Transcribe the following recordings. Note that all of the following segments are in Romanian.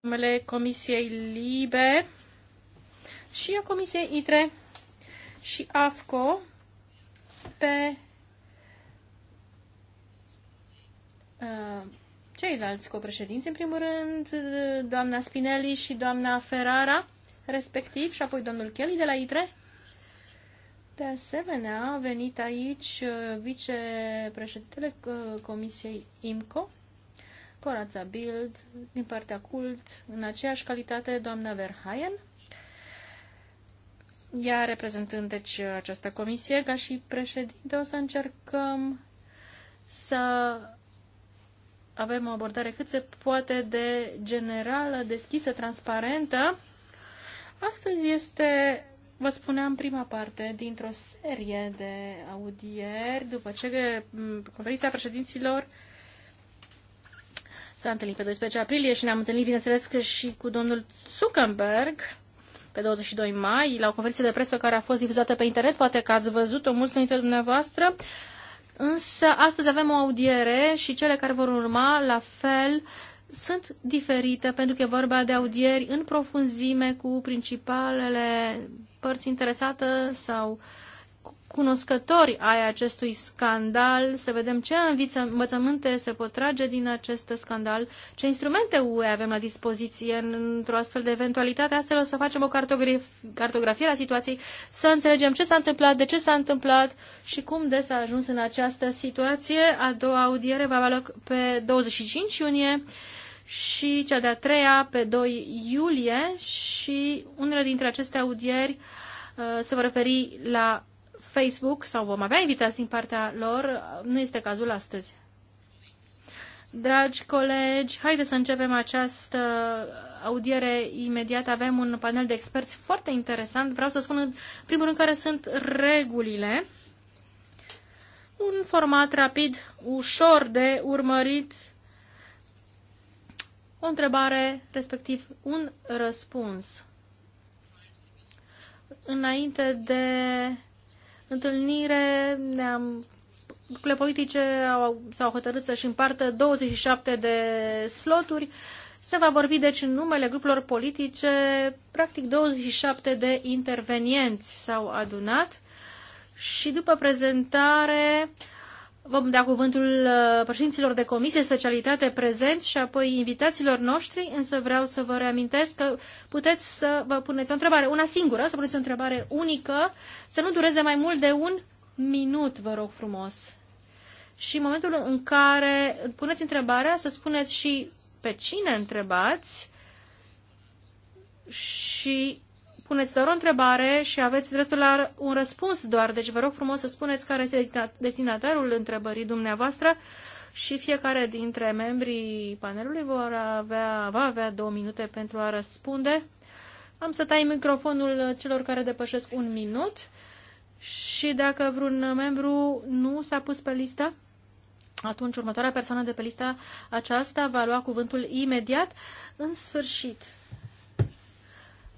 numele Comisiei Libe și a Comisiei ITRE și AFCO pe uh, ceilalți copreședinți, în primul rând uh, doamna Spinelli și doamna Ferrara, respectiv, și apoi domnul Kelly de la ITRE. De asemenea, a venit aici uh, vicepreședintele uh, Comisiei IMCO, Corața Bild, din partea Cult, în aceeași calitate, doamna Verhaien, ea reprezentând deci această comisie ca și președinte, o să încercăm să avem o abordare cât se poate de generală, deschisă, transparentă. Astăzi este, vă spuneam, prima parte dintr-o serie de audieri, după ce mm, conferința președinților s-a întâlnit pe 12 aprilie și ne-am întâlnit, bineînțeles, că și cu domnul Zuckerberg pe 22 mai, la o conferință de presă care a fost difuzată pe internet, poate că ați văzut-o mulți dintre dumneavoastră, însă astăzi avem o audiere și cele care vor urma, la fel, sunt diferite pentru că e vorba de audieri în profunzime cu principalele părți interesate sau uh, cunoscători ai acestui scandal, să vedem ce învățământe se pot trage din acest scandal, ce instrumente UE avem la dispoziție într-o astfel de eventualitate. Astfel o să facem o cartografie a situației, să înțelegem ce s-a întâmplat, de ce s-a întâmplat și cum de s-a ajuns în această situație. A doua audiere va avea loc pe 25 iunie și cea de-a treia pe 2 iulie și unele dintre aceste audieri uh, se vor referi la Facebook sau vom avea invitați din partea lor. Nu este cazul astăzi. Dragi colegi, haideți să începem această audiere imediat. Avem un panel de experți foarte interesant. Vreau să spun în primul rând care sunt regulile. Un format rapid, ușor de urmărit. O întrebare, respectiv un răspuns. Înainte de întâlnire ne-am lucrurile politice au, s-au hotărât să-și împartă 27 de sloturi. Se va vorbi deci în numele grupurilor politice, practic 27 de intervenienți s-au adunat și după prezentare uh, Vom da cuvântul uh, președinților de comisie specialitate prezent și apoi invitaților noștri, însă vreau să vă reamintesc că puteți să vă puneți o întrebare, una singură, să puneți o întrebare unică, să nu dureze mai mult de un minut, vă rog frumos. Și în momentul în care puneți întrebarea, să spuneți și pe cine întrebați și puneți doar o întrebare și aveți dreptul la un răspuns doar. Deci vă rog frumos să spuneți care este destinatarul întrebării dumneavoastră și fiecare dintre membrii panelului vor avea, va avea două minute pentru a răspunde. Am să tai microfonul celor care depășesc un minut și dacă vreun membru nu s-a pus pe listă, atunci următoarea persoană de pe lista aceasta va lua cuvântul imediat. În sfârșit,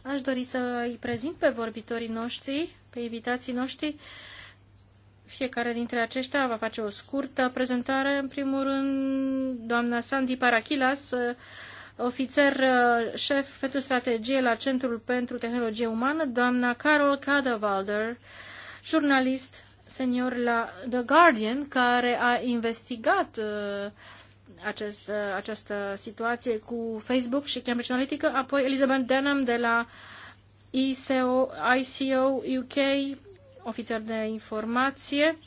Aș dori să îi prezint pe vorbitorii noștri, pe invitații noștri. Fiecare dintre aceștia va face o scurtă prezentare. În primul rând, doamna Sandy Parachilas, uh, ofițer uh, șef pentru strategie la Centrul pentru Tehnologie Umană, doamna Carol Cadavalder, jurnalist senior la The Guardian, care a investigat uh, acest, această situație cu Facebook și Cambridge Analytica, apoi Elizabeth Denham de la ICO, ICO UK, ofițer de informație,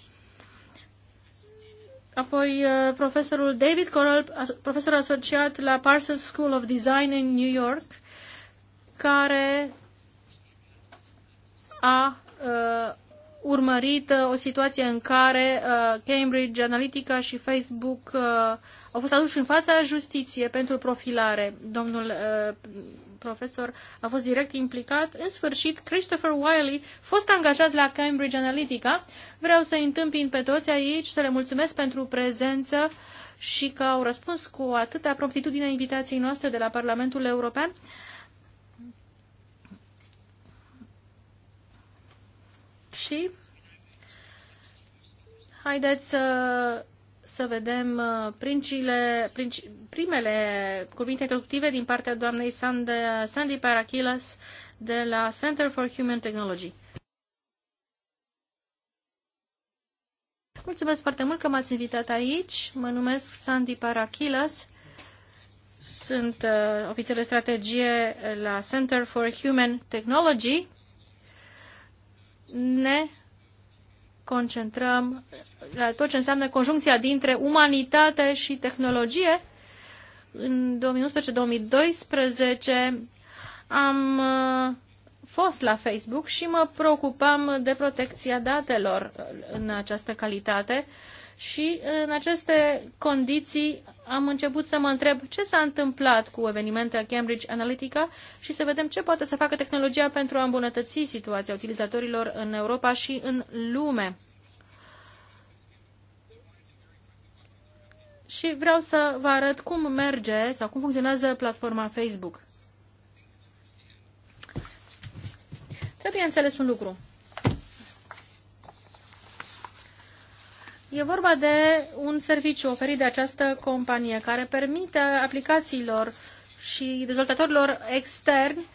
apoi uh, profesorul David Coral, profesor asociat la Parsons School of Design în New York, care a uh, urmărit uh, o situație în care uh, Cambridge Analytica și Facebook uh, au fost aduși în fața justiției pentru profilare. Domnul profesor a fost direct implicat. În sfârșit, Christopher Wiley, fost angajat la Cambridge Analytica. Vreau să-i întâmpin pe toți aici, să le mulțumesc pentru prezență și că au răspuns cu atâta promptitudine invitației noastre de la Parlamentul European. și haideți să, să vedem uh, principiile, principi, primele cuvinte introductive din partea doamnei Sande, Sandy Parakilas de la Center for Human Technology. Mulțumesc foarte mult că m-ați invitat aici. Mă numesc Sandy Parakilas. Sunt uh, ofițer de strategie la Center for Human Technology ne concentrăm la tot ce înseamnă conjuncția dintre umanitate și tehnologie. În 2011-2012 am uh, fost la Facebook și mă preocupam de protecția datelor în această calitate și în aceste condiții am început să mă întreb ce s-a întâmplat cu evenimentele Cambridge Analytica și să vedem ce poate să facă tehnologia pentru a îmbunătăți situația utilizatorilor în Europa și în lume. Și vreau să vă arăt cum merge sau cum funcționează platforma Facebook. Trebuie înțeles un lucru. E vorba de un serviciu oferit de această companie care permite aplicațiilor și dezvoltatorilor externi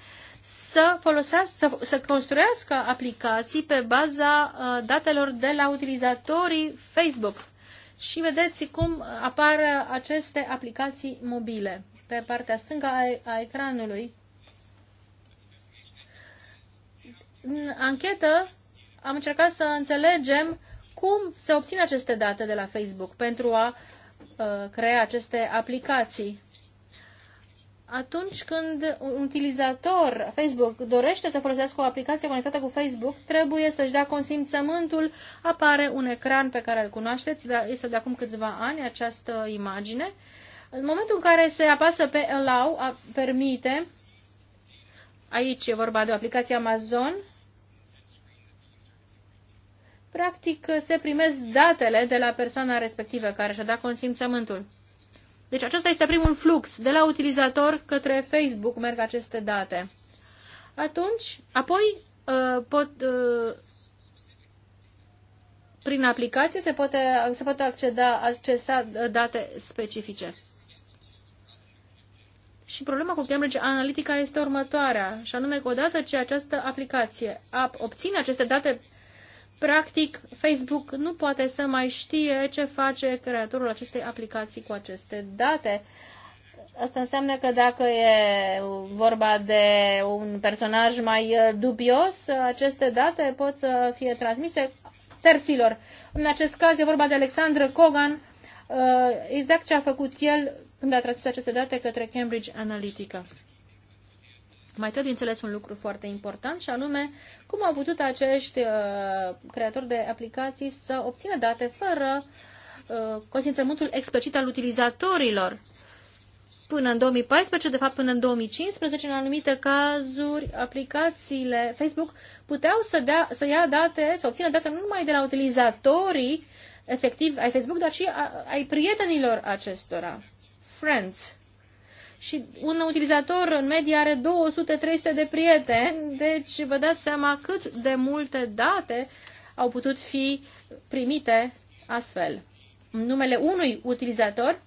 să folosească, să, să construiască aplicații pe baza uh, datelor de la utilizatorii Facebook. Și vedeți cum apar aceste aplicații mobile pe partea stângă a, a ecranului. În anchetă am încercat să înțelegem cum se obțin aceste date de la Facebook pentru a uh, crea aceste aplicații. Atunci când un utilizator Facebook dorește să folosească o aplicație conectată cu Facebook, trebuie să-și dea consimțământul. Apare un ecran pe care îl cunoașteți, da, este de acum câțiva ani această imagine. În momentul în care se apasă pe Allow, a, permite, aici e vorba de o aplicație Amazon, practic se primesc datele de la persoana respectivă care și-a dat consimțământul. Deci acesta este primul flux. De la utilizator către Facebook merg aceste date. Atunci, apoi uh, pot, uh, prin aplicație se poate, se poate acceda, accesa date specifice. Și problema cu Cambridge Analytica este următoarea, și anume că odată ce această aplicație obține aceste date Practic, Facebook nu poate să mai știe ce face creatorul acestei aplicații cu aceste date. Asta înseamnă că dacă e vorba de un personaj mai uh, dubios, aceste date pot să fie transmise terților. În acest caz e vorba de Alexandru Kogan, uh, exact ce a făcut el când a transmis aceste date către Cambridge Analytica mai trebuie înțeles un lucru foarte important și anume cum au putut acești uh, creatori de aplicații să obțină date fără uh, consimțământul explicit al utilizatorilor. Până în 2014, de fapt până în 2015, în anumite cazuri, aplicațiile Facebook puteau să, dea, să ia date, să obțină date nu numai de la utilizatorii efectiv ai Facebook, dar și a, ai prietenilor acestora, friends și un utilizator în medie are 200-300 de prieteni, deci vă dați seama cât de multe date au putut fi primite astfel. În numele unui utilizator,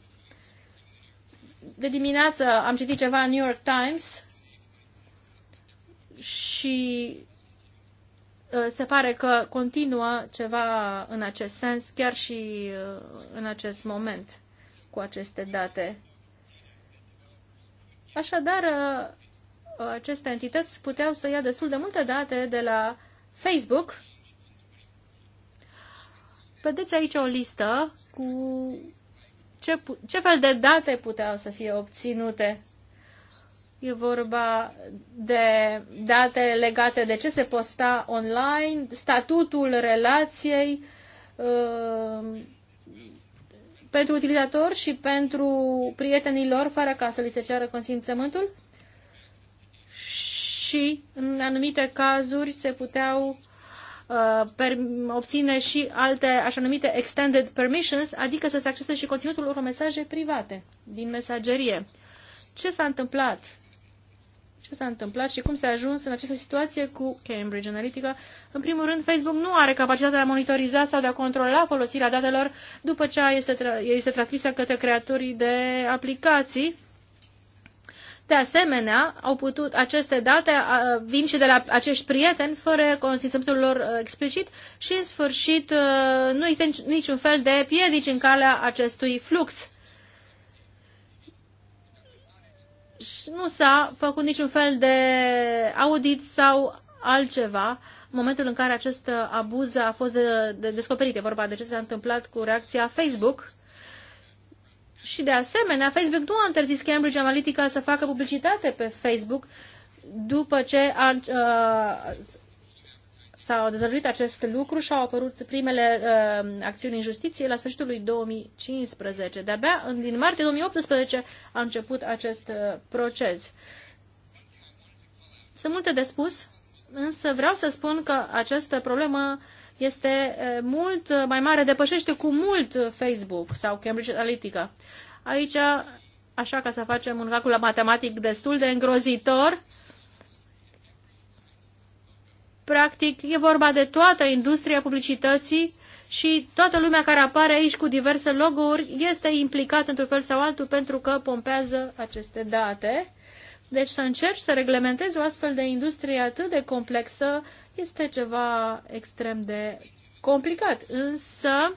de dimineață am citit ceva în New York Times și uh, se pare că continuă ceva în acest sens, chiar și uh, în acest moment, cu aceste date Așadar, uh, aceste entități puteau să ia destul de multe date de la Facebook. Vedeți aici o listă cu ce, ce fel de date puteau să fie obținute. E vorba de date legate de ce se posta online, statutul relației, uh, pentru utilizator și pentru prietenii lor, fără ca să li se ceară consimțământul și în anumite cazuri se puteau uh, obține și alte așa numite extended permissions, adică să se acceseze și conținutul unor mesaje private din mesagerie. Ce s-a întâmplat ce s-a întâmplat și cum s-a ajuns în această situație cu Cambridge Analytica. În primul rând, Facebook nu are capacitatea de a monitoriza sau de a controla folosirea datelor după ce este, tra- este transmisă către creatorii de aplicații. De asemenea, au putut, aceste date a, vin și de la acești prieteni fără consimțământul lor uh, explicit și, în sfârșit, uh, nu există niciun fel de piedici în calea acestui flux. și nu s-a făcut niciun fel de audit sau altceva în momentul în care acest abuz a fost de, de descoperit. E vorba de ce s-a întâmplat cu reacția Facebook. Și de asemenea, Facebook nu a interzis Cambridge Analytica să facă publicitate pe Facebook după ce a, a, s au dezvăluit acest lucru și au apărut primele uh, acțiuni în justiție la sfârșitul lui 2015. De-abia din martie 2018 a început acest uh, proces. Sunt multe de spus, însă vreau să spun că această problemă este uh, mult uh, mai mare, depășește cu mult Facebook sau Cambridge Analytica. Aici, așa ca să facem un calcul matematic destul de îngrozitor, Practic, e vorba de toată industria publicității și toată lumea care apare aici cu diverse logo-uri este implicată într-un fel sau altul pentru că pompează aceste date. Deci să încerci să reglementezi o astfel de industrie atât de complexă este ceva extrem de complicat. Însă,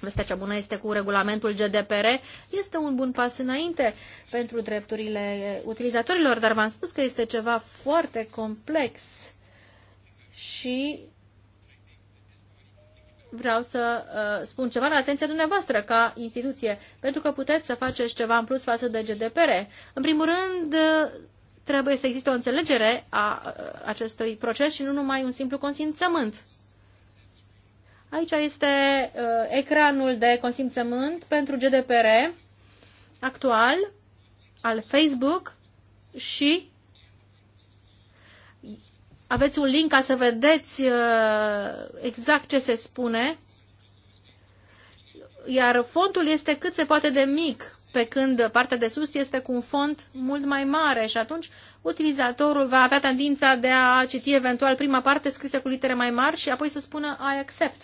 vestea cea bună este cu regulamentul GDPR, este un bun pas înainte pentru drepturile utilizatorilor, dar v-am spus că este ceva foarte complex și vreau să uh, spun ceva la atenția dumneavoastră ca instituție, pentru că puteți să faceți ceva în plus față de GDPR. În primul rând, uh, trebuie să existe o înțelegere a uh, acestui proces și nu numai un simplu consimțământ. Aici este uh, ecranul de consimțământ pentru GDPR actual al Facebook și aveți un link ca să vedeți uh, exact ce se spune, iar fontul este cât se poate de mic, pe când partea de sus este cu un font mult mai mare și atunci utilizatorul va avea tendința de a citi eventual prima parte scrisă cu litere mai mari și apoi să spună I accept.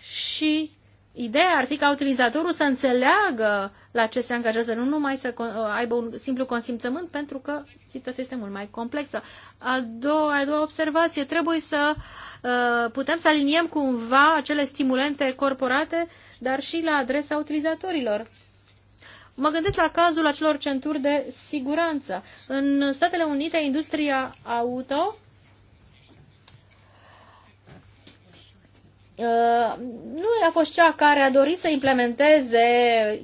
Și ideea ar fi ca utilizatorul să înțeleagă la ce se angajează, nu numai să aibă un simplu consimțământ, pentru că situația este mult mai complexă. A doua, a doua observație, trebuie să uh, putem să aliniem cumva acele stimulente corporate, dar și la adresa utilizatorilor. Mă gândesc la cazul acelor centuri de siguranță. În Statele Unite, industria auto Uh, nu a fost cea care a dorit să implementeze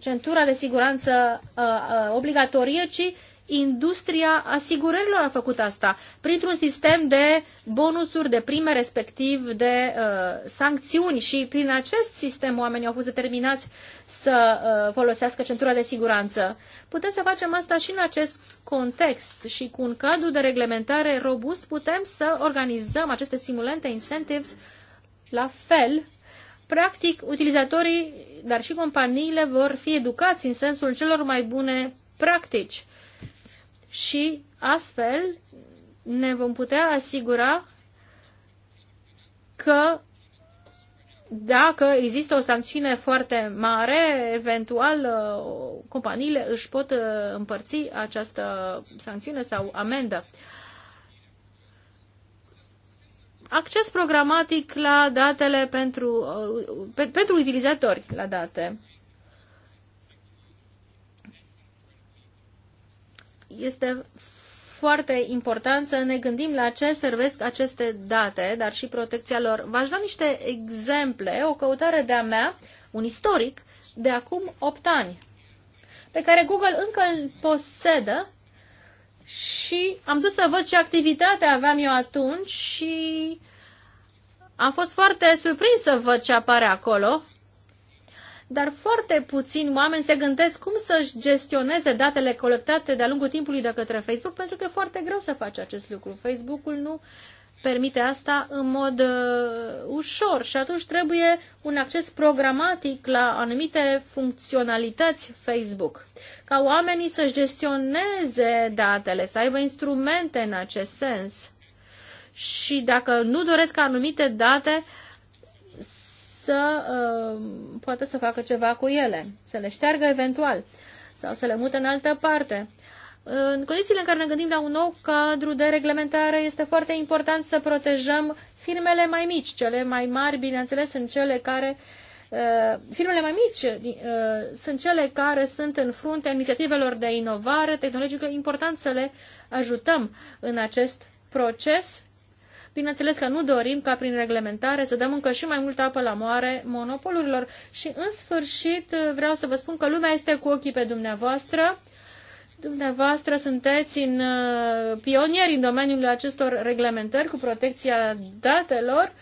centura de siguranță uh, uh, obligatorie, ci industria asigurărilor a făcut asta printr-un sistem de bonusuri, de prime, respectiv de uh, sancțiuni și prin acest sistem oamenii au fost determinați să uh, folosească centura de siguranță. Putem să facem asta și în acest context și cu un cadru de reglementare robust putem să organizăm aceste stimulente incentives uh, la fel, practic, utilizatorii, dar și companiile vor fi educați în sensul celor mai bune practici. Și astfel ne vom putea asigura că dacă există o sancțiune foarte mare, eventual uh, companiile își pot uh, împărți această sancțiune sau amendă acces programatic la datele pentru, uh, pe, pentru utilizatori la date. Este foarte important să ne gândim la ce servesc aceste date, dar și protecția lor. V-aș da niște exemple, o căutare de-a mea, un istoric, de acum 8 ani, pe care Google încă îl posedă și am dus să văd ce activitate aveam eu atunci și am fost foarte surprins să văd ce apare acolo, dar foarte puțini oameni se gândesc cum să-și gestioneze datele colectate de-a lungul timpului de către Facebook, pentru că e foarte greu să faci acest lucru. Facebook-ul nu permite asta în mod uh, ușor și atunci trebuie un acces programatic la anumite funcționalități Facebook. Ca oamenii să gestioneze datele, să aibă instrumente în acest sens. Și dacă nu doresc anumite date, să uh, poată să facă ceva cu ele, să le șteargă eventual sau să le mute în altă parte. În condițiile în care ne gândim la un nou cadru de reglementare, este foarte important să protejăm firmele mai mici. Cele mai mari, bineînțeles, sunt cele care uh, firmele mai mici uh, sunt cele care sunt în frunte inițiativelor de inovare tehnologică, important să le ajutăm în acest proces. Bineînțeles că nu dorim ca prin reglementare să dăm încă și mai multă apă la moare monopolurilor. Și în sfârșit vreau să vă spun că lumea este cu ochii pe dumneavoastră Dumneavoastră sunteți în uh, pionieri în domeniul acestor reglementări cu protecția datelor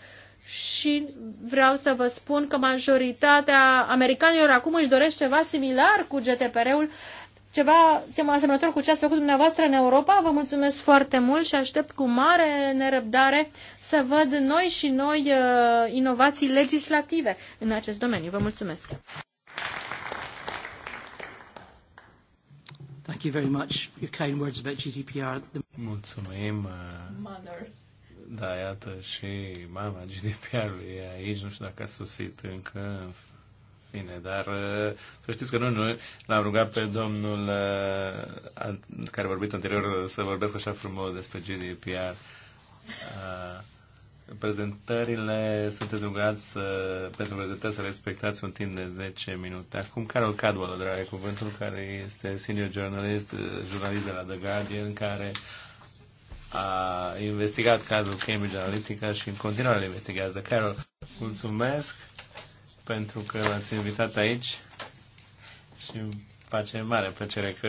și vreau să vă spun că majoritatea americanilor acum își doresc ceva similar cu GDPR-ul, ceva asemănător cu ce ați făcut dumneavoastră în Europa. Vă mulțumesc foarte mult și aștept cu mare nerăbdare să văd noi și noi uh, inovații legislative în acest domeniu. Vă mulțumesc! Thank you very much your kind words about GDPR. Mulțumim. Uh, da, iată și mama GDPR-ului e aici, nu știu dacă a susit încă, în fine, dar uh, să știți că noi, noi l-am rugat pe domnul uh, care a vorbit anterior să vorbească așa frumos despre GDPR prezentările sunteți rugați să, pentru prezentări să respectați un timp de 10 minute. Acum Carol Cadwell, dragă cuvântul, care este senior jurnalist, jurnalist de la The Guardian, care a investigat cazul Cambridge Analytica și în continuare le investigează. Carol, mulțumesc pentru că l-ați invitat aici și face mare plăcere că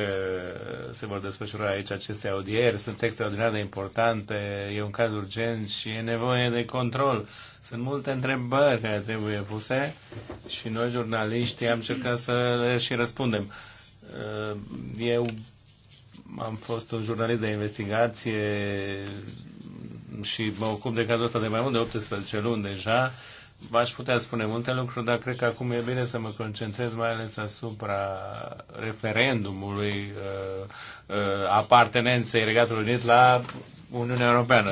se vor desfășura aici aceste audieri. Sunt extraordinar de importante, e un caz urgent și e nevoie de control. Sunt multe întrebări care trebuie puse și noi, jurnaliștii, am încercat să le și răspundem. Uh, eu am fost un jurnalist de investigație și mă ocup de cazul ăsta de mai mult de 18 luni deja v-aș putea spune multe lucruri, dar cred că acum e bine să mă concentrez mai ales asupra referendumului uh, uh, apartenenței Regatului Unit la Uniunea Europeană.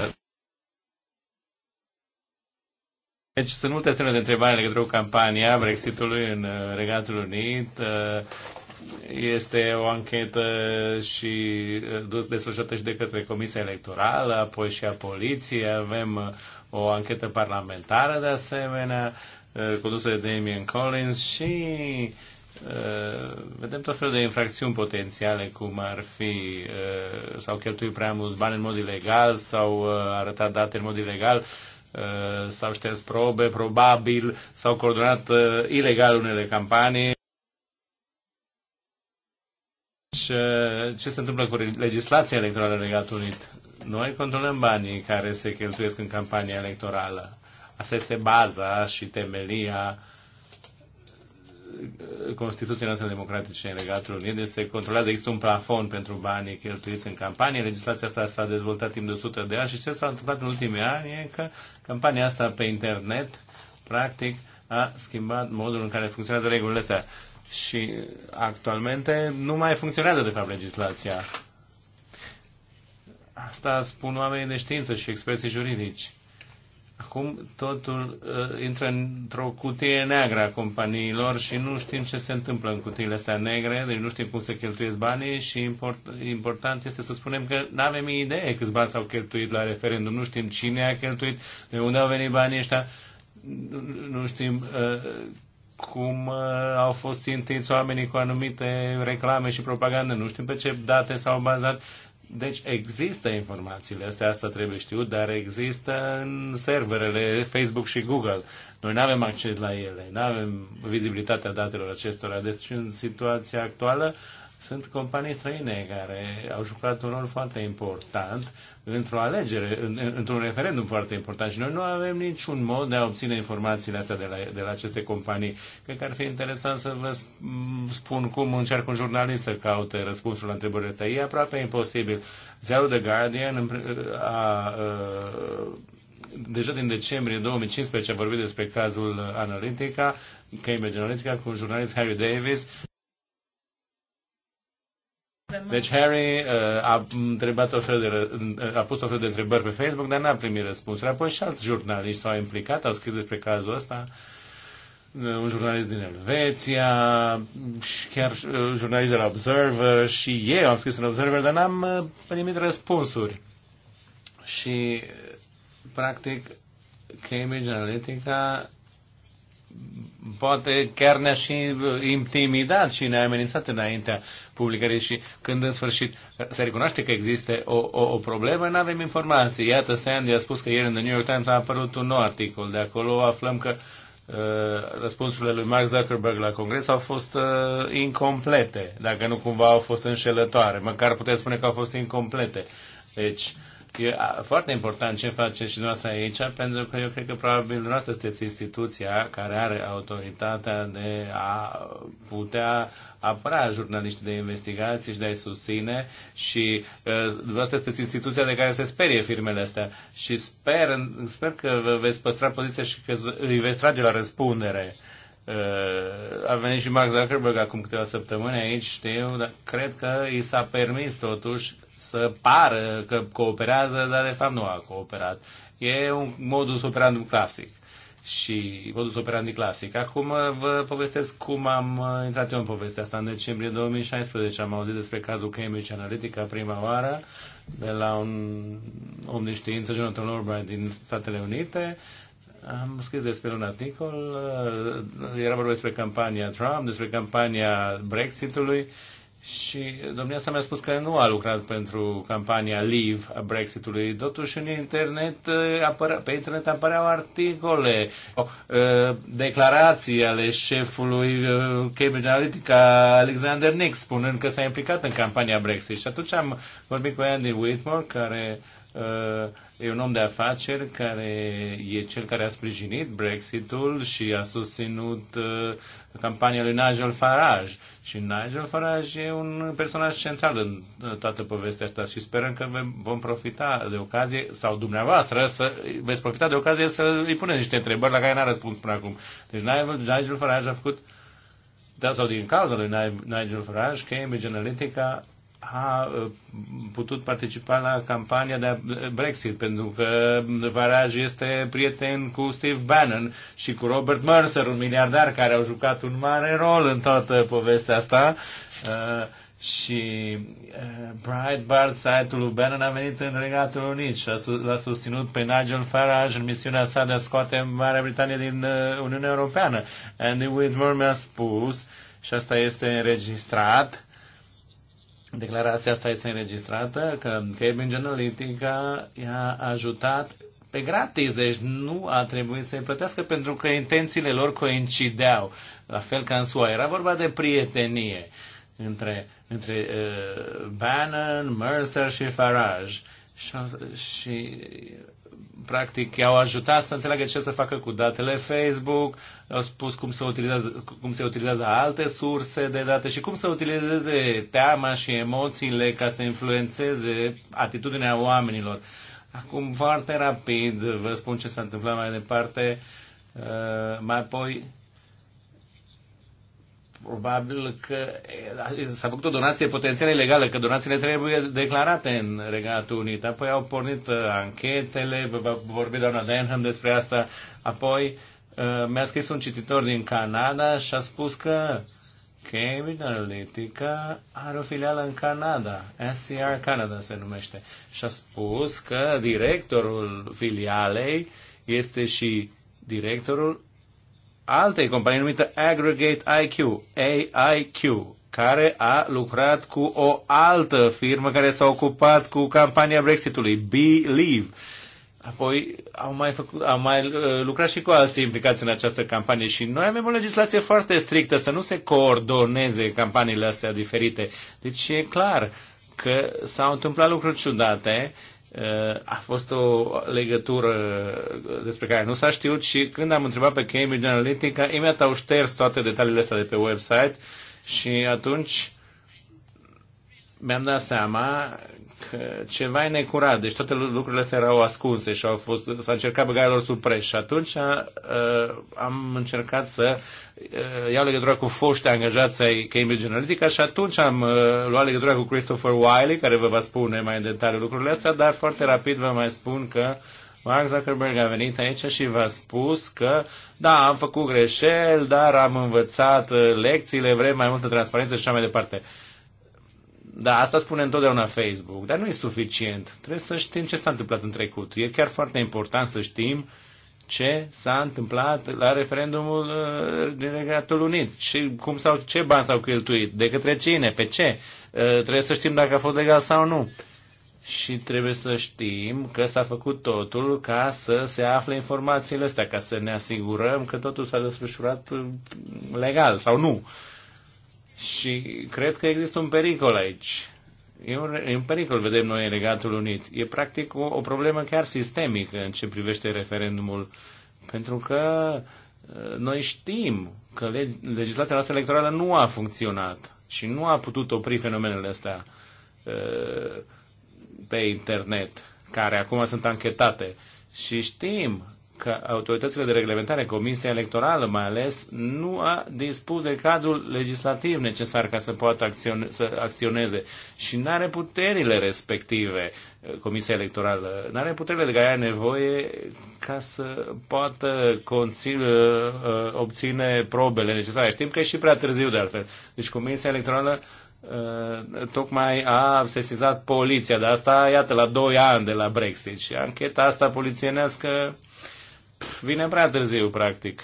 Deci sunt multe semne de întrebare legătură cu campania Brexitului în uh, Regatul Unit. Uh, este o anchetă și uh, desfășurată și de către Comisia Electorală, apoi și a poliției. Avem o anchetă parlamentară de asemenea, uh, condusă de Damien Collins și uh, vedem tot felul de infracțiuni potențiale, cum ar fi uh, sau cheltuit prea mulți bani în mod ilegal sau arătat date în mod ilegal sau șters probe, probabil, sau coordonat uh, ilegal unele campanii. Și uh, ce se întâmplă cu legislația electorală în Regatul Unit? Noi controlăm banii care se cheltuiesc în campania electorală. Asta este baza și temelia uh, Constituției noastre democratice în Regatul Unit. Deci se controlează, există un plafon pentru banii cheltuiți în campanie. Legislația asta s-a dezvoltat timp de 100 de ani și ce s-a întâmplat în ultimii ani e că campania asta pe internet, practic, a schimbat modul în care funcționează regulile astea. Și uh, actualmente nu mai funcționează, de fapt, legislația Asta spun oamenii de știință și experții juridici. Acum totul uh, intră într-o cutie neagră a companiilor și nu știm ce se întâmplă în cutiile astea negre, deci nu știm cum se cheltuiesc banii și import, important este să spunem că nu avem idee câți bani s-au cheltuit la referendum, nu știm cine a cheltuit, de unde au venit banii ăștia, nu știm uh, cum uh, au fost țintiți oamenii cu anumite reclame și propagandă, nu știm pe ce date s-au bazat, deci există informațiile astea, asta trebuie știut, dar există în serverele Facebook și Google. Noi nu avem acces la ele, nu avem vizibilitatea datelor acestora. Deci în situația actuală sunt companii străine care au jucat un rol foarte important într-o alegere, în, într-un referendum foarte important și noi nu avem niciun mod de a obține informațiile astea de la, de la aceste companii. Cred că ar fi interesant să vă spun cum încearcă un jurnalist să caute răspunsul la întrebările astea. E aproape imposibil. Ziarul The Guardian a, a, a deja din decembrie 2015 a vorbit despre cazul Analytica, Cambridge Analytica, cu un jurnalist Harry Davis, deci Harry uh, a, întrebat o fel de, uh, a pus o fel de întrebări pe Facebook, dar n-a primit răspunsuri. Apoi și alți jurnaliști s-au implicat, au scris despre cazul ăsta uh, un jurnalist din Elveția, și chiar jurnalist de la Observer și eu am scris în Observer, dar n-am primit răspunsuri. Și, practic, Cambridge Analytica poate chiar ne-a și intimidat și ne-a amenințat înaintea publicării și când în sfârșit se recunoaște că există o, o, o problemă, nu avem informații. Iată, Sandy a spus că ieri în The New York Times a apărut un nou articol. De acolo aflăm că uh, răspunsurile lui Mark Zuckerberg la congres au fost uh, incomplete, dacă nu cumva au fost înșelătoare. Măcar puteți spune că au fost incomplete. Deci, uh, E foarte important ce face și dumneavoastră aici, pentru că eu cred că probabil dumneavoastră sunteți instituția care are autoritatea de a putea apăra jurnaliștii de investigații și de a-i susține și dumneavoastră sunteți instituția de care se sperie firmele astea și sper, sper că veți păstra poziția și că îi veți trage la răspundere. Uh, Uh, a venit și Mark Zuckerberg acum câteva săptămâni aici, știu, dar cred că i s-a permis totuși să pară că cooperează, dar de fapt nu a cooperat. E un modus operandi clasic și modus operandi clasic. Acum uh, vă povestesc cum am uh, intrat eu în povestea asta. În decembrie 2016 am auzit despre cazul Cambridge Analytica prima oară de la un om de știință, Jonathan Albright din Statele Unite. Uh, am scris despre un articol, uh, era vorba despre campania Trump, despre campania Brexitului și domnia sa mi-a spus că nu a lucrat pentru campania Leave a Brexitului. Totuși în internet uh, apărea, pe internet apăreau articole, uh, declarații ale șefului Cambridge Analytica Alexander Nix spunând că s-a implicat în campania Brexit. Și atunci am vorbit cu Andy Whitmore care E un om de afaceri care e cel care a sprijinit Brexitul și a susținut uh, campania lui Nigel Farage. Și Nigel Farage e un personaj central în uh, toată povestea asta și sperăm că vom profita de ocazie, sau dumneavoastră să, veți profita de ocazie să îi puneți niște întrebări la care n-a răspuns până acum. Deci Nigel, Nigel Farage a făcut da, sau din cauza lui Nigel Farage, Cambridge Analytica a putut participa la campania de Brexit, pentru că Varaj este prieten cu Steve Bannon și cu Robert Mercer, un miliardar care au jucat un mare rol în toată povestea asta. Uh, și uh, Breitbart, site-ul lui Bannon, a venit în Regatul Unit și l-a susținut pe Nigel Farage în misiunea sa de a scoate Marea Britanie din uh, Uniunea Europeană. Andy Whitmore mi-a spus, și asta este înregistrat, Declarația asta este înregistrată, că Cambridge Analytica i-a ajutat pe gratis, deci nu a trebuit să-i plătească pentru că intențiile lor coincideau, la fel ca în SUA. Era vorba de prietenie între, între uh, Bannon, Mercer și Farage. Și, și practic i-au ajutat să înțeleagă ce să facă cu datele Facebook, au spus cum se, utilizează, cum se utilizează alte surse de date și cum să utilizeze teama și emoțiile ca să influențeze atitudinea oamenilor. Acum, foarte rapid, vă spun ce s-a întâmplat mai departe. Uh, mai apoi, Probabil că s-a făcut o donație potențial ilegală, că donațiile trebuie declarate în Regatul Unit. Apoi au pornit uh, anchetele, vorbi doamna Denham despre asta. Apoi uh, mi-a scris un cititor din Canada și a spus că Cambridge Analytica are o filială în Canada, SCR Canada se numește, și a spus că directorul filialei este și directorul altei companii numită Aggregate IQ, AIQ, care a lucrat cu o altă firmă care s-a ocupat cu campania Brexitului, Believe. Apoi au mai, făcut, au mai uh, lucrat și cu alții implicați în această campanie și noi avem o legislație foarte strictă să nu se coordoneze campaniile astea diferite. Deci e clar că s-au întâmplat lucruri ciudate Uh, a fost o legătură despre care nu s-a știut și când am întrebat pe Cambridge Analytica, imediat au șters toate detaliile astea de pe website și atunci mi-am dat seama că ceva e necurat, deci toate lucrurile astea erau ascunse și au fost, s-a încercat băgarea lor sub preș și atunci uh, am încercat să uh, iau legătura cu foști angajați ai Cambridge Analytica și atunci am uh, luat legătura cu Christopher Wiley, care vă va spune mai în detaliu lucrurile astea, dar foarte rapid vă mai spun că Mark Zuckerberg a venit aici și v-a spus că, da, am făcut greșeli, dar am învățat uh, lecțiile, vrem mai multă transparență și așa mai departe. Uh, da, asta spune întotdeauna Facebook, dar nu e suficient. Trebuie să știm ce s-a întâmplat în trecut. E chiar foarte important să știm ce s-a întâmplat la referendumul uh, din Regatul Unit, ce, cum sau, ce bani s-au cheltuit, de către cine, pe ce. Uh, trebuie să știm dacă a fost legal sau nu. Și trebuie să știm că s-a făcut totul ca să se afle informațiile astea, ca să ne asigurăm că totul s-a desfășurat uh, legal sau nu. Uh, și cred că există un pericol aici. E un, e un pericol, vedem noi, în Regatul Unit. E practic o, o problemă chiar sistemică în ce privește referendumul. Pentru că uh, noi știm că legislația noastră electorală nu a funcționat și nu a putut opri fenomenele astea uh, pe internet, care acum sunt anchetate. Și știm că autoritățile de reglementare, Comisia Electorală mai ales, nu a dispus de cadrul legislativ necesar ca să poată acțione, să acționeze și nu are puterile respective, uh, Comisia Electorală, nu are puterile de care are nevoie ca să poată conține, uh, uh, obține probele necesare. Știm că e și prea târziu de altfel. Deci Comisia Electorală tocmai a sesizat poliția, dar asta, iată, la 2 ani de la Brexit și ancheta asta polițienească vine prea târziu, practic.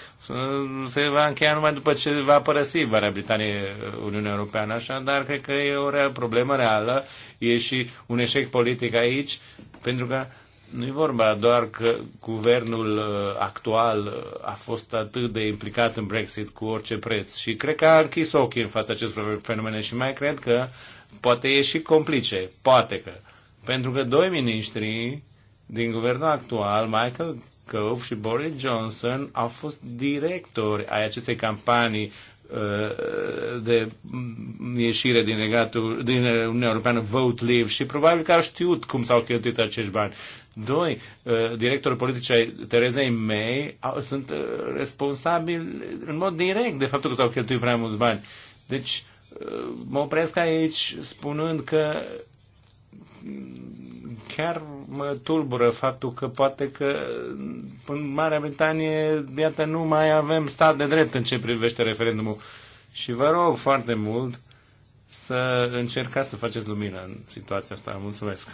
Se va încheia numai după ce va părăsi Marea Britanie Uniunea Europeană, așa, dar cred că e o rea, problemă reală, e și un eșec politic aici, pentru că nu e vorba doar că guvernul uh, actual uh, a fost atât de implicat în Brexit cu orice preț și cred că a închis ochii în fața acestor fenomene și mai cred că poate e și complice, poate că. Pentru că doi miniștri din guvernul actual, Michael Cove și Boris Johnson au fost directori ai acestei campanii uh, de mm, ieșire din regatul, din Uniunea Europeană Vote Leave și probabil că au știut cum s-au cheltuit acești bani. Doi, uh, directorul politic ai Terezei May sunt uh, responsabili în mod direct de faptul că s-au cheltuit prea mulți bani. Deci, mă opresc aici spunând că chiar mă tulbură faptul că poate că în Marea Britanie, iată, nu mai avem stat de drept în ce privește referendumul. Și vă rog foarte mult să încercați să faceți lumină în situația asta. Mulțumesc!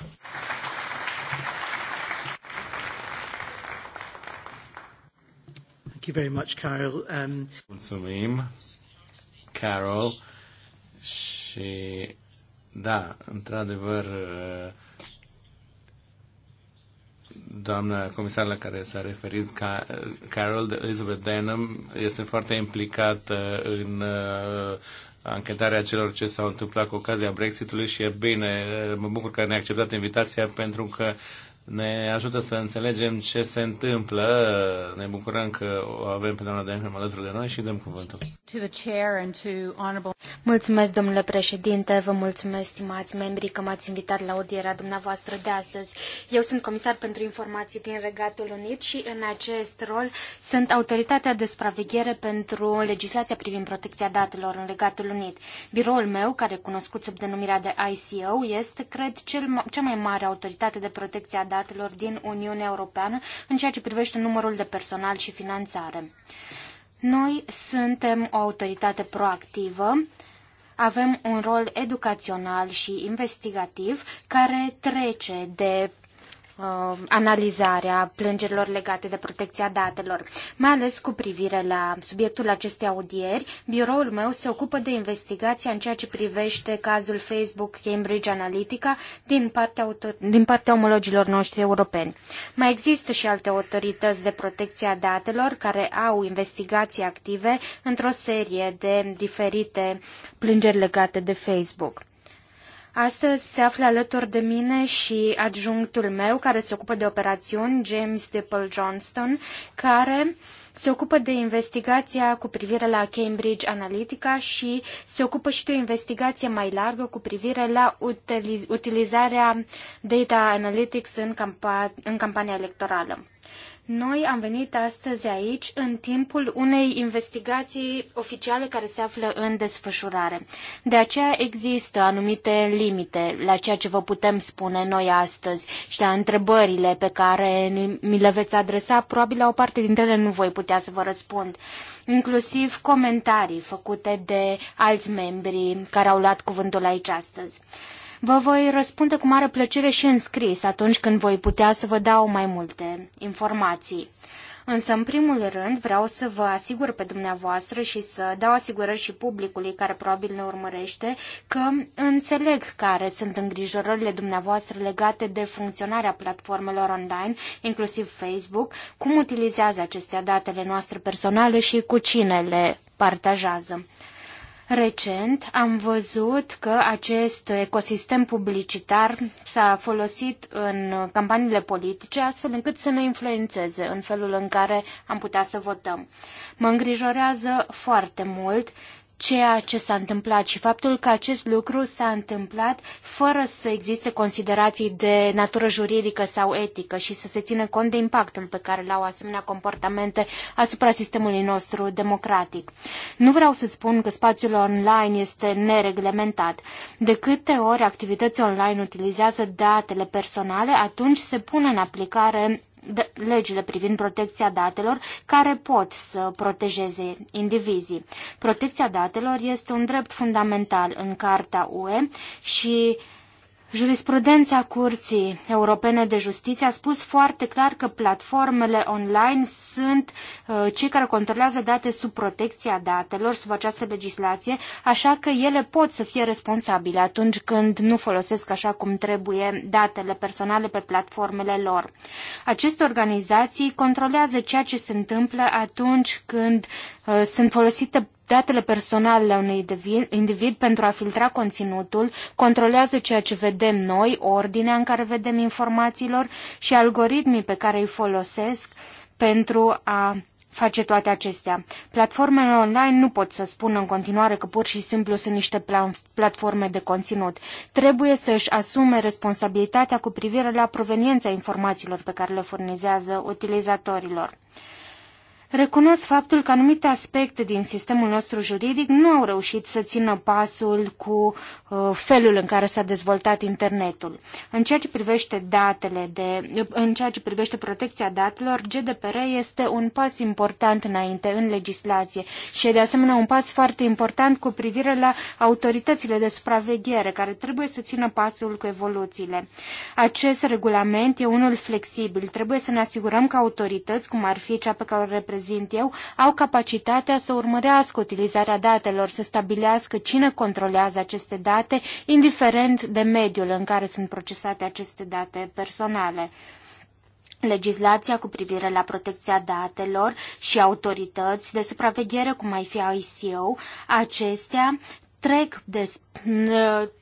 Thank you very much, Carol. Um... Mulțumim, Carol. Și da, într-adevăr, doamna comisar la care s-a referit, Carol Elizabeth Denham, este foarte implicată în uh, anchetarea celor ce s-au întâmplat cu ocazia Brexitului și e bine, uh, mă bucur că ne-a acceptat invitația pentru că ne ajută să înțelegem ce se întâmplă. Ne bucurăm că o avem pe doamna Denham alături de noi și dăm cuvântul. Mulțumesc, domnule președinte, vă mulțumesc, stimați membrii, că m-ați invitat la audierea dumneavoastră de astăzi. Eu sunt comisar pentru informații din Regatul Unit și în acest rol sunt autoritatea de supraveghere pentru legislația privind protecția datelor în Regatul Unit. Biroul meu, care cunoscut sub denumirea de ICO, este, cred, cel, cea mai mare autoritate de protecție a datelor datelor din Uniunea Europeană în ceea ce privește numărul de personal și finanțare. Noi suntem o autoritate proactivă, avem un rol educațional și investigativ care trece de uh, analizarea plângerilor legate de protecția datelor. Mai ales cu privire la subiectul acestei audieri, biroul meu se ocupă de investigația în ceea ce privește cazul Facebook Cambridge Analytica din partea, autor- din partea omologilor noștri europeni. Mai există și alte autorități de protecția a datelor care au investigații active într-o serie de diferite plângeri legate de Facebook. Astăzi se află alături de mine și adjunctul meu care se ocupă de operațiuni, James Dipple Johnston, care se ocupă de investigația cu privire la Cambridge Analytica și se ocupă și de o investigație mai largă cu privire la utiliz utilizarea data analytics în, campa în campania electorală. Noi am venit astăzi aici în timpul unei investigații oficiale care se află în desfășurare. De aceea există anumite limite la ceea ce vă putem spune noi astăzi și la întrebările pe care mi le veți adresa. Probabil la o parte dintre ele nu voi putea să vă răspund, inclusiv comentarii făcute de alți membri care au luat cuvântul aici astăzi. Vă voi răspunde cu mare plăcere și în scris atunci când voi putea să vă dau mai multe informații. Însă, în primul rând, vreau să vă asigur pe dumneavoastră și să dau asigurări și publicului care probabil ne urmărește că înțeleg care sunt îngrijorările dumneavoastră legate de funcționarea platformelor online, inclusiv Facebook, cum utilizează acestea datele noastre personale și cu cine le partajează. Recent am văzut că acest ecosistem publicitar s-a folosit în campaniile politice astfel încât să ne influențeze în felul în care am putea să votăm. Mă îngrijorează foarte mult ceea ce s-a întâmplat și faptul că acest lucru s-a întâmplat fără să existe considerații de natură juridică sau etică și să se țină cont de impactul pe care l-au asemenea comportamente asupra sistemului nostru democratic. Nu vreau să spun că spațiul online este nereglementat. De câte ori activități online utilizează datele personale, atunci se pune în aplicare legile privind protecția datelor care pot să protejeze indivizii. Protecția datelor este un drept fundamental în Carta UE și Jurisprudența Curții Europene de Justiție a spus foarte clar că platformele online sunt uh, cei care controlează date sub protecția datelor, sub această legislație, așa că ele pot să fie responsabile atunci când nu folosesc așa cum trebuie datele personale pe platformele lor. Aceste organizații controlează ceea ce se întâmplă atunci când uh, sunt folosite datele personale ale unui individ pentru a filtra conținutul, controlează ceea ce vedem noi, ordinea în care vedem informațiilor și algoritmii pe care îi folosesc pentru a face toate acestea. Platformele online nu pot să spună în continuare că pur și simplu sunt niște platforme de conținut. Trebuie să-și asume responsabilitatea cu privire la proveniența informațiilor pe care le furnizează utilizatorilor. Recunosc faptul că anumite aspecte din sistemul nostru juridic nu au reușit să țină pasul cu uh, felul în care s-a dezvoltat internetul. În ceea ce privește datele de, în ceea ce privește protecția datelor, GDPR este un pas important înainte în legislație și e de asemenea un pas foarte important cu privire la autoritățile de supraveghere care trebuie să țină pasul cu evoluțiile. Acest regulament e unul flexibil. Trebuie să ne asigurăm că autorități, cum ar fi cea pe care o reprezint eu, au capacitatea să urmărească utilizarea datelor, să stabilească cine controlează aceste date, indiferent de mediul în care sunt procesate aceste date personale. Legislația cu privire la protecția datelor și autorități de supraveghere, cum mai fi ICO, acestea trec de,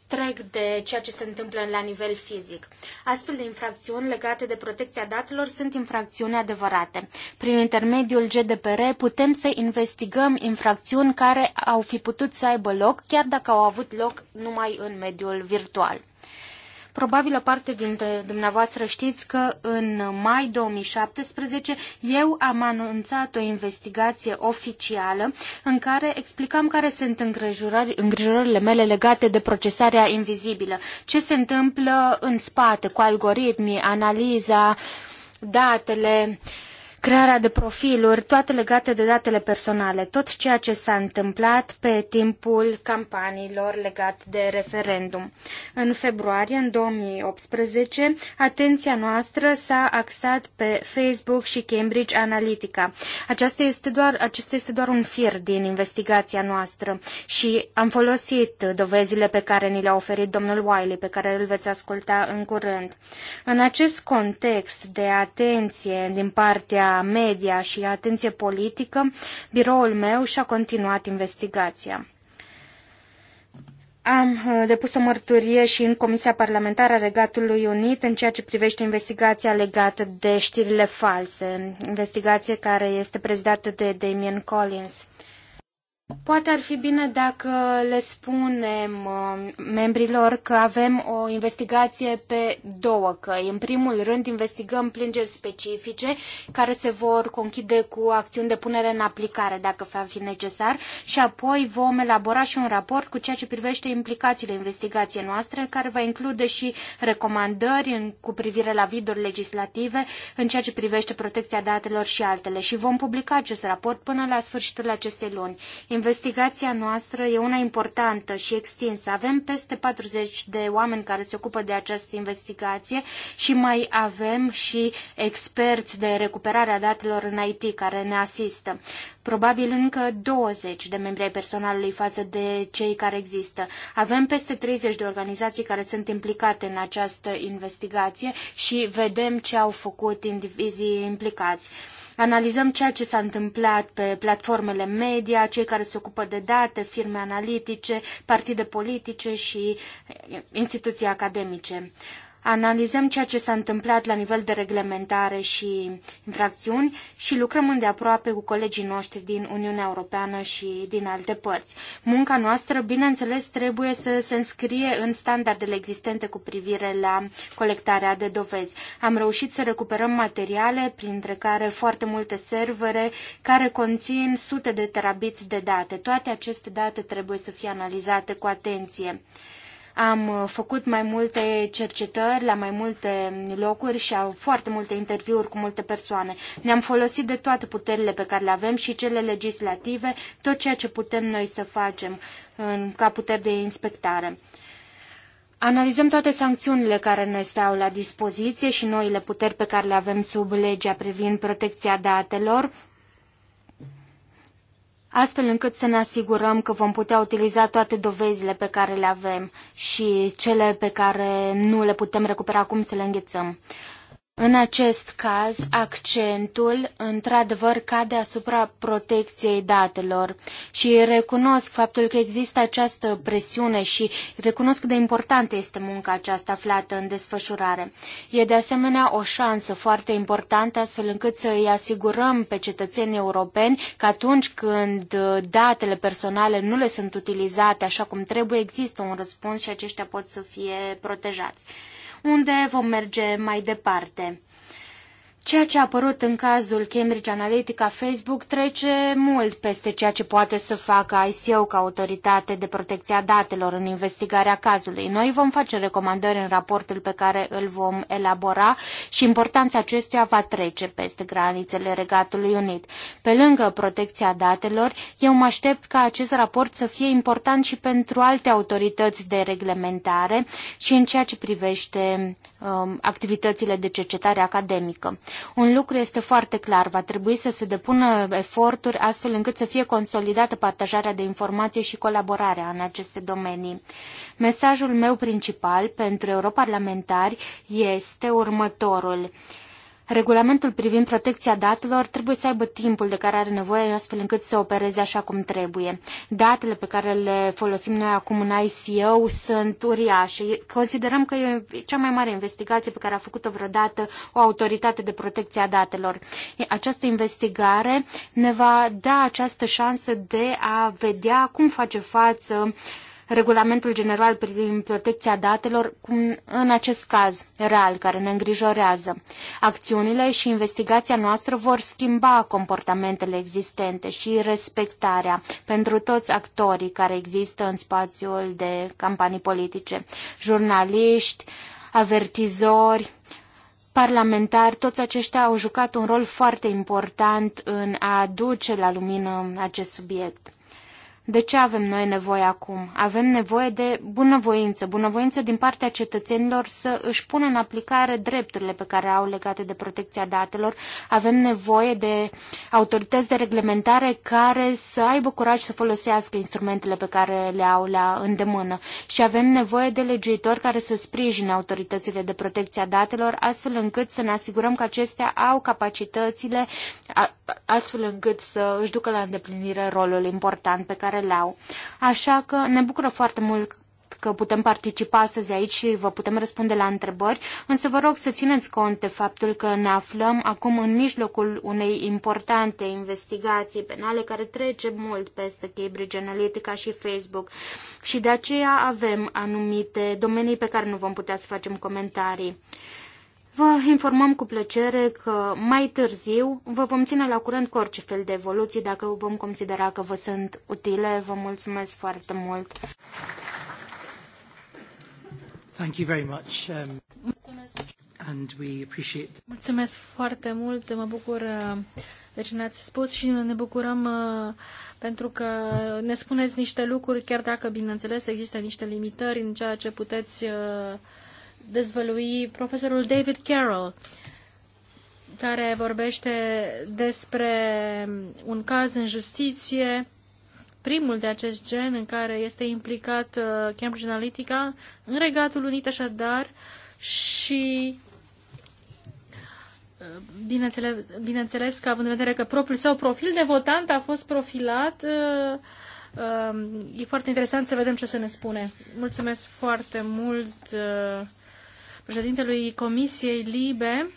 trec de ceea ce se întâmplă la nivel fizic. Astfel de infracțiuni legate de protecția datelor sunt infracțiuni adevărate. Prin intermediul GDPR putem să investigăm infracțiuni care au fi putut să aibă loc, chiar dacă au avut loc numai în mediul virtual. Probabil o parte dintre dumneavoastră știți că în mai 2017 eu am anunțat o investigație oficială în care explicam care sunt îngrijorări, îngrijorările mele legate de procesarea invizibilă. Ce se întâmplă în spate cu algoritmii, analiza, datele, uh, crearea de profiluri, toate legate de datele personale, tot ceea ce s-a întâmplat pe timpul campaniilor legate de referendum. În februarie, în 2018, atenția noastră s-a axat pe Facebook și Cambridge Analytica. Aceasta este doar, acesta este doar un fir din investigația noastră și am folosit dovezile pe care ni le-a oferit domnul Wiley, pe care îl veți asculta în curând. În acest context de atenție din partea media și atenție politică, biroul meu și-a continuat investigația. Am uh, depus o mărturie și în Comisia Parlamentară a Regatului Unit în ceea ce privește investigația legată de știrile false, investigație care este prezidată de Damien Collins. Poate ar fi bine dacă le spunem uh, membrilor că avem o investigație pe două căi. În primul rând, investigăm plângeri specifice care se vor conchide cu acțiuni de punere în aplicare, dacă va fi necesar, și apoi vom elabora și un raport cu ceea ce privește implicațiile investigației noastre, care va include și recomandări în, cu privire la viduri legislative în ceea ce privește protecția datelor și altele. Și vom publica acest raport până la sfârșitul acestei luni. Investigația noastră e una importantă și extinsă. Avem peste 40 de oameni care se ocupă de această investigație și mai avem și experți de recuperare a datelor în IT care ne asistă. Probabil încă 20 de membri ai personalului față de cei care există. Avem peste 30 de organizații care sunt implicate în această investigație și vedem ce au făcut indivizii implicați. Analizăm ceea ce s-a întâmplat pe platformele media, cei care se ocupă de date, firme analitice, partide politice și eh, instituții academice analizăm ceea ce s-a întâmplat la nivel de reglementare și infracțiuni și lucrăm îndeaproape cu colegii noștri din Uniunea Europeană și din alte părți. Munca noastră, bineînțeles, trebuie să se înscrie în standardele existente cu privire la colectarea de dovezi. Am reușit să recuperăm materiale, printre care foarte multe servere, care conțin sute de terabiți de date. Toate aceste date trebuie să fie analizate cu atenție. Am uh, făcut mai multe cercetări la mai multe locuri și au foarte multe interviuri cu multe persoane. Ne-am folosit de toate puterile pe care le avem și cele legislative, tot ceea ce putem noi să facem ca puteri de inspectare. Analizăm toate sancțiunile care ne stau la dispoziție și noile puteri pe care le avem sub legea privind protecția datelor, astfel încât să ne asigurăm că vom putea utiliza toate dovezile pe care le avem și cele pe care nu le putem recupera acum să le înghețăm. În acest caz, accentul într-adevăr cade asupra protecției datelor și recunosc faptul că există această presiune și recunosc cât de importantă este munca aceasta aflată în desfășurare. E de asemenea o șansă foarte importantă astfel încât să îi asigurăm pe cetățenii europeni că atunci când datele personale nu le sunt utilizate așa cum trebuie, există un răspuns și aceștia pot să fie protejați unde vom merge mai departe. Ceea ce a apărut în cazul Cambridge Analytica Facebook trece mult peste ceea ce poate să facă ICO ca autoritate de protecția datelor în investigarea cazului. Noi vom face recomandări în raportul pe care îl vom elabora și importanța acestuia va trece peste granițele Regatului Unit. Pe lângă protecția datelor, eu mă aștept ca acest raport să fie important și pentru alte autorități de reglementare și în ceea ce privește Um, activitățile de cercetare academică. Un lucru este foarte clar, va trebui să se depună eforturi astfel încât să fie consolidată partajarea de informații și colaborarea în aceste domenii. Mesajul meu principal pentru europarlamentari este următorul. Uh, Regulamentul privind protecția datelor trebuie să aibă timpul de care are nevoie astfel încât să opereze așa cum trebuie. Datele pe care le folosim noi acum în ICO sunt uriașe. Considerăm că e cea mai mare investigație pe care a făcut-o vreodată o autoritate de protecție a datelor. Această investigare ne va da această șansă de a vedea cum face față uh, regulamentul general privind protecția datelor, cum în acest caz real, care ne îngrijorează. Acțiunile și investigația noastră vor schimba comportamentele existente și respectarea pentru toți actorii care există în spațiul de campanii politice, jurnaliști, avertizori, parlamentari, toți aceștia au jucat un rol foarte important în a aduce la lumină acest subiect. De ce avem noi nevoie acum? Avem nevoie de bunăvoință, bunăvoință din partea cetățenilor să își pună în aplicare drepturile pe care au legate de protecția datelor. Avem nevoie de autorități de reglementare care să aibă curaj să folosească instrumentele pe care le au la îndemână. Și avem nevoie de legiuitori care să sprijine autoritățile de protecția datelor, astfel încât să ne asigurăm că acestea au capacitățile, astfel încât să își ducă la îndeplinire rolul important pe care care le au. Așa că ne bucură foarte mult că putem participa astăzi aici și vă putem răspunde la întrebări, însă vă rog să țineți cont de faptul că ne aflăm acum în mijlocul unei importante investigații penale care trece mult peste Cambridge Analytica și Facebook și de aceea avem anumite domenii pe care nu vom putea să facem comentarii. Vă informăm cu plăcere că mai târziu vă vom ține la curent cu orice fel de evoluții dacă vom considera că vă sunt utile. Vă mulțumesc foarte mult! Thank you very much. Um, mulțumesc. And we appreciate... mulțumesc foarte mult, mă bucur uh, deci ne-ați spus și ne bucurăm uh, pentru că ne spuneți niște lucruri, chiar dacă, bineînțeles, există niște limitări în ceea ce puteți uh, dezvălui profesorul David Carroll, care vorbește despre un caz în justiție, primul de acest gen în care este implicat uh, Cambridge Analytica în Regatul Unit așadar și uh, bineînțeles, bineînțeles că având în vedere că propriul său profil de votant a fost profilat, uh, um, e foarte interesant să vedem ce să ne spune. Mulțumesc foarte mult președintelui Comisiei Libe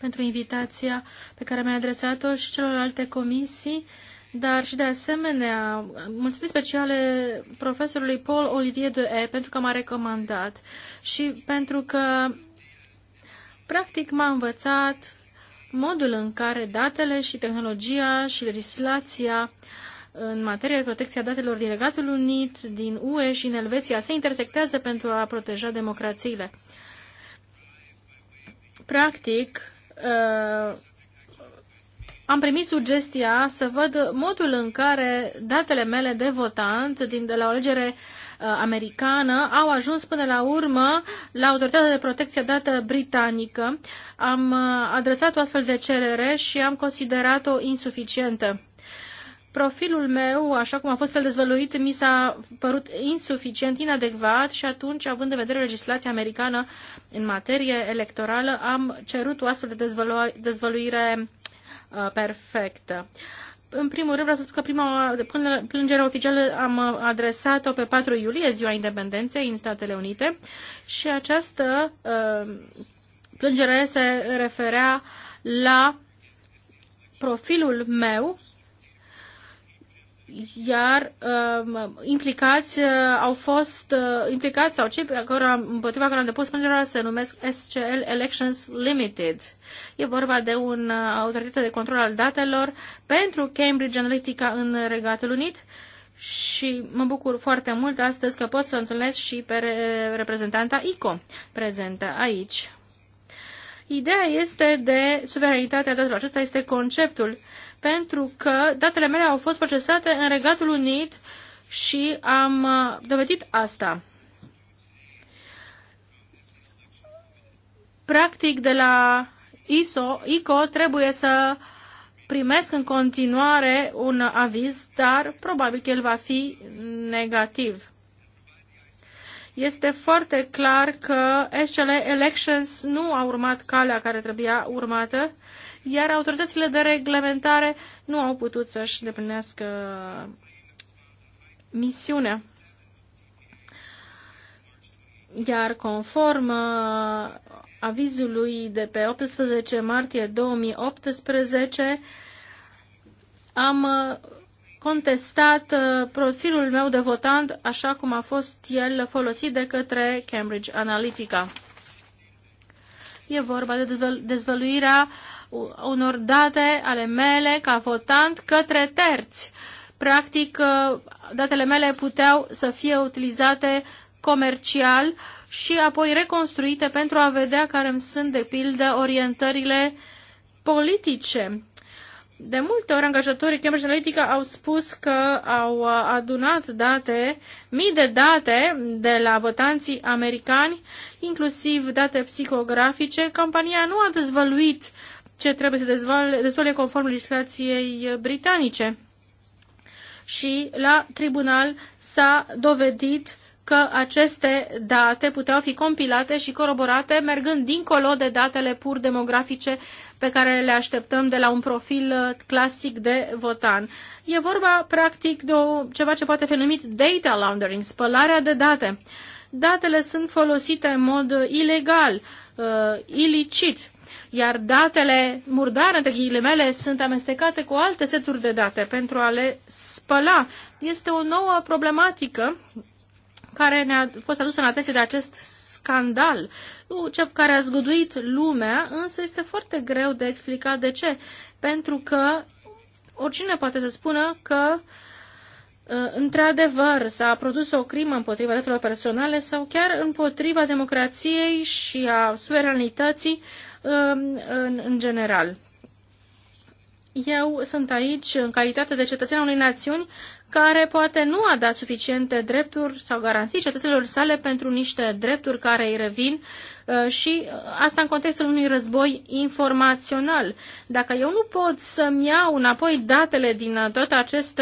pentru invitația pe care mi-a adresat-o și celorlalte comisii, dar și de asemenea mulțumiri speciale profesorului Paul Olivier de E pentru că m-a recomandat și pentru că practic m-a învățat modul în care datele și tehnologia și legislația în materie de protecție a datelor din Regatul Unit, din UE și în Elveția se intersectează pentru a proteja democrațiile. Practic, uh, am primit sugestia să văd modul în care datele mele de votant din de la o alegere uh, americană au ajuns până la urmă la Autoritatea de Protecție Dată Britanică. Am uh, adresat o astfel de cerere și am considerat-o insuficientă profilul meu, așa cum a fost el dezvăluit, mi s-a părut insuficient, inadecvat și atunci, având în vedere legislația americană în materie electorală, am cerut o astfel de dezvălu- dezvăluire uh, perfectă. În primul rând vreau să spun că prima plângere oficială am uh, adresat-o pe 4 iulie, ziua independenței în Statele Unite și această uh, plângere se referea la profilul meu iar um, implicați uh, au fost uh, implicați sau cei care, împotriva care am depus plângerea se numesc SCL Elections Limited. E vorba de un uh, autoritate de control al datelor pentru Cambridge Analytica în Regatul Unit și mă bucur foarte mult astăzi că pot să întâlnesc și pe reprezentanta ICO prezentă aici. Ideea este de suveranitatea datelor. Acesta este conceptul uh, pentru că datele mele au fost procesate în Regatul Unit și am uh, dovedit asta. Practic, de la ISO, ICO trebuie să primesc în continuare un aviz, dar probabil că el va fi negativ. Este foarte clar că SCL Elections nu a urmat calea care trebuia urmată iar autoritățile de reglementare nu au putut să-și îndeplinească misiunea. Iar conform uh, avizului de pe 18 martie 2018, am uh, contestat uh, profilul meu de votant așa cum a fost el folosit de către Cambridge Analytica. E vorba de dezvăluirea uh, unor date ale mele ca votant către terți. Practic, uh, datele mele puteau să fie utilizate comercial și apoi reconstruite pentru a vedea care îmi sunt, de pildă, orientările politice. De multe ori, angajatorii Cambridge Analytica au spus că au uh, adunat date, mii de date de la votanții americani, inclusiv date psihografice. Compania nu a dezvăluit uh, ce trebuie să dezvolte, dezvolte conform legislației britanice. Și la tribunal s-a dovedit că aceste date puteau fi compilate și coroborate mergând dincolo de datele pur demografice pe care le așteptăm de la un profil uh, clasic de votan. E vorba, practic, de o, ceva ce poate fi numit data laundering, spălarea de date. Uh, datele sunt folosite în mod uh, ilegal, uh, ilicit, iar datele murdare, între ghilimele, sunt amestecate cu alte seturi de date pentru a le spăla. Este o nouă problematică care ne-a fost adusă în atenție de acest scandal, cel care a zguduit lumea, însă este foarte greu de explicat de ce. Pentru că oricine poate să spună că uh, Uh, într-adevăr s-a produs o crimă împotriva drepturilor personale sau chiar împotriva democrației și a suveranității um, în, în general. Eu sunt aici în calitate de cetățean unei națiuni care poate nu a dat suficiente drepturi sau garanții cetățenilor sale pentru niște drepturi care îi revin uh, și uh, asta în contextul unui război informațional. Dacă eu nu pot să-mi iau înapoi datele din uh, tot acest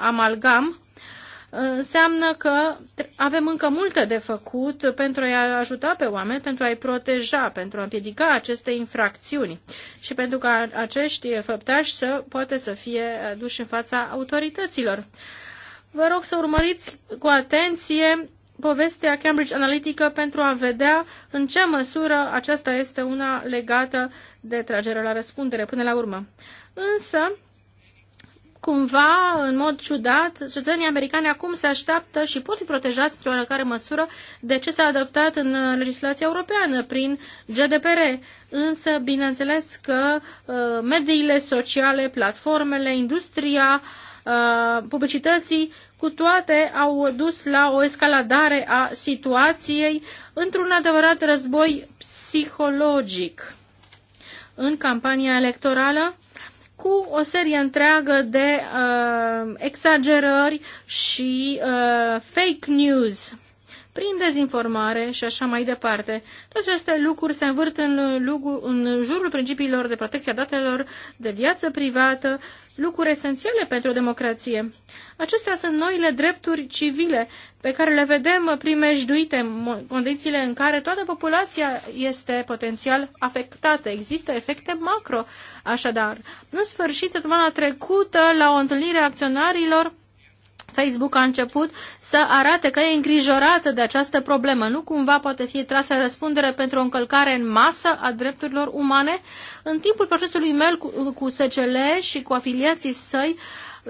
amalgam, înseamnă că avem încă multe de făcut pentru a ajuta pe oameni, pentru a-i proteja, pentru a împiedica aceste infracțiuni și pentru ca acești făptași să poată să fie duși în fața autorităților. Vă rog să urmăriți cu atenție povestea Cambridge Analytica pentru a vedea în ce măsură aceasta este una legată de tragere la răspundere până la urmă. Însă, cumva, în mod ciudat, cetățenii americani acum se așteaptă și pot fi protejați într-o oarecare măsură de ce s-a adoptat în uh, legislația europeană prin GDPR. Însă, bineînțeles că uh, mediile sociale, platformele, industria uh, publicității, cu toate au dus la o escaladare a situației într-un adevărat război psihologic. În campania electorală, cu o serie întreagă de uh, exagerări și uh, fake news prin dezinformare și așa mai departe. Toate aceste lucruri se învârt în, în jurul principiilor de protecție a datelor de viață privată lucruri esențiale pentru o democrație. Acestea sunt noile drepturi civile pe care le vedem primejduite în condițiile în care toată populația este potențial afectată. Există efecte macro, așadar. În sfârșit, săptămâna trecută, la o întâlnire a acționarilor, Facebook a început să arate că e îngrijorată de această problemă. Nu cumva poate fi trasă răspundere pentru o încălcare în masă a drepturilor umane? În timpul procesului Mel cu, cu SCL și cu afiliații săi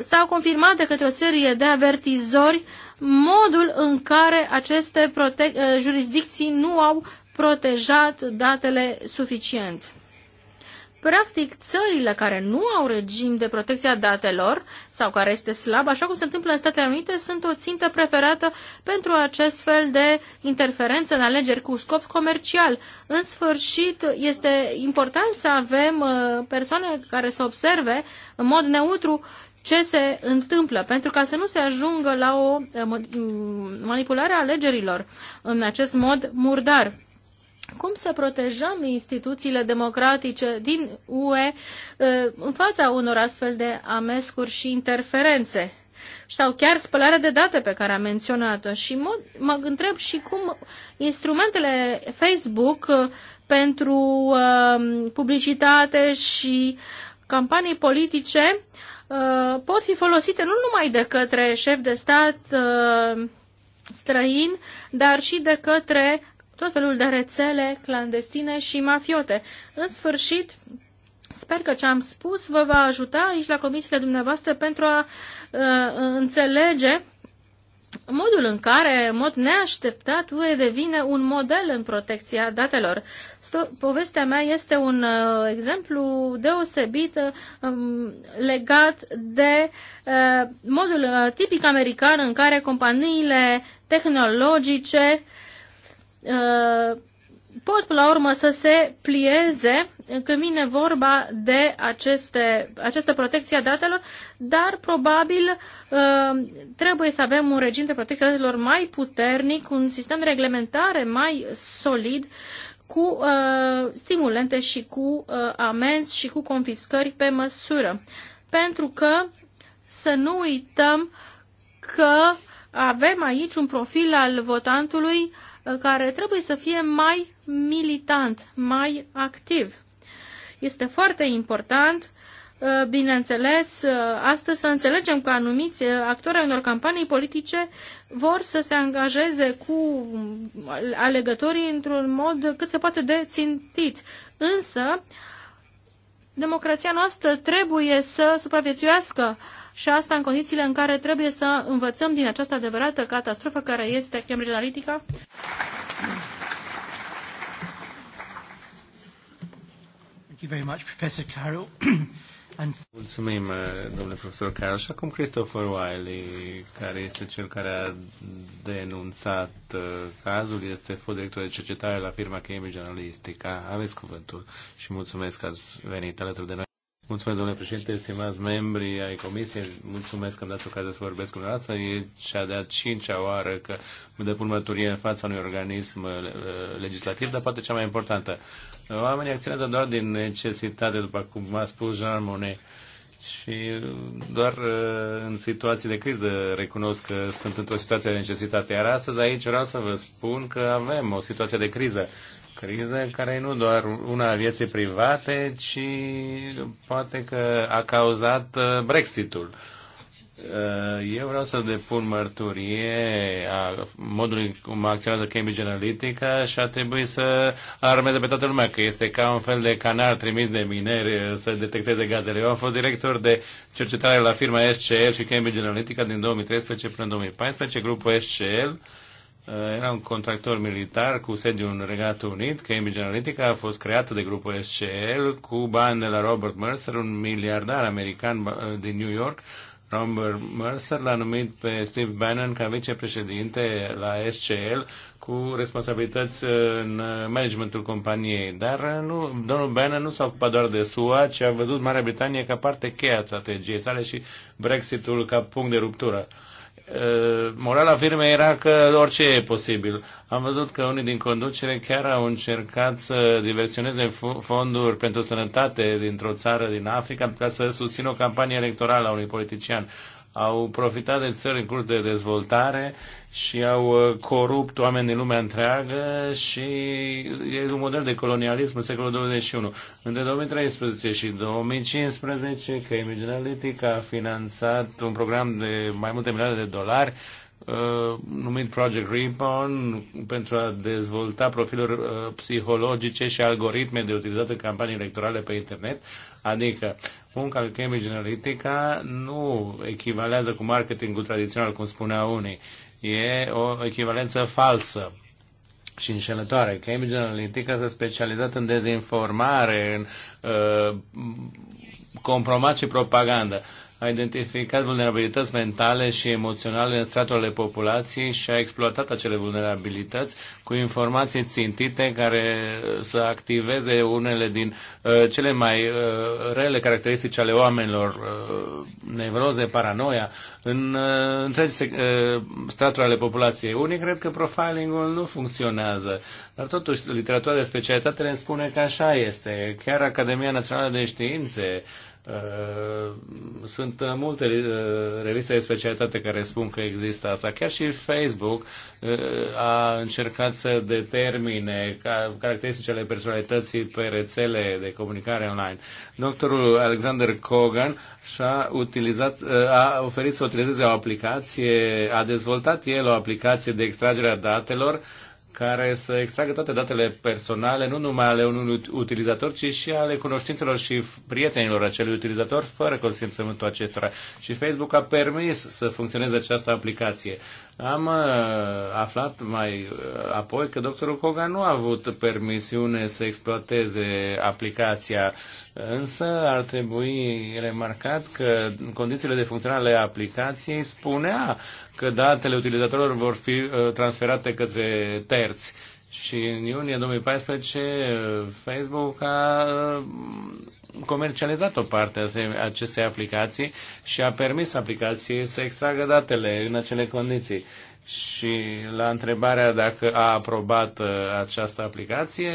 s-au confirmat de către o serie de avertizori modul în care aceste eh, jurisdicții nu au protejat datele suficient. Practic, țările care nu au regim de protecție a datelor sau care este slab, așa cum se întâmplă în Statele Unite, sunt o țintă preferată pentru acest fel de interferență în alegeri cu scop comercial. În sfârșit, este important să avem uh, persoane care să observe în mod neutru ce se întâmplă, pentru ca să nu se ajungă la o uh, manipulare a alegerilor în acest mod murdar cum să protejăm instituțiile democratice din UE uh, în fața unor astfel de amescuri și interferențe sau chiar spălarea de date pe care am menționat-o. Și mă, întreb și cum instrumentele Facebook uh, pentru uh, publicitate și campanii politice pot fi folosite nu numai de către șef de stat străin, dar și de către tot felul de rețele clandestine și mafiote. În sfârșit, Sper că ce am spus vă va ajuta aici la comisiile dumneavoastră pentru a uh, înțelege modul în care, în mod neașteptat, UE devine un model în protecția datelor. Povestea mea este un uh, exemplu deosebit uh, um, legat de uh, modul uh, tipic american în care companiile tehnologice uh, Uh, pot la urmă să se plieze când vine vorba de aceste, această protecție a datelor, dar probabil uh, trebuie să avem un regim de protecție a datelor mai puternic, un sistem de reglementare mai solid, cu uh, stimulente și cu uh, amenzi și cu confiscări pe măsură. Pentru că să nu uităm că avem aici un profil al votantului uh, care trebuie să fie mai militant, mai activ. Este foarte important, uh, bineînțeles, uh, astăzi să înțelegem că anumiți uh, actori ai unor campanii politice vor să se angajeze cu alegătorii într-un mod cât se poate de țintit. Însă, democrația noastră trebuie să supraviețuiască și asta în condițiile în care trebuie să învățăm din această adevărată catastrofă care este Cambridge Analytica. Thank you very much, Professor Carroll. Mulțumim, eh, domnule profesor Carl. Și acum Christopher Wiley, care este cel care a denunțat eh, cazul, este fost director de cercetare la firma Cambridge Analytica. Aveți cuvântul și mulțumesc că ați venit alături de noi. Mulțumesc, domnule președinte, stimați membri ai comisiei, mulțumesc că am dat ocazia să vorbesc cu dumneavoastră. E cea de-a cincea oară că mă depun mărturie în fața unui organism uh, legislativ, dar poate cea mai importantă. Oamenii acționează doar din necesitate, după cum a spus Jean Monnet, și uh, doar uh, în situații de criză recunosc că sunt într-o situație de necesitate. Iar astăzi aici vreau să vă spun că avem o situație de criză criză care nu doar una a vieții private, ci poate că a cauzat uh, Brexitul. Uh, eu vreau să depun mărturie a modului cum acționează Cambridge Analytica și a trebuit să armeze pe toată lumea, că este ca un fel de canal trimis de mineri uh, să detecteze gazele. Eu am fost director de cercetare la firma SCL și Cambridge Analytica din 2013 până în 2014, grupul SCL Eh, era un contractor militar cu sediu în Regatul Unit. Cambridge Analytica a fost creată de grupul SCL cu bani de la Robert Mercer, un miliardar american eh, din New York. Robert Mercer l-a numit pe Steve Bannon ca vicepreședinte la SCL cu responsabilități eh, în managementul companiei. Dar nu, domnul Bannon nu s-a ocupat doar de SUA, ci a văzut Marea Britanie ca parte cheie a strategiei sale și Brexitul ca punct de ruptură. Uh, Eh, morala firmei era că orice e posibil. Am văzut că unii din conducere chiar au încercat să diversioneze fonduri pentru sănătate dintr-o țară din Africa ca să susțină o campanie electorală a unui politician au profitat de țări în curs de dezvoltare și au uh, corupt oameni din lumea întreagă și e un model de colonialism în secolul 21. Între 2013 și 2015, Cambridge Analytica a finanțat un program de mai multe milioane de dolari Uh, numit Project Ribbon pentru a dezvolta profiluri uh, psihologice și algoritme de utilizat în campanii electorale pe internet, adică munca lui Cambridge Analytica nu echivalează cu marketingul tradițional, cum spunea unii. E o echivalență falsă și înșelătoare. Cambridge Analytica s-a specializat în dezinformare, în uh, compromat și propagandă a identificat vulnerabilități mentale și emoționale în straturile populației și a exploatat acele vulnerabilități cu informații țintite care uh, să activeze unele din uh, cele mai uh, rele caracteristici ale oamenilor, uh, nevroze, paranoia, în uh, întregi uh, straturi ale populației. Unii cred că profilingul nu funcționează, dar totuși literatura de specialitate ne spune că așa este. Chiar Academia Națională de Științe, uh, Uh, sunt multe uh, reviste de specialitate care spun că există asta. Chiar și Facebook uh, a încercat să determine caracteristicile personalității pe rețele de comunicare online. Doctorul Alexander Kogan și-a utilizat, a oferit să utilizeze o aplicație, a dezvoltat el o aplicație de extragere a datelor care să extragă toate datele personale, nu numai ale unui utilizator, ci și ale cunoștințelor și prietenilor acelui utilizator, fără consimțământul acestora. Și Facebook a permis să funcționeze această aplicație. Am uh, aflat mai uh, apoi că doctorul Koga nu a avut permisiune să exploateze aplicația, însă ar trebui remarcat că condițiile de funcționare ale aplicației spunea că datele utilizatorilor vor fi uh, transferate către terți. Și în iunie 2014 uh, Facebook a uh, comercializat o parte a acestei aplicații și a permis aplicației să extragă datele în acele condiții. Și la întrebarea dacă a aprobat uh, această aplicație,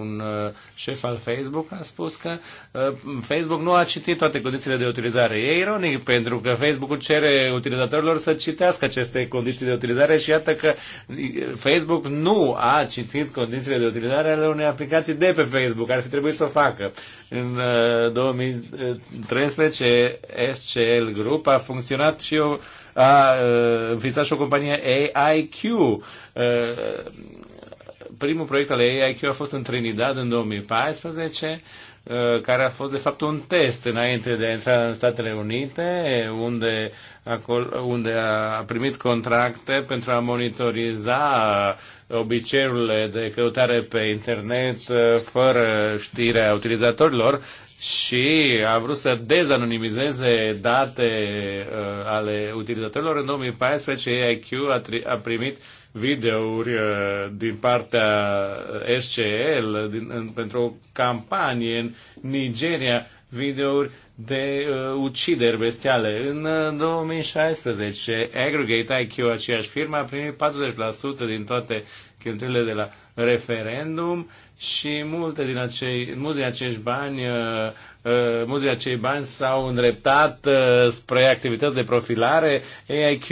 un uh, șef al Facebook a spus că uh, Facebook nu a citit toate condițiile de utilizare. E ironic pentru că Facebook cere utilizatorilor să citească aceste condiții de utilizare și iată că Facebook nu a citit condițiile de utilizare ale unei aplicații de pe Facebook. Ar fi trebuit să o facă. În 2013 SCL Group a funcționat și eu a înființat și o companie AIQ. Primul proiect al AIQ a fost în Trinidad în 2014 care a fost de fapt un test înainte de a intra în Statele Unite, unde, acolo, unde a primit contracte pentru a monitoriza obiceiurile de căutare pe internet fără știrea utilizatorilor și a vrut să dezanonimizeze date uh, ale utilizatorilor. În 2014 AIQ a, tri- a primit videouri uh, din partea uh, SCL din, în, pentru o campanie în Nigeria, videouri de uh, ucideri bestiale. În uh, 2016, Aggregate IQ, aceeași firmă, a primit 40% din toate cheltuielile de la referendum și multe din acei, mulți din acești bani, uh, uh, mulți din acei bani s-au îndreptat uh, spre activități de profilare. AIQ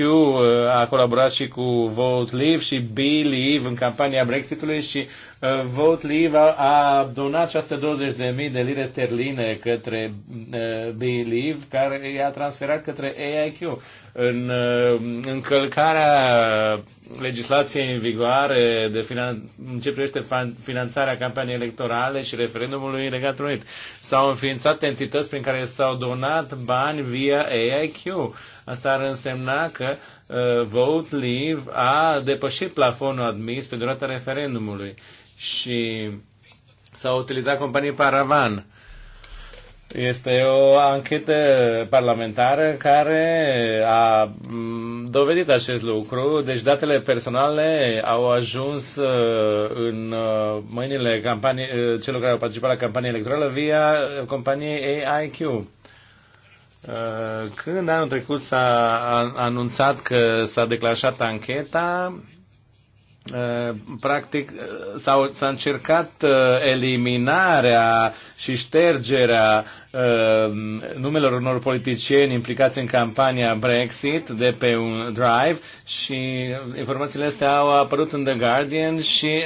a colaborat și cu Vote Leave și Believe în campania Brexitului și Uh, Vote Leave a, a donat 620.000 de lire sterline către uh, Believe, care i-a transferat către AIQ. În uh, încălcarea legislației în vigoare de finan- ce privește finanțarea campaniei electorale și referendumului Regatul unit. S-au înființat entități prin care s-au donat bani via AIQ. Asta ar însemna că uh, Vote Leave a depășit plafonul admis pe durata referendumului și s-au utilizat companii paravan. Este o anchetă parlamentară care a mm, dovedit acest lucru, deci datele personale au ajuns uh, în uh, mâinile uh, celor care au participat la campania electorală via companiei AIQ. Uh, când anul trecut s-a anunțat că s-a declanșat ancheta, uh, practic uh, s-a, s încercat eliminarea și ștergerea numelor unor politicieni implicați în campania Brexit de pe un drive și informațiile astea au apărut în The Guardian și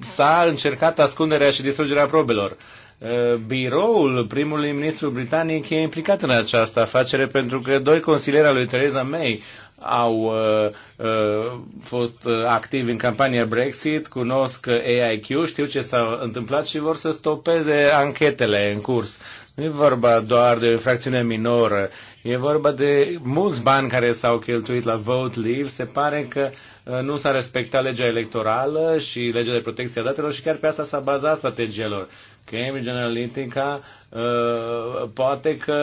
s-a încercat ascunderea și distrugerea probelor. Eh, biroul primului ministru britanic e implicat în această afacere pentru că doi consilieri al lui Theresa May au uh, uh, fost activi în campania Brexit, cunosc AIQ, știu ce s-a întâmplat și vor să stopeze anchetele în curs. Nu e vorba doar de o infracțiune minoră, e vorba de mulți bani care s-au cheltuit la vote leave. Se pare că uh, nu s-a respectat legea electorală și legea de protecție a datelor și chiar pe asta s-a bazat strategia lor. Cambridge Analytica uh, poate că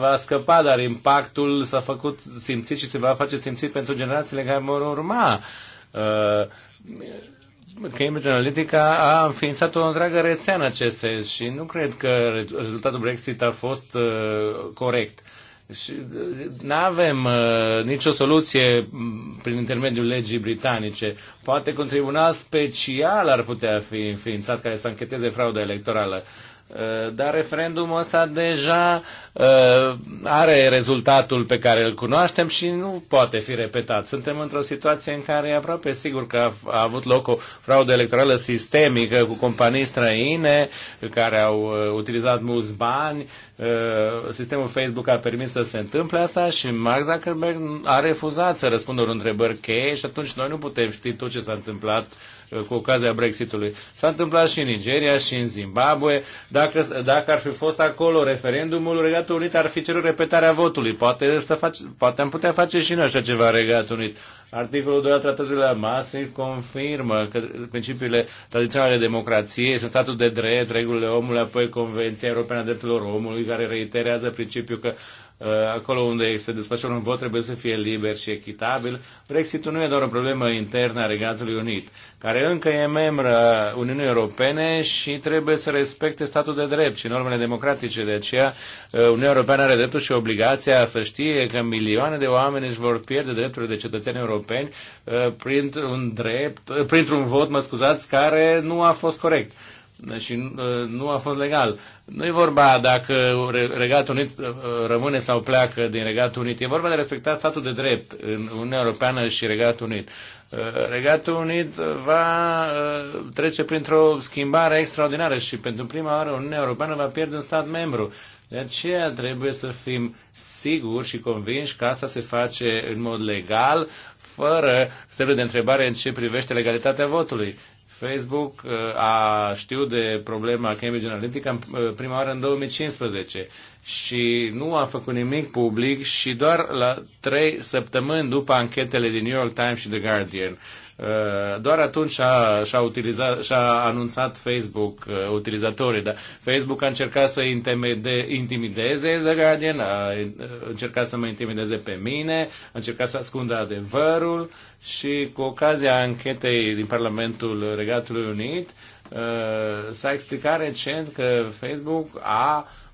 va scăpa, dar impactul s-a făcut simțit și se va face simțit pentru generațiile care vor urma. Uh, Cambridge Analytica a înființat o întreagă rețea în acest sens și nu cred că rezultatul Brexit a fost uh, corect. Și uh, nu avem uh, nicio soluție mm, prin intermediul legii britanice. Poate că un tribunal special ar putea fi înființat care să încheteze frauda electorală. Uh, Eh, dar referendumul ăsta deja eh, are rezultatul pe care îl cunoaștem și nu poate fi repetat. Suntem într-o situație în care e aproape sigur că a avut loc o fraudă electorală sistemică cu companii străine care au eh, utilizat mulți bani Uh, sistemul Facebook a permis să se întâmple asta și Mark Zuckerberg a refuzat să răspundă unor întrebări cheie și atunci noi nu putem ști tot ce s-a întâmplat uh, cu ocazia Brexitului. S-a întâmplat și în Nigeria și în Zimbabwe. Dacă, dacă ar fi fost acolo referendumul, Regatul Unit ar fi cerut repetarea votului. Poate, să face, poate am putea face și noi așa ceva Regatul Unit. Articolul 2 al tratatului la masă confirmă că principiile tradiționale de democrație sunt statul de drept, regulile omului, apoi Convenția Europeană a Drepturilor Omului, care reiterează principiul că uh, acolo unde se desfășoară un vot trebuie să fie liber și echitabil. Brexitul nu e doar o problemă internă a Regatului Unit, care încă e membră Uniunii Europene și trebuie să respecte statul de drept și normele democratice. De aceea uh, Uniunea Europeană are dreptul și obligația să știe că milioane de oameni își vor pierde drepturile de cetățeni europeni uh, printr-un drept, uh, printr-un vot, mă scuzați, care nu a fost corect. Uh, și uh, nu a fost legal. Nu e vorba dacă Regatul Unit uh, rămâne sau pleacă din Regatul Unit. E vorba de respecta statul de drept în Uniunea Europeană și Regatul Unit. Uh, Regatul Unit va trece printr-o schimbare extraordinară și pentru prima oară Uniunea Europeană va pierde un stat membru. De aceea trebuie să fim siguri și convinși că asta se face în mod legal, fără semne de întrebare în ce privește legalitatea votului. Facebook uh, a știut de problema Cambridge Analytica uh, prima oară în 2015 și nu a făcut nimic public și doar la trei săptămâni după anchetele din New York Times și The Guardian Eh, doar atunci și-a, și-a, utilizat, și-a anunțat Facebook eh, utilizatorii. Dar Facebook a încercat să intimide, intimideze The Guardian, a eh, încercat să mă intimideze pe mine, a încercat să ascundă adevărul și cu ocazia anchetei din Parlamentul Regatului Unit s-a explicat recent că Facebook a uh,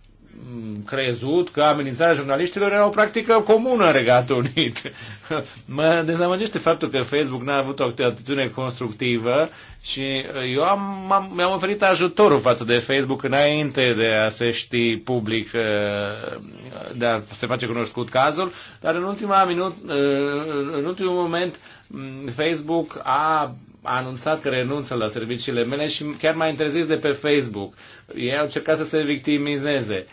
crezut că amenințarea jurnaliștilor era o practică comună în Regatul Unit. mă dezamăgește faptul că Facebook n-a avut o atitudine constructivă și eu am, am, mi-am oferit ajutorul față de Facebook înainte de a se ști public, uh, de a se face cunoscut cazul, dar în ultima minut, uh, în ultimul moment mm, Facebook a a anunțat că renunță la serviciile mele și chiar mai interzis de pe Facebook. Ei au încercat să se victimizeze.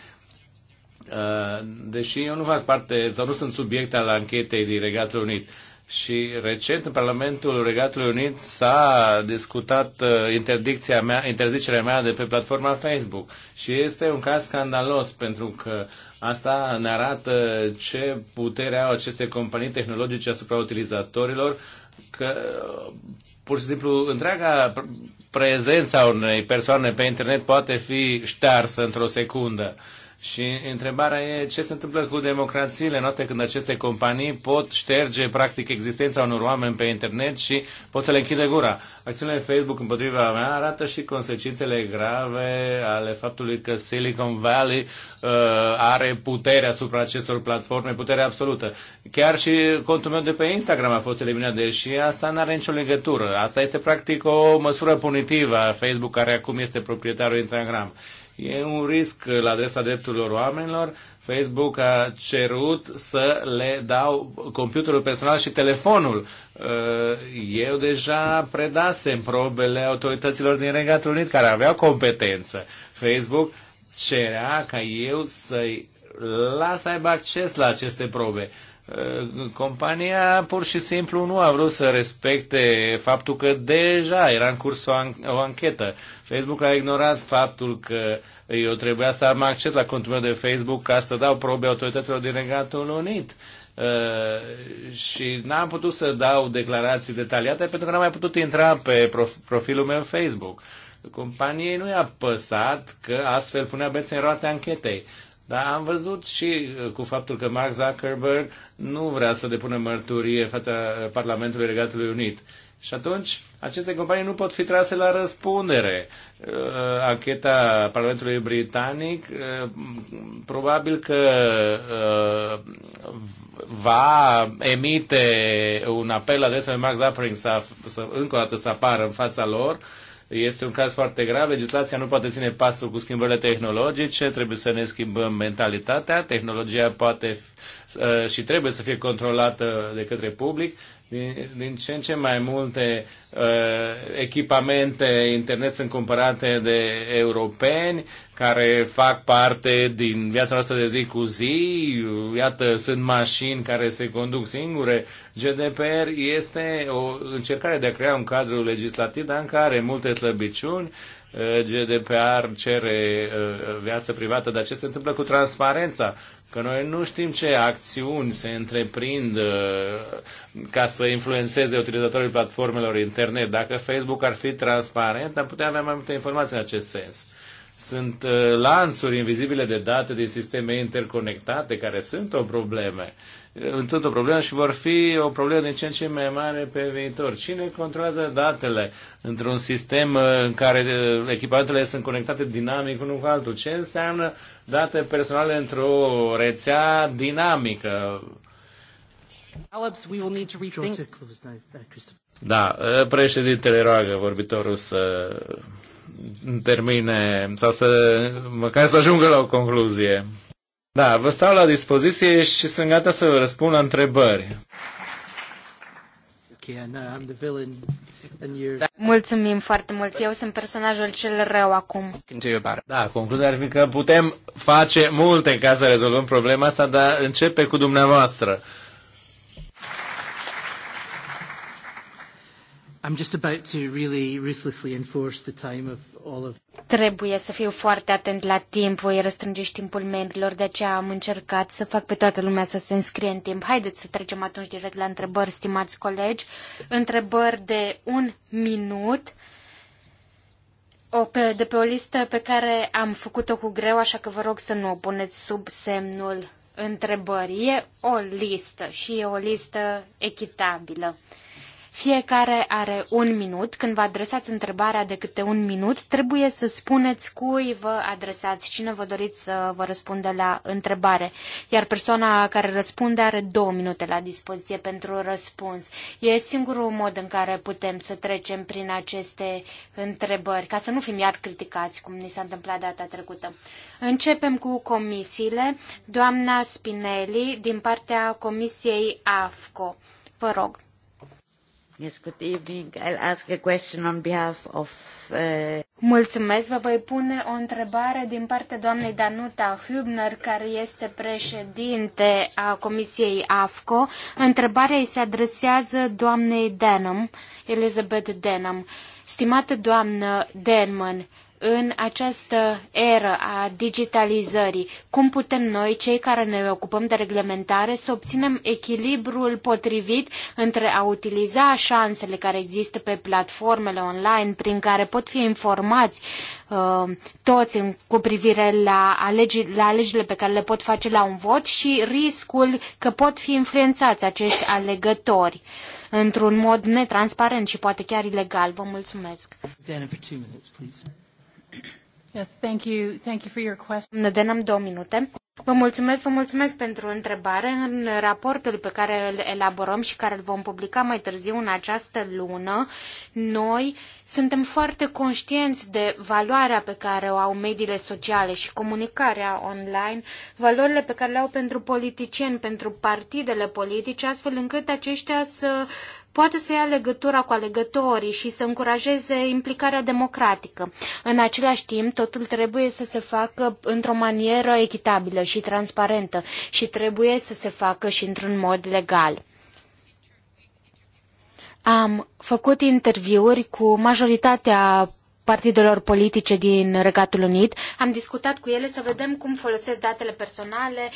Uh, deși eu nu fac parte sau nu sunt subiect al anchetei din Regatul Unit. Și recent în Parlamentul Regatului Unit s-a discutat uh, interdicția mea, interzicerea mea de pe platforma Facebook. Și este un caz scandalos pentru că asta ne arată ce putere au aceste companii tehnologice asupra utilizatorilor, că uh, pur și simplu întreaga prezența unei persoane pe internet poate fi ștearsă într-o secundă. Uh, și întrebarea e ce se întâmplă cu democrațiile noastre când aceste companii pot șterge practic existența unor oameni pe internet și pot să le închide gura. Acțiunile Facebook împotriva mea arată și consecințele grave ale faptului că Silicon Valley uh, are putere asupra acestor platforme, putere absolută. Chiar și contul meu de pe Instagram a fost eliminat, deși asta nu are nicio legătură. Asta este practic o măsură punitivă a Facebook care acum este proprietarul Instagram. E un risc la adresa drepturilor oamenilor. Facebook a cerut să le dau computerul personal și telefonul. Uh, eu deja predasem probele autorităților din Regatul Unit care aveau competență. Facebook cerea ca eu să-i las să aibă acces la aceste probe. Uh, Eh, compania pur și simplu nu a vrut să respecte faptul că deja era în curs o, an- o anchetă. Facebook a ignorat faptul că eu trebuia să am acces la contul meu de Facebook ca să dau probe autorităților din Regatul Unit. Uh, și n-am putut să dau declarații detaliate pentru că n-am mai putut intra pe prof- profilul meu Facebook. Companiei nu i-a păsat că astfel punea bețe în roate anchetei. Dar am văzut și uh, cu faptul că Mark Zuckerberg nu vrea să depună mărturie fața Parlamentului Regatului Unit. Și atunci, aceste companii nu pot fi trase la răspundere. Uh, ancheta Parlamentului Britanic uh, probabil că va emite un apel la adresa lui Mark Zuckerberg să, să încă o dată să apară în fața lor este un caz foarte grav, legislația nu poate ține pasul cu schimbările tehnologice, trebuie să ne schimbăm mentalitatea, tehnologia poate uh, și trebuie să fie controlată de către public din, din ce în ce mai multe uh, echipamente internet sunt cumpărate de europeni care fac parte din viața noastră de zi cu zi. Iată, sunt mașini care se conduc singure. GDPR este o încercare de a crea un cadru legislativ, dar în care multe slăbiciuni uh, GDPR cere uh, viață privată, dar ce se întâmplă cu transparența? că noi nu știm ce acțiuni se întreprind uh, ca să influențeze utilizatorii platformelor internet. Dacă Facebook ar fi transparent, am putea avea mai multe informații în acest sens. Sunt uh, lanțuri invizibile de date din sisteme interconectate care sunt o problemă. Uh, sunt o problemă și vor fi o problemă din ce în ce mai mare pe viitor. Cine controlează datele într-un sistem în care echipamentele sunt conectate dinamic unul cu altul? Ce înseamnă uh, date personale într-o rețea dinamică. Da, eh, președintele roagă vorbitorul să termine sau să măcar să ajungă la o concluzie. Da, vă stau la dispoziție și sunt gata să vă răspund la întrebări. Okay, I know uh, I'm the villain Mulțumim foarte mult. Eu sunt personajul cel rău acum. Da, concluzia ar fi că putem face multe în să rezolvăm problema asta, dar începe cu dumneavoastră. I'm just about to really ruthlessly enforce the time of all of... Trebuie să fiu foarte atent la timp, voi răstrângești timpul membrilor, de aceea am încercat să fac pe toată lumea să se înscrie în timp. Haideți să trecem atunci direct la întrebări, stimați colegi. Întrebări de un minut, o pe, de pe o listă pe care am făcut-o cu greu, așa că vă rog să nu o puneți sub semnul întrebării. E o listă și e o listă echitabilă. Fiecare are un minut. Când vă adresați întrebarea de câte un minut, trebuie să spuneți cui vă adresați, cine vă doriți să vă răspundă la întrebare. Iar persoana care răspunde are două minute la dispoziție pentru răspuns. E singurul mod în care putem să trecem prin aceste întrebări, ca să nu fim iar criticați, cum ni s-a întâmplat data trecută. Începem cu comisiile. Doamna Spinelli, din partea Comisiei AFCO. Vă rog. Mulțumesc, vă voi pune o întrebare din partea doamnei Danuta Hübner, care este președinte a Comisiei AFCO. Întrebarea îi se adresează doamnei Denham, Elizabeth Denham. Stimată doamnă Denman, în această eră a digitalizării, cum putem noi, cei care ne ocupăm de reglementare, să obținem echilibrul potrivit între a utiliza șansele care există pe platformele online, prin care pot fi informați uh, toți în, cu privire la, alegi, la alegerile pe care le pot face la un vot și riscul că pot fi influențați acești alegători într-un mod netransparent și poate chiar ilegal. Vă mulțumesc. for two minutes, please. Yes, thank you. Thank you for your question. două minute. Vă mulțumesc, vă mulțumesc pentru întrebare. În raportul pe care îl elaborăm și care îl vom publica mai târziu în această lună, noi suntem foarte conștienți de valoarea pe care o au mediile sociale și comunicarea online, valorile pe care le au pentru politicieni, pentru partidele politice, astfel încât aceștia să uh, poate să ia legătura cu alegătorii și să încurajeze implicarea democratică. În același timp, totul trebuie să se facă într-o manieră echitabilă și transparentă și trebuie să se facă și într-un mod legal. Am făcut interviuri cu majoritatea partidelor politice din Regatul Unit. Am discutat cu ele să vedem cum folosesc datele personale,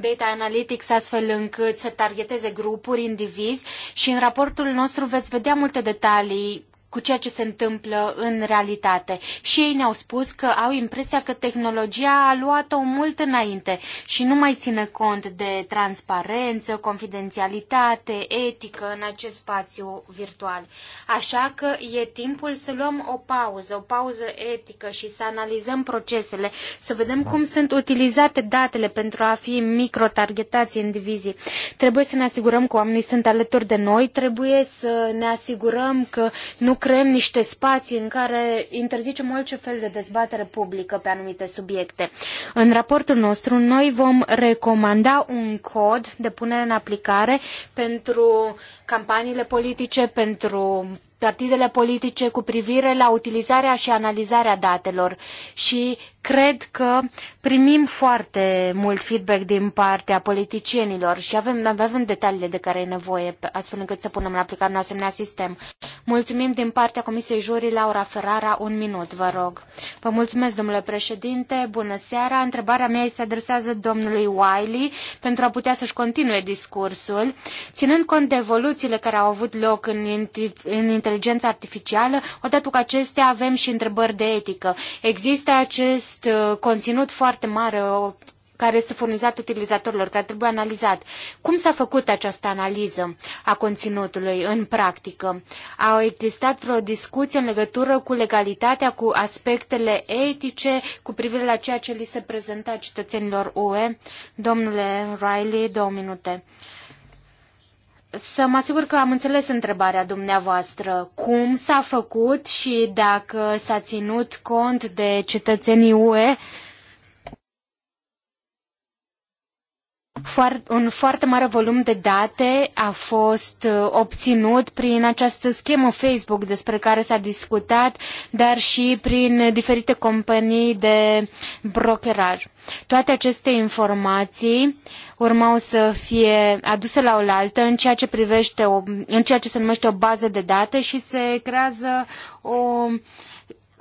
data analytics, astfel încât să targeteze grupuri, indivizi și în raportul nostru veți vedea multe detalii cu ceea ce se întâmplă în realitate. Și ei ne-au spus că au impresia că tehnologia a luat-o mult înainte și nu mai ține cont de transparență, confidențialitate, etică în acest spațiu virtual. Așa că e timpul să luăm o pauză, o pauză etică și să analizăm procesele, să vedem da. cum sunt utilizate datele pentru a fi microtargetați în divizii. Trebuie să ne asigurăm că oamenii sunt alături de noi, trebuie să ne asigurăm că nu creăm niște spații în care interzicem orice fel de dezbatere publică pe anumite subiecte. În raportul nostru, noi vom recomanda un cod de punere în aplicare pentru campaniile politice, pentru partidele politice cu privire la utilizarea și analizarea datelor și cred că Primim foarte mult feedback din partea politicienilor și avem, avem detaliile de care e nevoie astfel încât să punem în aplicare un asemenea sistem. Mulțumim din partea Comisiei Jurii Laura Ferrara, un minut, vă rog. Vă mulțumesc, domnule președinte, bună seara. Întrebarea mea se adresează domnului Wiley pentru a putea să-și continue discursul. Ținând cont de evoluțiile care au avut loc în, în inteligența artificială, odată cu acestea avem și întrebări de etică. Există acest uh, conținut foarte foarte mare care este furnizat utilizatorilor, care trebuie analizat. Cum s-a făcut această analiză a conținutului în practică? A existat vreo discuție în legătură cu legalitatea, cu aspectele etice, cu privire la ceea ce li se prezenta cetățenilor UE? Domnule Riley, două minute. Să mă asigur că am înțeles întrebarea dumneavoastră. Cum s-a făcut și dacă s-a ținut cont de cetățenii UE? un foarte mare volum de date a fost uh, obținut prin această schemă Facebook despre care s-a discutat, dar și prin diferite companii de brokeraj. Toate aceste informații urmau să fie aduse la oaltă în ceea ce privește o, în ceea ce se numește o bază de date și se creează o uh,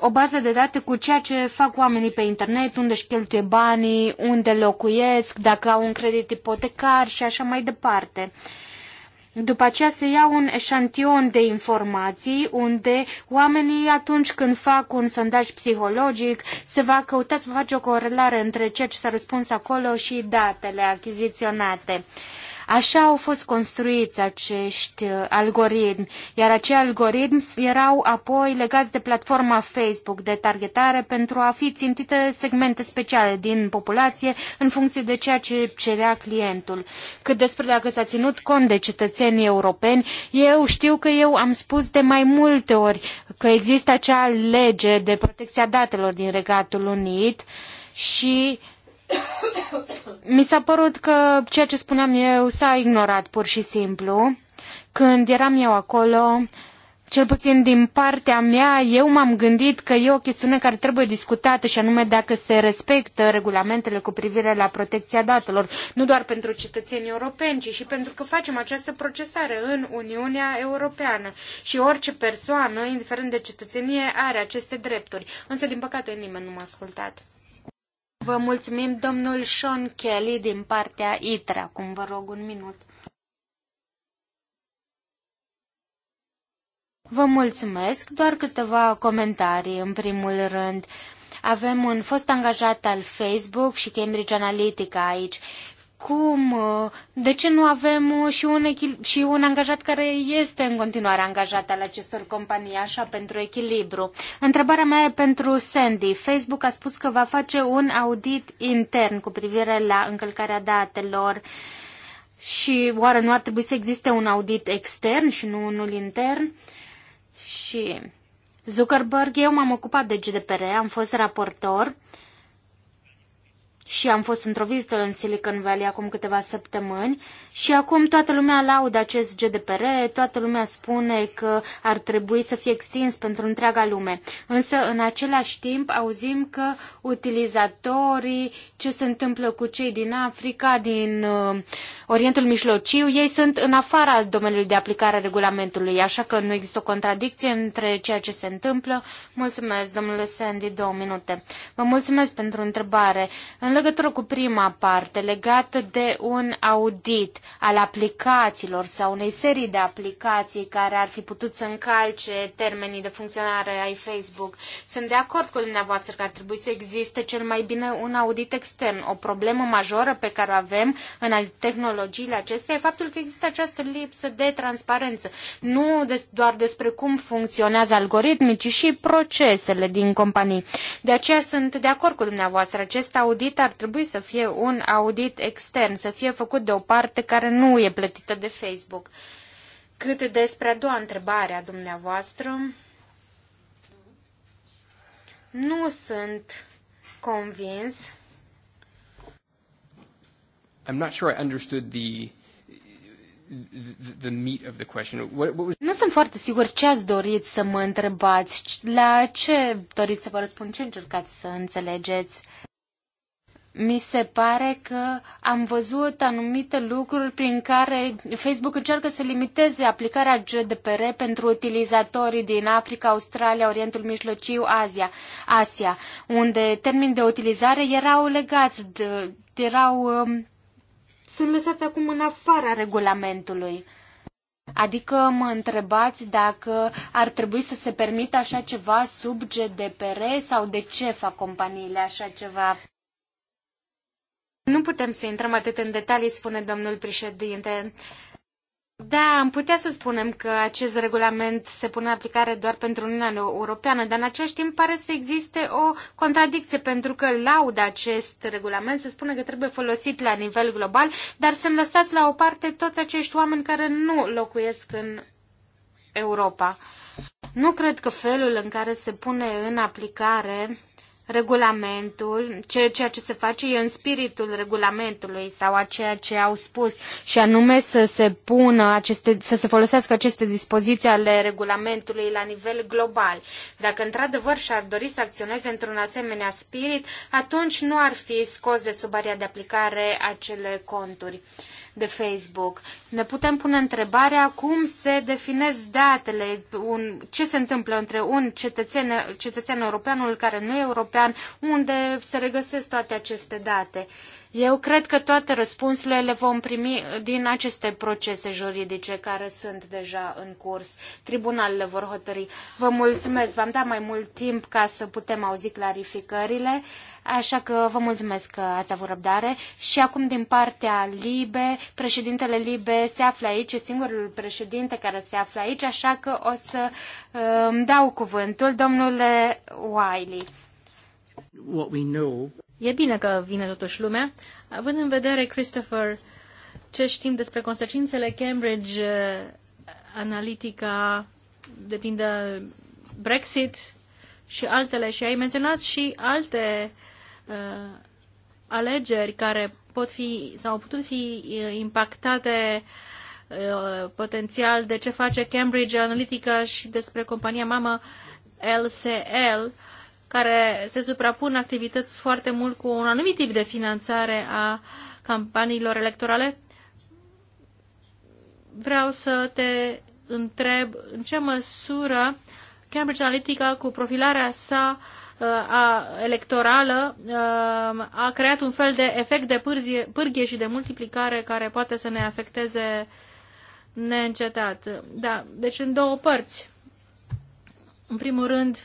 o bază de date cu ceea ce fac oamenii pe internet, unde își cheltuie banii, unde locuiesc, dacă au un credit ipotecar și așa mai departe. După aceea se ia un eșantion de informații unde oamenii atunci când fac un sondaj psihologic se va căuta să face o corelare între ceea ce s-a răspuns acolo și datele achiziționate. Așa au fost construiți acești uh, algoritmi, iar acei algoritmi erau apoi legați de platforma Facebook de targetare pentru a fi țintite segmente speciale din populație în funcție de ceea ce cerea clientul. Cât despre dacă s-a ținut cont de cetățenii europeni, eu știu că eu am spus de mai multe ori că există acea lege de protecția datelor din Regatul Unit și uh, mi s-a părut că ceea ce spuneam eu s-a ignorat pur și simplu. Când eram eu acolo, cel puțin din partea mea, eu m-am gândit că e o chestiune care trebuie discutată și anume dacă se respectă regulamentele cu privire la protecția datelor, nu doar pentru cetățenii europeni, ci și pentru că facem această procesare în Uniunea Europeană și orice persoană, indiferent de cetățenie, are aceste drepturi. Însă, din păcate, nimeni nu m-a ascultat. Vă mulțumim, domnul Sean Kelly, din partea ITRA. Acum vă rog un minut. Vă mulțumesc, doar câteva comentarii în primul rând. Avem un fost angajat al Facebook și Cambridge Analytica aici cum, de ce nu avem uh, și un, și un angajat care este în continuare angajat al acestor companii, așa, pentru echilibru. Întrebarea mea e pentru Sandy. Facebook a spus că va face un audit intern cu privire la încălcarea datelor și oare nu ar trebui să existe un audit extern și nu unul intern? Și Zuckerberg, eu m-am ocupat de GDPR, am fost raportor. Uh, și am fost într-o vizită în Silicon Valley acum câteva săptămâni și acum toată lumea laudă acest GDPR, toată lumea spune că ar trebui să fie extins pentru întreaga lume. Însă, în același timp, auzim că utilizatorii, ce se întâmplă cu cei din Africa, din uh, Orientul Mijlociu, ei sunt în afara domeniului de aplicare a regulamentului, așa că nu există o contradicție între ceea ce se întâmplă. Mulțumesc, domnule Sandy, două minute. Vă mulțumesc pentru întrebare. În legătură cu prima parte, legată de un audit al aplicațiilor sau unei serii de aplicații care ar fi putut să încalce termenii de funcționare ai Facebook, sunt de acord cu dumneavoastră că ar trebui să existe cel mai bine un audit extern. O problemă majoră pe care o avem în tehnologiile acestea e faptul că există această lipsă de transparență. Nu doar despre cum funcționează algoritmii, ci și procesele din companii. De aceea sunt de acord cu dumneavoastră. Acest audit ar trebui să fie un audit extern, să fie făcut de o parte care nu e plătită de Facebook. Cât despre a doua întrebare a dumneavoastră, nu sunt convins. I'm not sure I understood the The meat of the question. What, what was... Nu sunt foarte sigur ce ați dorit să mă întrebați, la ce doriți să vă răspund, ce încercați să înțelegeți mi se pare că am văzut anumite lucruri prin care Facebook încearcă să limiteze aplicarea GDPR pentru utilizatorii din Africa, Australia, Orientul Mijlociu, Asia, Asia unde termeni de utilizare erau legați, de, erau, um, sunt lăsați acum în afara regulamentului. Adică mă întrebați dacă ar trebui să se permită așa ceva sub GDPR sau de ce fac companiile așa ceva. Nu putem să intrăm atât în detalii, spune domnul președinte. Da, am putea să spunem că acest regulament se pune în aplicare doar pentru Uniunea Europeană, dar în același timp pare să existe o contradicție, pentru că lauda acest regulament, se spune că trebuie folosit la nivel global, dar să-mi lăsați la o parte toți acești oameni care nu locuiesc în Europa. Nu cred că felul în care se pune în aplicare regulamentul, ce, ceea ce se face e în spiritul regulamentului sau a ceea ce au spus și anume să se pună aceste, să se folosească aceste dispoziții ale regulamentului la nivel global. Dacă într-adevăr și-ar dori să acționeze într-un asemenea spirit, atunci nu ar fi scos de sub area de aplicare acele conturi. Uh, de Facebook. Ne putem pune întrebarea cum se definesc datele, un, ce se întâmplă între un cetățen, cetățean europeanul care nu e european, unde se regăsesc toate aceste date. Eu cred că toate răspunsurile le vom primi din aceste procese juridice care sunt deja în curs. Tribunalele vor hotări. Vă mulțumesc, v-am dat mai mult timp ca să putem auzi clarificările. Așa că vă mulțumesc că ați avut răbdare. Și acum din partea Libe, președintele Libe se află aici, singurul președinte care se află aici, așa că o să um, dau cuvântul domnule Wiley. What we know... E bine că vine totuși lumea, având în vedere, Christopher, ce știm despre consecințele Cambridge uh, Analytica, depinde Brexit și altele. Și ai menționat și alte Uh, alegeri care pot fi sau au putut fi uh, impactate uh, potențial de ce face Cambridge Analytica și despre compania mamă LCL, care se suprapun activități foarte mult cu un anumit tip de finanțare a campaniilor electorale. Vreau să te întreb în ce măsură Cambridge Analytica cu profilarea sa uh, Uh, a, electorală uh, a creat un fel de efect de pârzie, pârghie și de multiplicare care poate să ne afecteze neîncetat. Da, deci în două părți. În primul rând,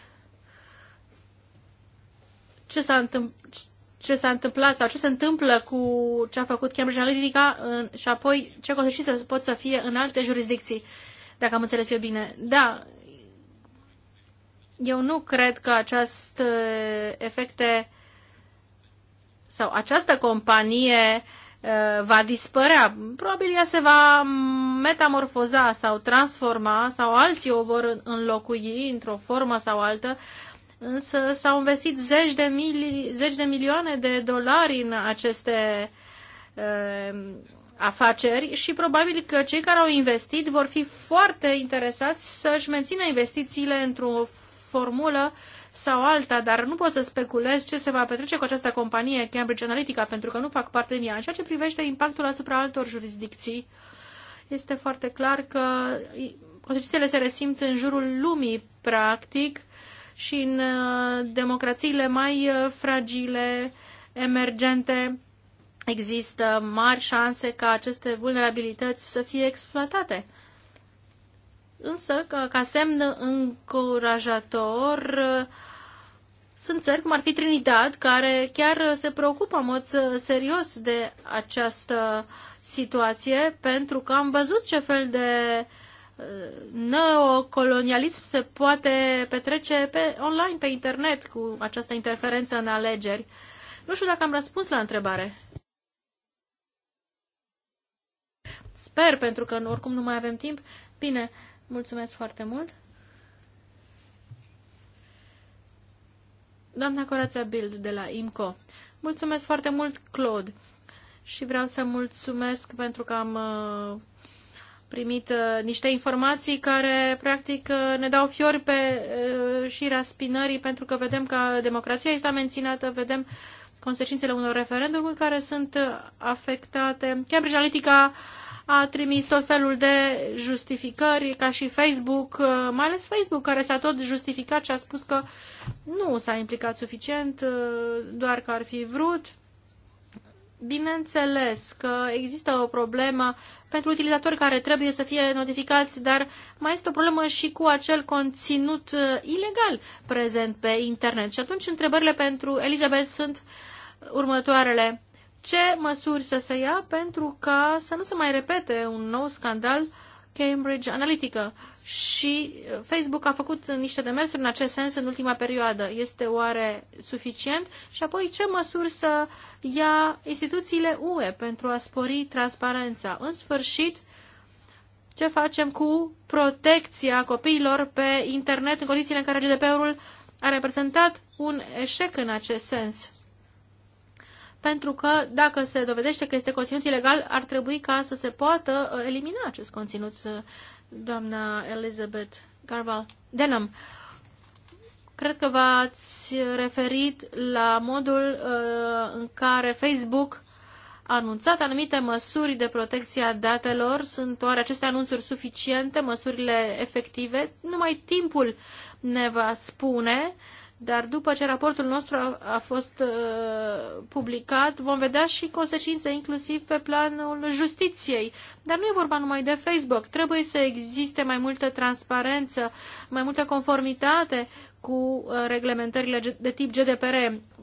ce s-a întâmplat ce s-a întâmplat sau ce se întâmplă cu ce a făcut Cambridge Analytica și apoi ce consecințe pot să fie în alte jurisdicții, dacă am înțeles eu bine. Da, eu nu cred că aceste efecte sau această companie uh, va dispărea. Probabil ea se va metamorfoza sau transforma sau alții o vor înlocui într-o formă sau altă, însă s-au investit zeci de, mili, zeci de milioane de dolari în aceste uh, afaceri și probabil că cei care au investit vor fi foarte interesați să-și mențină investițiile într-o formulă sau alta, dar nu pot să speculez ce se va petrece cu această companie Cambridge Analytica, pentru că nu fac parte din ea. În ceea ce privește impactul asupra altor jurisdicții, este foarte clar că consecințele se resimt în jurul lumii, practic, și în uh, democrațiile mai uh, fragile, emergente, există mari șanse ca aceste vulnerabilități să fie exploatate. Însă, ca, ca semn încurajator, sunt țări cum ar fi Trinidad, care chiar se preocupă în mod serios de această situație, pentru că am văzut ce fel de uh, neocolonialism se poate petrece pe online, pe internet, cu această interferență în alegeri. Nu știu dacă am răspuns la întrebare. Sper, pentru că oricum nu mai avem timp. Bine, Mulțumesc foarte mult. Doamna Corața Bild de la IMCO. Mulțumesc foarte mult, Claude. Și vreau să mulțumesc pentru că am uh, primit uh, niște informații care, practic, uh, ne dau fiori pe și spinării, pentru că vedem că democrația este menținată, vedem consecințele unor referendumuri care sunt afectate. Cambridge Analytica a trimis tot felul de justificări, ca și Facebook, uh, mai ales Facebook, care s-a tot justificat și a spus că nu s-a implicat suficient, uh, doar că ar fi vrut. Bineînțeles că există o problemă pentru utilizatori care trebuie să fie notificați, dar mai este o problemă și cu acel conținut uh, ilegal prezent pe internet. Și atunci întrebările pentru Elizabeth sunt următoarele ce măsuri să se ia pentru ca să nu se mai repete un nou scandal Cambridge Analytica. Și Facebook a făcut niște demersuri în acest sens în ultima perioadă. Este oare suficient? Și apoi ce măsuri să ia instituțiile UE pentru a spori transparența? În sfârșit, ce facem cu protecția copiilor pe internet în condițiile în care GDPR-ul a reprezentat un eșec în acest sens? pentru că dacă se dovedește că este conținut ilegal, ar trebui ca să se poată uh, elimina acest conținut, uh, doamna Elizabeth Garval Denham. Cred că v-ați referit la modul uh, în care Facebook a anunțat anumite măsuri de protecție a datelor. Sunt oare aceste anunțuri suficiente, măsurile efective? Numai timpul ne va spune. Uh, dar după ce raportul nostru a, a fost uh, publicat, vom vedea și consecințe inclusiv pe planul justiției. Dar nu e vorba numai de Facebook. Trebuie să existe mai multă transparență, mai multă conformitate cu uh, reglementările de tip GDPR.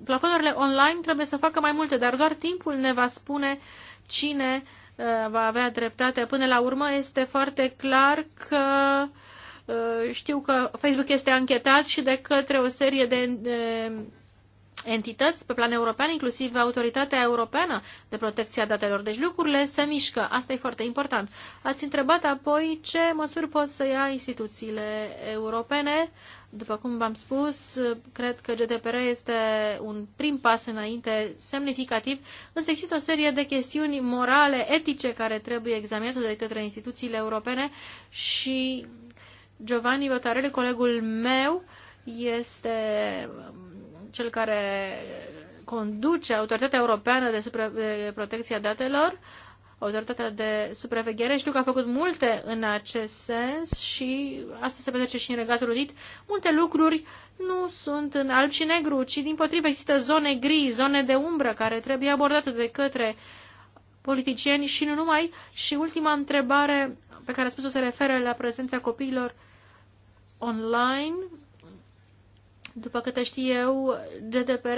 Plafonurile online trebuie să facă mai multe, dar doar timpul ne va spune cine uh, va avea dreptate. Până la urmă este foarte clar că uh, Uh, știu că Facebook este anchetat și de către o serie de, entități pe plan european, inclusiv Autoritatea Europeană de Protecție a Datelor. Deci lucrurile se mișcă. Asta e foarte important. Ați întrebat apoi ce măsuri pot să ia instituțiile europene. După cum v-am spus, cred că GDPR este un prim pas înainte semnificativ, însă există o serie de chestiuni morale, etice, care trebuie examinate de către instituțiile europene și Giovanni Votarelli, colegul meu, este um, cel care conduce Autoritatea Europeană de, Supra- de Protecție a Datelor, Autoritatea de Supraveghere. Știu că a făcut multe în acest sens și asta se petrece și în Regatul Unit. Multe lucruri nu sunt în alb și negru, ci din potrivă există zone gri, zone de umbră care trebuie abordate de către uh, politicieni și nu numai. Și ultima întrebare pe care a spus-o se referă la prezența copiilor online. După câte știu eu, GDPR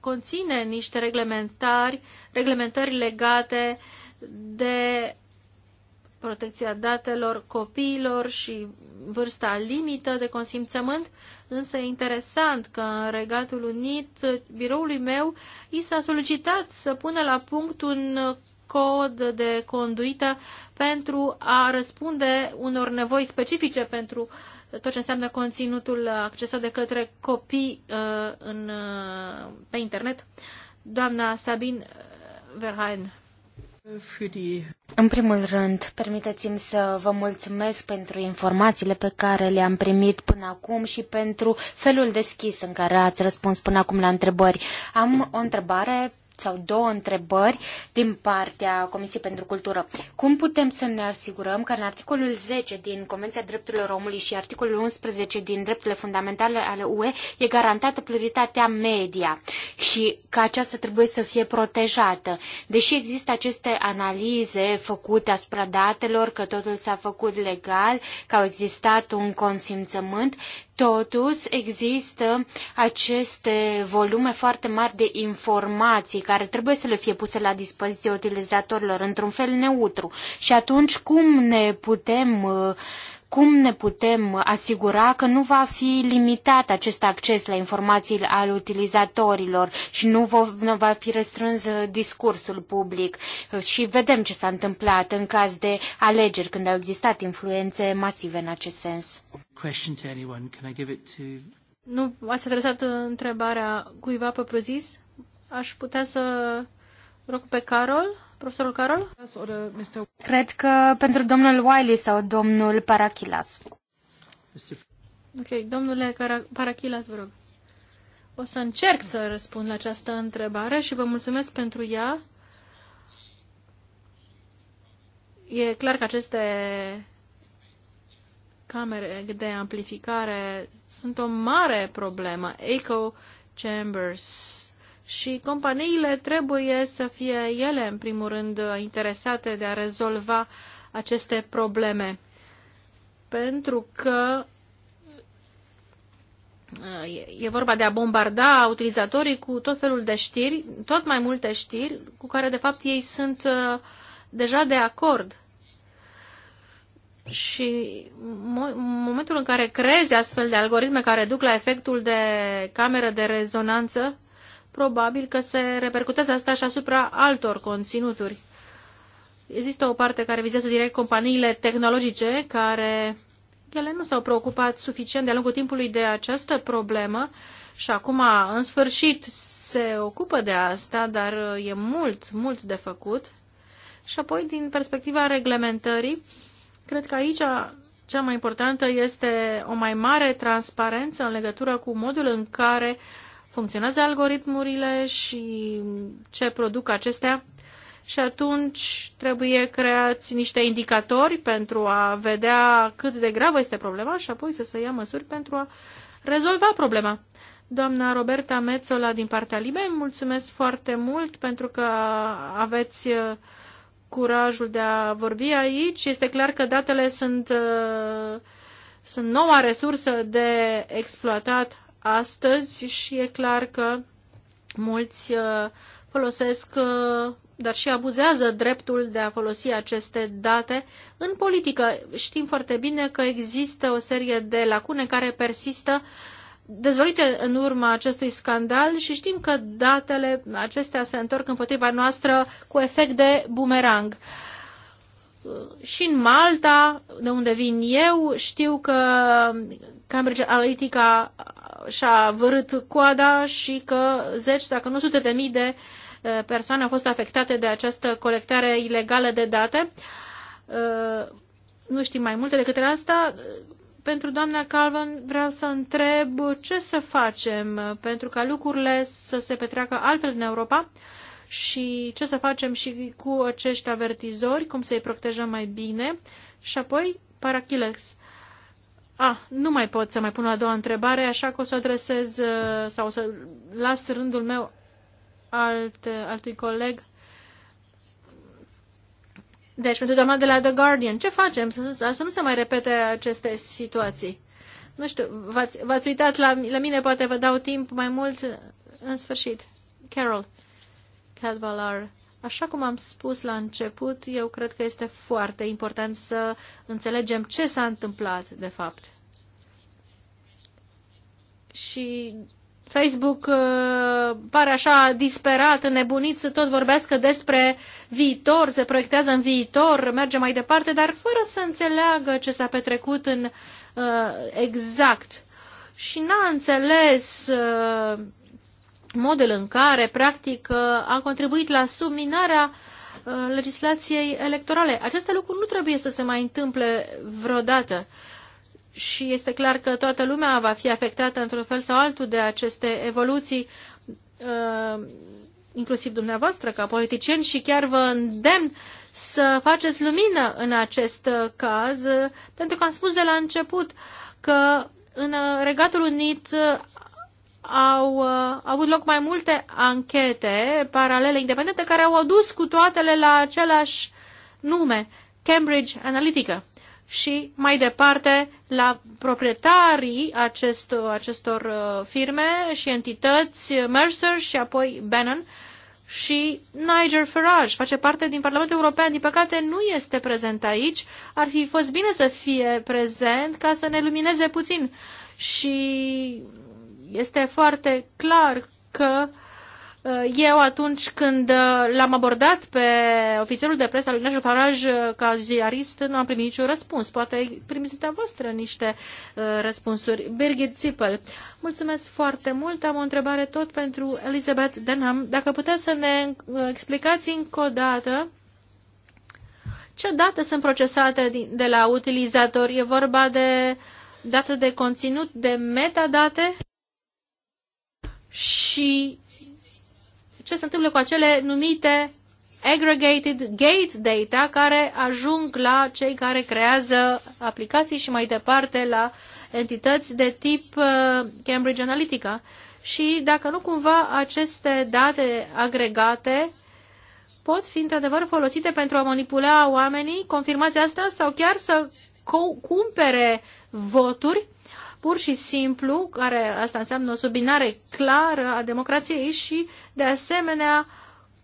conține niște reglementari, reglementări legate de protecția datelor copiilor și vârsta limită de consimțământ, însă e interesant că în Regatul Unit, biroului meu, i s-a solicitat să pună la punct un cod de conduită pentru a răspunde unor nevoi specifice pentru tot ce înseamnă conținutul accesat de către copii uh, în, uh, pe internet. Doamna Sabin uh, Verhaen. În primul rând, permiteți-mi să vă mulțumesc pentru informațiile pe care le-am primit până acum și pentru felul deschis în care ați răspuns până acum la întrebări. Am o întrebare sau două întrebări din partea Comisiei pentru Cultură. Cum putem să ne asigurăm că în articolul 10 din Convenția Drepturilor Omului și articolul 11 din Drepturile Fundamentale ale UE e garantată prioritatea media și că aceasta trebuie să fie protejată? Deși există aceste analize făcute asupra datelor, că totul s-a făcut legal, că au existat un consimțământ, Totuși există aceste volume foarte mari de informații care trebuie să le fie puse la dispoziție utilizatorilor într-un fel neutru. Și atunci cum ne putem uh, cum ne putem asigura că nu va fi limitat acest acces la informații al utilizatorilor și nu va fi restrâns uh, discursul public. Uh, și vedem ce s-a întâmplat în caz de alegeri, când au existat influențe masive în acest sens. Nu ați adresat uh, întrebarea cuiva pe prozis? Aș putea să rog pe Carol? profesorul Carol? Cred că pentru domnul Wiley sau domnul Parachilas. Ok, domnule Parachilas, vă rog. O să încerc să răspund la această întrebare și vă mulțumesc pentru ea. E clar că aceste camere de amplificare sunt o mare problemă. Echo chambers și companiile trebuie să fie ele, în primul rând, interesate de a rezolva aceste probleme. Pentru că uh, e vorba de a bombarda utilizatorii cu tot felul de știri, tot mai multe știri, cu care de fapt ei sunt uh, deja de acord. Și în momentul în care creezi astfel de algoritme care duc la efectul de cameră de rezonanță, probabil că se repercutează asta și asupra altor conținuturi. Există o parte care vizează direct companiile tehnologice, care ele nu s-au preocupat suficient de-a lungul timpului de această problemă și acum, în sfârșit, se ocupă de asta, dar e mult, mult de făcut. Și apoi, din perspectiva reglementării, cred că aici cea mai importantă este o mai mare transparență în legătură cu modul în care uh, funcționează algoritmurile și ce produc acestea și atunci trebuie creați niște indicatori pentru a vedea cât de gravă este problema și apoi să se ia măsuri pentru a rezolva problema. Doamna Roberta Mețola din partea Libei, mulțumesc foarte mult pentru că aveți uh, curajul de a vorbi aici. Este clar că datele sunt, uh, sunt noua resursă de exploatat astăzi și e clar că mulți uh, folosesc, uh, dar și abuzează dreptul de a folosi aceste date în politică. Știm foarte bine că există o serie de lacune care persistă dezvolite în urma acestui scandal și știm că datele acestea se întorc împotriva noastră cu efect de bumerang. Uh, și în Malta, de unde vin eu, știu că Cambridge Analytica și-a vărât coada și că zeci, dacă nu sute de mii de uh, persoane au fost afectate de această colectare ilegală de date. Uh, nu știm mai multe decât asta. Pentru doamna Calvin vreau să întreb ce să facem pentru ca lucrurile să se petreacă altfel în Europa și ce să facem și cu acești avertizori, cum să-i protejăm mai bine. Și apoi, Parachilex a, ah, nu mai pot să mai pun a doua întrebare, așa că o să adresez uh, sau o să las rândul meu alt, uh, altui coleg. Deci, pentru doamna de la The Guardian, ce facem să, să nu se mai repete aceste situații? Nu știu, v-ați uitat la, la mine, poate vă dau timp mai mult în sfârșit. Carol Cadvalar. Așa cum am spus la început, eu cred că este foarte important să înțelegem ce s-a întâmplat, de fapt. Și Facebook uh, pare așa disperat, nebunit să tot vorbească despre viitor, se proiectează în viitor, merge mai departe, dar fără să înțeleagă ce s-a petrecut în uh, exact. Și n-a înțeles uh, modul în care, practic, uh, a contribuit la subminarea uh, legislației electorale. Aceste lucruri nu trebuie să se mai întâmple vreodată și este clar că toată lumea va fi afectată într-un fel sau altul de aceste evoluții, uh, inclusiv dumneavoastră ca politicieni și chiar vă îndemn să faceți lumină în acest caz, pentru că am spus de la început că în Regatul Unit au uh, avut loc mai multe anchete paralele independente care au adus cu toatele la același nume, Cambridge Analytica și mai departe la proprietarii acestor, acestor uh, firme și entități, Mercer și apoi Bannon și Nigel Farage face parte din Parlamentul European. Din păcate nu este prezent aici. Ar fi fost bine să fie prezent ca să ne lumineze puțin. Și este foarte clar că uh, eu atunci când uh, l-am abordat pe ofițerul de presă al lui Nigel Farage uh, ca ziarist, nu am primit niciun răspuns. Poate primiți dumneavoastră niște uh, răspunsuri. Birgit Zippel, mulțumesc foarte mult. Am o întrebare tot pentru Elizabeth Denham. Dacă puteți să ne explicați încă o dată ce date sunt procesate de la utilizator? E vorba de date de conținut, de metadate? și ce se întâmplă cu acele numite aggregated gate data care ajung la cei care creează aplicații și mai departe la entități de tip uh, Cambridge Analytica. Și dacă nu cumva aceste date agregate pot fi într-adevăr folosite pentru a manipula oamenii, confirmați asta, sau chiar să cumpere voturi pur și simplu, care asta înseamnă o subinare clară a democrației și, de asemenea,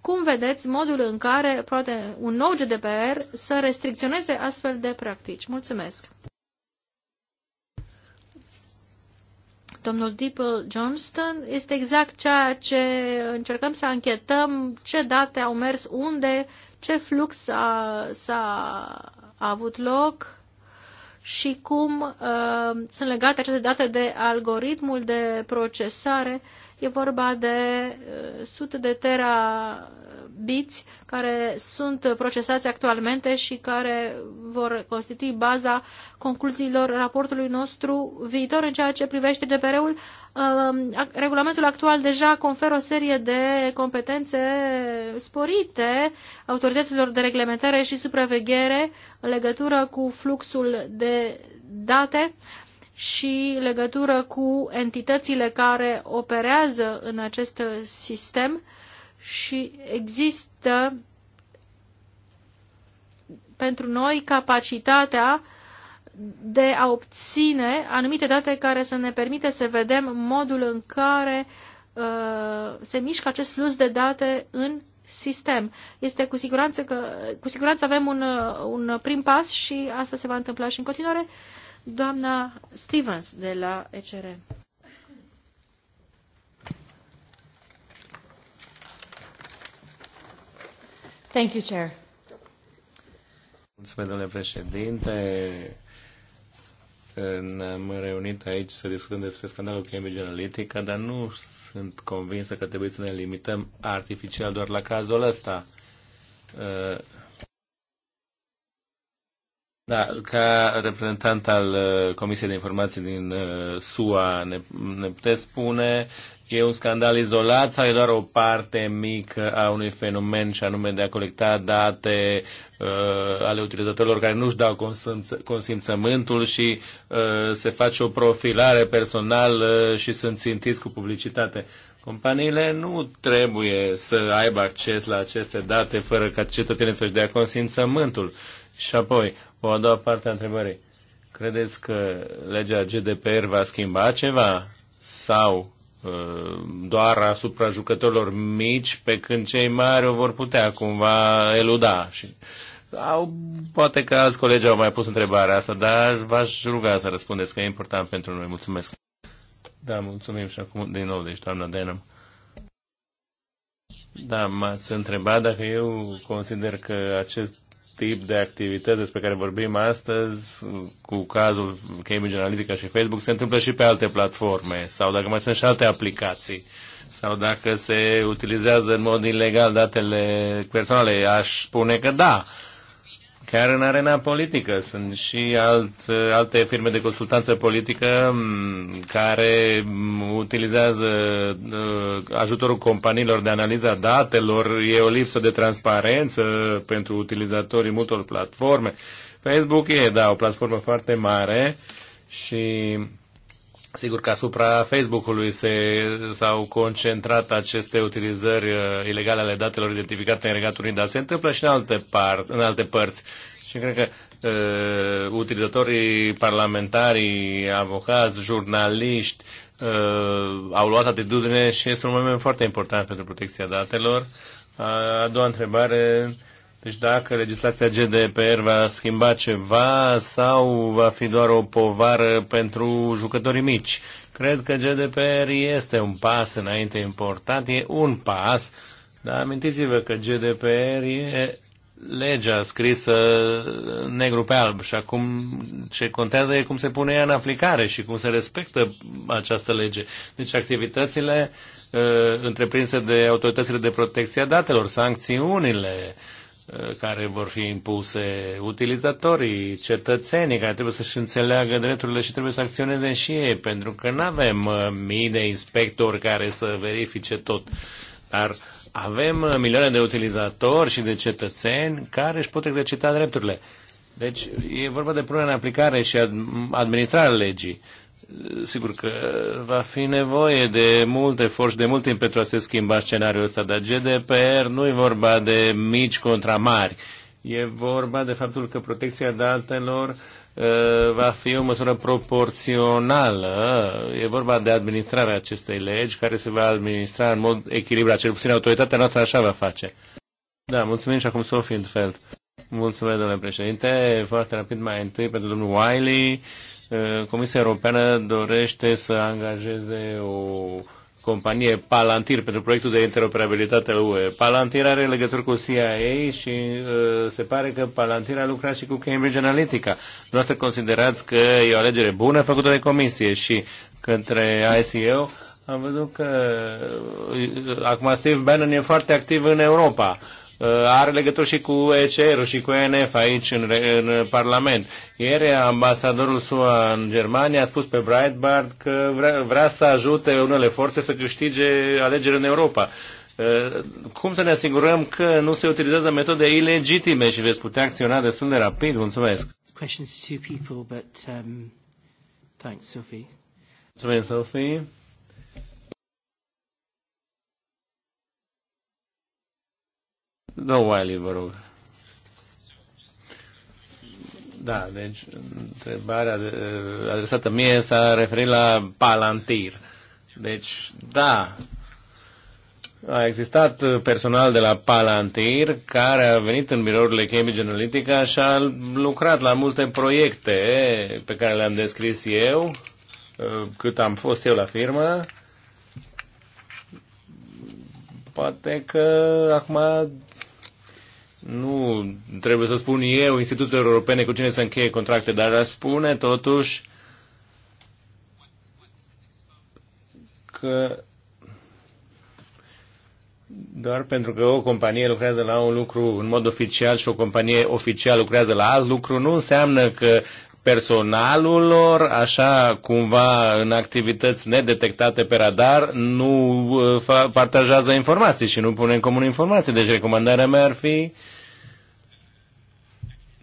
cum vedeți modul în care poate un nou GDPR să restricționeze astfel de practici? Mulțumesc! Domnul Deeple Johnston, este exact ceea ce încercăm să anchetăm, ce date au mers unde, ce flux s-a avut loc și cum uh, sunt legate aceste date de algoritmul de procesare E vorba de uh, sute de terabiți care sunt procesați actualmente și care vor constitui baza concluziilor raportului nostru viitor în ceea ce privește DPR-ul. Uh, regulamentul actual deja conferă o serie de competențe sporite autorităților de reglementare și supraveghere în legătură cu fluxul de date și legătură cu entitățile care operează în acest sistem și există pentru noi capacitatea de a obține anumite date care să ne permite să vedem modul în care uh, se mișcă acest flux de date în sistem. Este cu siguranță că cu siguranță avem un, uh, un prim pas și asta se va întâmpla și în continuare. Uh, Doamna Stevens de la ECR. Thank you, Chair. Mulțumesc, domnule președinte. Ne-am reunit aici să discutăm despre scandalul Cambridge Analytica, dar nu sunt convinsă că trebuie să ne limităm artificial doar la cazul ăsta. Uh, da, ca reprezentant al uh, Comisiei de Informații din uh, SUA, ne, ne puteți spune, e un scandal izolat sau e doar o parte mică a unui fenomen și anume de a colecta date uh, ale utilizatorilor care nu-și dau consimț consimțământul și uh, se face o profilare personală uh, și sunt țintiți cu publicitate. Companiile nu trebuie să aibă acces la aceste date fără ca cetățenii să-și dea consimțământul. Și apoi, o a doua parte a întrebării. Credeți că legea GDPR va schimba ceva? Sau uh, doar asupra jucătorilor mici, pe când cei mari o vor putea cumva eluda. Și au, poate că alți colegi au mai pus întrebarea asta, dar v-aș ruga să răspundeți, că e important pentru noi. Mulțumesc. Da, mulțumim și acum din nou, deci doamna Denham. Da, m-ați întrebat dacă eu consider că acest tip de activități despre care vorbim astăzi, cu cazul Cambridge Analytica și Facebook, se întâmplă și pe alte platforme sau dacă mai sunt și alte aplicații sau dacă se utilizează în mod ilegal datele personale. Aș spune că da, Chiar în arena politică sunt și alt, alte firme de consultanță politică mm, care utilizează uh, ajutorul companiilor de analiza datelor. E o lipsă de transparență pentru utilizatorii multor platforme. Facebook e, da, o platformă foarte mare și Sigur că asupra Facebook-ului se, s-au concentrat aceste utilizări uh, ilegale ale datelor identificate în Regatul Unit, dar se întâmplă și în alte, par, în alte părți. Și cred că uh, utilizatorii parlamentari, avocați, jurnaliști uh, au luat atitudine și este un moment foarte important pentru protecția datelor. A, a doua întrebare deci dacă legislația GDPR va schimba ceva sau va fi doar o povară pentru jucătorii mici. Cred că GDPR este un pas înainte important, e un pas, dar amintiți-vă că GDPR e legea scrisă negru pe alb și acum ce contează e cum se pune ea în aplicare și cum se respectă această lege. Deci activitățile uh, întreprinse de autoritățile de protecție a datelor, sancțiunile, uh, Uh, care vor fi impuse utilizatorii, cetățenii care trebuie să-și înțeleagă drepturile și trebuie să acționeze și ei, pentru că nu avem uh, mii de inspectori care să verifice tot, dar avem uh, milioane de utilizatori și de cetățeni care își pot exercita drepturile. Deci e vorba de punerea în aplicare și administrarea legii sigur că va fi nevoie de multe forțe, de mult timp pentru a se schimba scenariul ăsta, dar GDPR nu e vorba de mici contra mari. E vorba de faptul că protecția datelor uh, va fi o măsură proporțională. E vorba de administrarea acestei legi, care se va administra în mod echilibrat. Cel puțin autoritatea noastră așa va face. Da, mulțumim și acum Sofie Feld. Mulțumesc, domnule președinte. Foarte rapid, mai întâi pentru domnul Wiley Eh, Comisia Europeană dorește să angajeze o companie Palantir pentru proiectul de interoperabilitate al UE. Palantir are legături cu CIA și uh, se pare că Palantir a lucrat și cu Cambridge Analytica. Noastră considerați că e o alegere bună făcută de comisie și către ICO am văzut că uh, acum Steve Bannon e foarte activ în Europa. Uh, Uh, are legături și cu ECR-ul și cu ENF aici în, în Parlament. Ieri ambasadorul SUA în Germania a spus pe Breitbart că vrea, vrea să ajute unele forțe să câștige alegeri în Europa. Uh, cum să ne asigurăm că nu se utilizează metode ilegitime și veți putea acționa destul de rapid? Mulțumesc! Questions to people, but, um, thanks, Sophie. Mulțumim, Sophie. Da, Wiley, vă rog. Da, deci întrebarea adresată mie s-a referit la Palantir. Deci, da, a existat personal de la Palantir care a venit în birourile Cambridge Analytica și a lucrat la multe proiecte pe care le-am descris eu, cât am fost eu la firmă. Poate că acum nu trebuie să spun eu instituțiile europene cu cine să încheie contracte, dar a spune totuși că doar pentru că o companie lucrează la un lucru în mod oficial și o companie oficial lucrează la alt lucru, nu înseamnă că personalul lor, așa cumva în activități nedetectate pe radar, nu uh, partajează informații și nu pune în comun informații. Deci recomandarea mea ar fi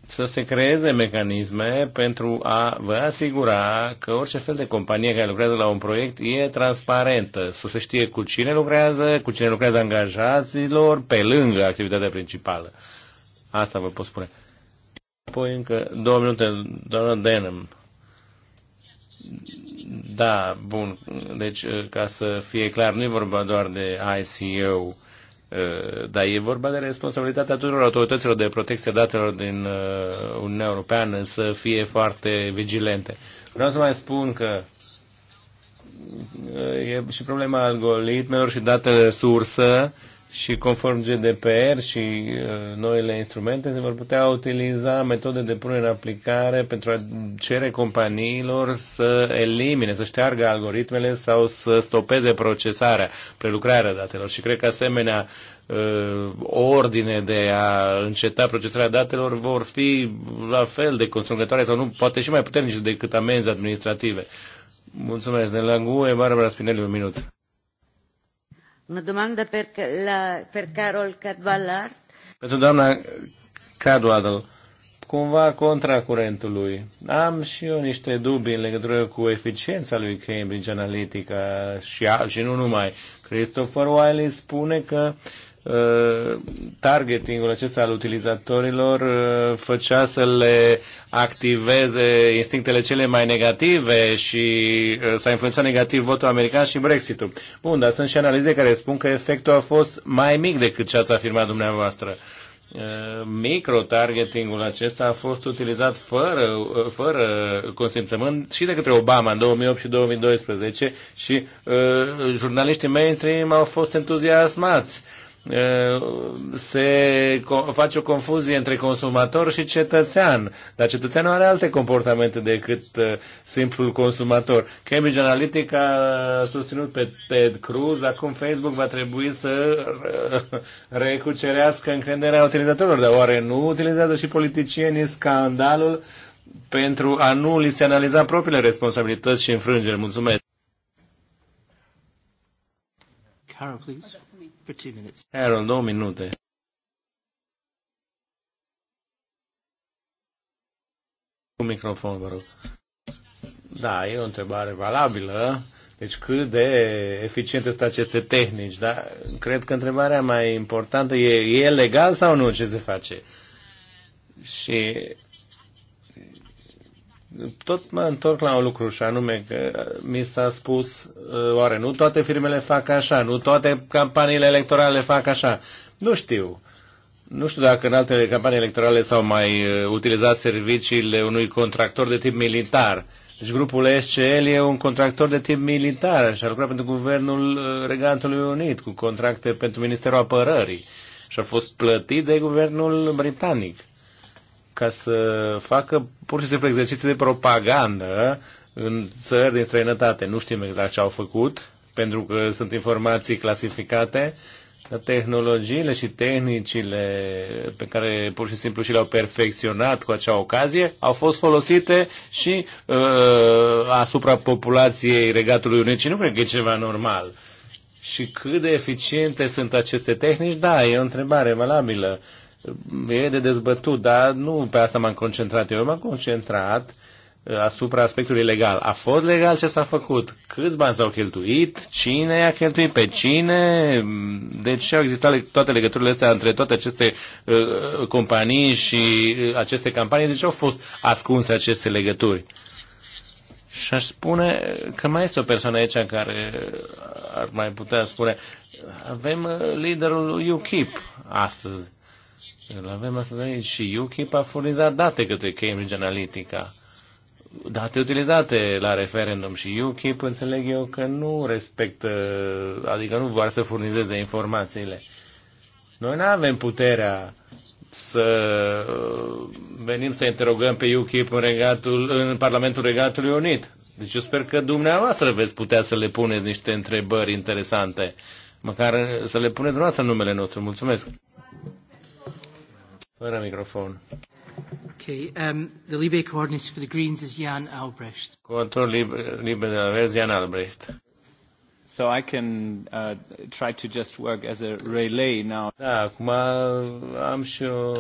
să se creeze mecanisme pentru a vă asigura că orice fel de companie care lucrează la un proiect e transparentă, să se știe cu cine lucrează, cu cine lucrează angajaților, pe lângă activitatea principală. Asta vă pot spune. Apoi încă două minute, doamna Denham. Da, bun. Deci, uh, ca să fie clar, nu e vorba doar de ICO, uh, dar e vorba de responsabilitatea tuturor autorităților de protecție datelor din uh, Uniunea Europeană să fie foarte vigilente. Vreau să mai spun că e și problema algoritmelor și datele sursă și conform GDPR și uh, noile instrumente se vor putea utiliza metode de punere în aplicare pentru a cere companiilor să elimine, să șteargă algoritmele sau să stopeze procesarea, prelucrarea datelor și cred că asemenea uh, ordine de a înceta procesarea datelor vor fi la fel de constrângătoare sau nu, poate și mai puternice decât amenzi administrative. Mulțumesc, Nelangu, e Barbara Spinelli, un minut. Una domanda per, la, per Carol Cadvallar. Pentru doamna Cadvallar, cumva contra curentului. Am și eu niște dubii în legătură cu eficiența lui Cambridge Analytica și, și nu numai. Christopher Wiley spune că Uh, targetingul acesta al utilizatorilor uh, făcea să le activeze instinctele cele mai negative și uh, s-a influențat negativ votul american și Brexitul. Bun, dar sunt și analize care spun că efectul a fost mai mic decât ce ați afirmat dumneavoastră targetingul acesta a fost utilizat fără, fără consimțământ și de către Obama în 2008 și 2012 și uh, jurnaliștii mainstream au fost entuziasmați. Uh, se face o confuzie între consumator și cetățean. Dar cetățeanul are alte comportamente decât simplul consumator. Cambridge Analytica a susținut pe Ted Cruz, acum Facebook va trebui să recucerească încrederea utilizatorilor. Dar oare nu utilizează și politicienii scandalul pentru a nu li se analiza propriile responsabilități și înfrângeri? Mulțumesc! Carol, please for two minutes. două minute. Un microfon, vă rog. Da, e o întrebare valabilă. Deci cât de eficiente sunt aceste tehnici, Da, cred că întrebarea mai importantă e, e legal sau nu ce se face? Și tot mă întorc la un lucru și anume că mi s-a spus, uh, oare nu toate firmele fac așa, nu toate campaniile electorale fac așa. Nu știu. Nu știu dacă în altele campanii electorale s-au mai uh, utilizat serviciile unui contractor de tip militar. Deci grupul SCL e un contractor de tip militar și a lucrat pentru Guvernul uh, Regatului Unit cu contracte pentru Ministerul Apărării și a fost plătit de Guvernul Britanic ca să facă pur și simplu exerciții de propagandă în țări din străinătate. Nu știm exact ce au făcut, pentru că sunt informații clasificate, dar tehnologiile și tehnicile pe care pur și simplu și le-au perfecționat cu acea ocazie au fost folosite și uh, asupra populației Regatului Unit și nu cred că e ceva normal. Și cât de eficiente sunt aceste tehnici, da, e o întrebare valabilă. Uh, e de dezbătut, dar nu pe asta m-am concentrat. Eu m-am concentrat uh, asupra aspectului legal. A fost legal ce s-a făcut? Câți bani s-au cheltuit? Cine i-a cheltuit? Pe cine? De deci ce au existat toate legăturile astea între toate aceste uh, companii și uh, aceste campanii? De deci ce au fost ascunse aceste legături? Și aș spune că mai este o persoană aici care ar mai putea spune avem liderul UKIP astăzi îl avem astăzi aici și UKIP a furnizat date către Cambridge Analytica. Date utilizate la referendum și UKIP înțeleg eu că nu respectă, adică nu vor să furnizeze informațiile. Noi nu avem puterea să uh, venim să interogăm pe UKIP în, regatul, în Parlamentul Regatului Unit. Deci eu sper că dumneavoastră veți putea să le puneți niște întrebări interesante. Măcar să le puneți dumneavoastră numele nostru. Mulțumesc! Fără microfon. Okay, um, the Libe coordinator for the Greens is Jan Albrecht. Coordonator Libe, Libe de la Verzi, Jan Albrecht. So I can uh, try to just work as a relay now. Da, acum am și o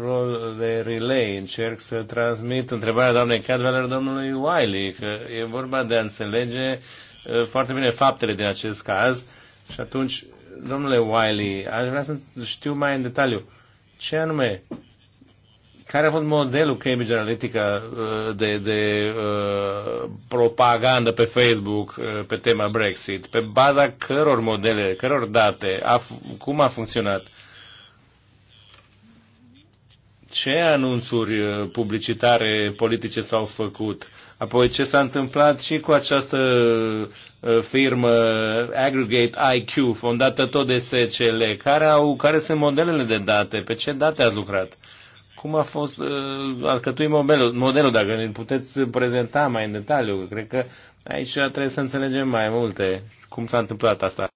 rol de relay. Încerc să transmit întrebarea doamnei Cadweller domnului Wiley, că e vorba de a înțelege uh, foarte bine faptele din acest caz. Și atunci, domnule Wiley, aș vrea să știu mai în detaliu. Uh, ce anume, care a fost modelul Cambridge Analytica uh, de, de uh, propagandă pe Facebook uh, pe tema Brexit? Pe baza căror modele, căror date, a, cum a funcționat? ce anunțuri uh, publicitare politice s-au făcut, apoi ce s-a întâmplat și cu această uh, firmă Aggregate IQ, fondată tot de SCL, care, au, care sunt modelele de date, pe ce date ați lucrat, cum a fost uh, alcătuit modelul, modelul, dacă ne puteți prezenta mai în detaliu, cred că aici trebuie să înțelegem mai multe cum s-a întâmplat asta.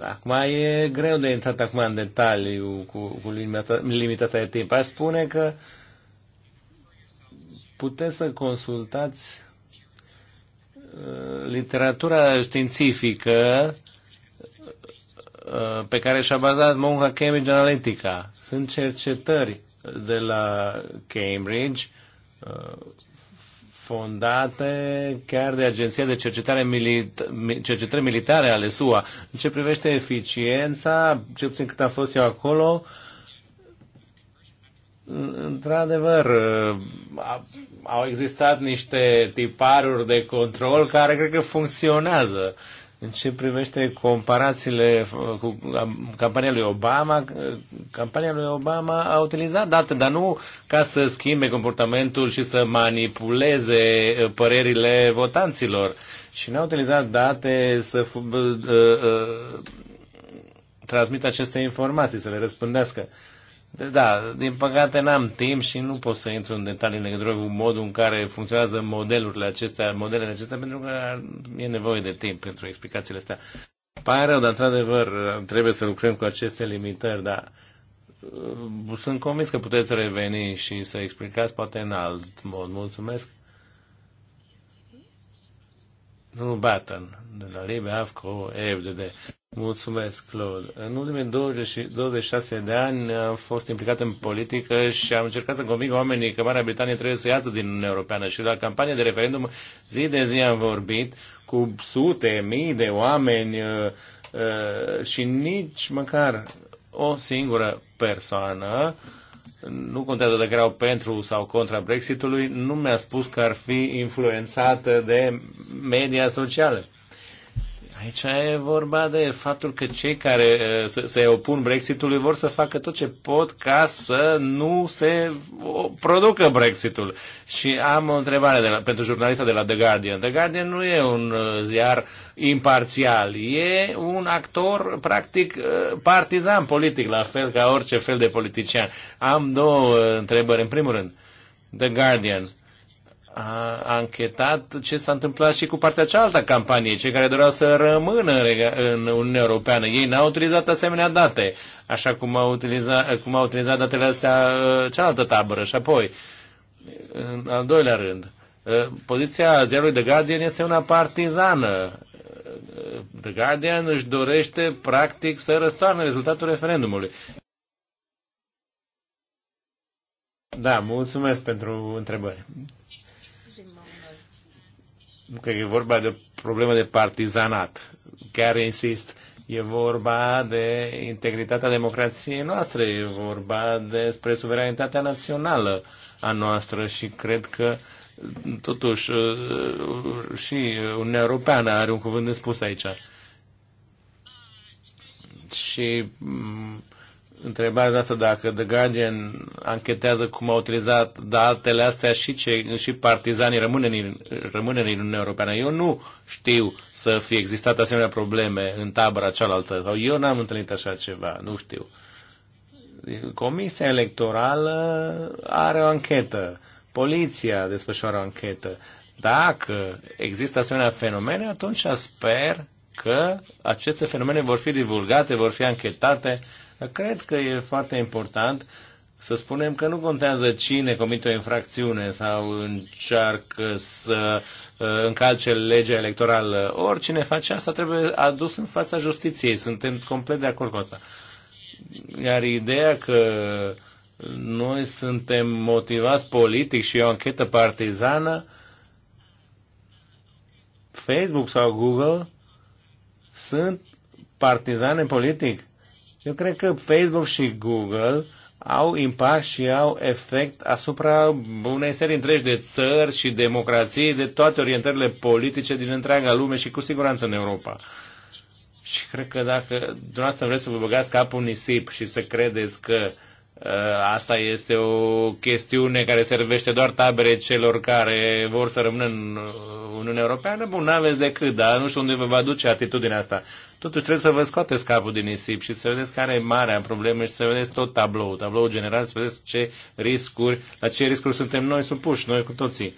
Acum e greu de intrat acum în detaliu cu, cu limitata, limitata de timp. Aș spune că puteți să consultați uh, literatura științifică uh, pe care și-a bazat munca Cambridge Analytica. Sunt cercetări de la Cambridge uh, fondate chiar de Agenția de Cercetare, Milita- Cercetări Militare ale SUA. În ce privește eficiența, ce puțin cât am fost eu acolo, într-adevăr, au existat niște tiparuri de control care cred că funcționează în ce privește comparațiile uh, cu campania lui Obama, uh, campania lui Obama a utilizat date, dar nu ca să schimbe comportamentul și să manipuleze uh, părerile votanților. Și n-a utilizat date să uh, uh, transmită aceste informații, să le răspândească. Uh, da, din păcate n-am timp și nu pot să intru în detalii în legătură cu modul în care funcționează modelurile acestea, modelele acestea, pentru că e nevoie de timp pentru explicațiile astea. Pare rău, dar într-adevăr trebuie să lucrăm cu aceste limitări, dar uh, sunt convins că puteți reveni și să explicați poate în alt mod. Mulțumesc. Nu Batten, de la Libe, AFCO, EFDD. Mulțumesc, Claude. În ultimii 26 de ani am fost implicat în politică și am încercat să convinc oamenii că Marea Britanie trebuie să iasă din Uniunea Europeană și la campanie de referendum zi de zi am vorbit cu sute, mii de oameni uh, uh, și nici măcar o singură persoană nu contează dacă erau pentru sau contra Brexitului, nu mi-a spus că ar fi influențată de media socială. Aici e vorba de faptul că cei care uh, se opun Brexitului vor să facă tot ce pot ca să nu se producă Brexitul. Și am o întrebare de la, pentru jurnalista de la The Guardian. The Guardian nu e un uh, ziar imparțial, e un actor practic uh, partizan politic, la fel ca orice fel de politician. Am două întrebări. În primul rând, The Guardian a anchetat ce s-a întâmplat și cu partea cealaltă a campaniei, cei care doreau să rămână în Uniunea Europeană. Ei n-au utilizat asemenea date, așa cum au utilizat, cum au utilizat datele astea cealaltă tabără. Și apoi, în al doilea rând, poziția ziarului de Guardian este una partizană. The Guardian își dorește, practic, să răstoarne rezultatul referendumului. Da, mulțumesc pentru întrebări nu cred că e vorba de problemă de partizanat. Chiar insist, e vorba de integritatea democrației noastre, e vorba despre suveranitatea națională a noastră și cred că totuși uh, și Uniunea Europeană are un cuvânt de spus aici. Și mm, întrebarea noastră dacă The Guardian anchetează cum au utilizat datele astea și, ce, și partizanii rămâne în, rămâne în Uniunea Europeană. Eu nu știu să fi existat asemenea probleme în tabăra cealaltă. Sau eu n-am întâlnit așa ceva. Nu știu. Comisia electorală are o anchetă. Poliția desfășoară o anchetă. Dacă există asemenea fenomene, atunci sper că aceste fenomene vor fi divulgate, vor fi anchetate dar cred că e foarte important să spunem că nu contează cine comite o infracțiune sau încearcă să uh, încalce legea electorală. Oricine face asta trebuie adus în fața justiției. Suntem complet de acord cu asta. Iar ideea că noi suntem motivați politic și e o anchetă partizană, Facebook sau Google sunt partizane politic eu cred că Facebook și Google au impact și au efect asupra unei serii întregi de țări și democrații, de toate orientările politice din întreaga lume și cu siguranță în Europa. Și cred că dacă dumneavoastră vreți să vă băgați capul nisip și să credeți că uh, Uh, asta este o chestiune care servește doar tabere celor care vor să rămână în uh, Uniunea Europeană. Bun, n-aveți decât, dar nu știu unde vă va duce atitudinea asta. Totuși trebuie să vă scoateți capul din nisip și să vedeți care e marea problemă și să vedeți tot tabloul, tabloul general, să vedeți ce riscuri, la ce riscuri suntem noi supuși, noi cu toții.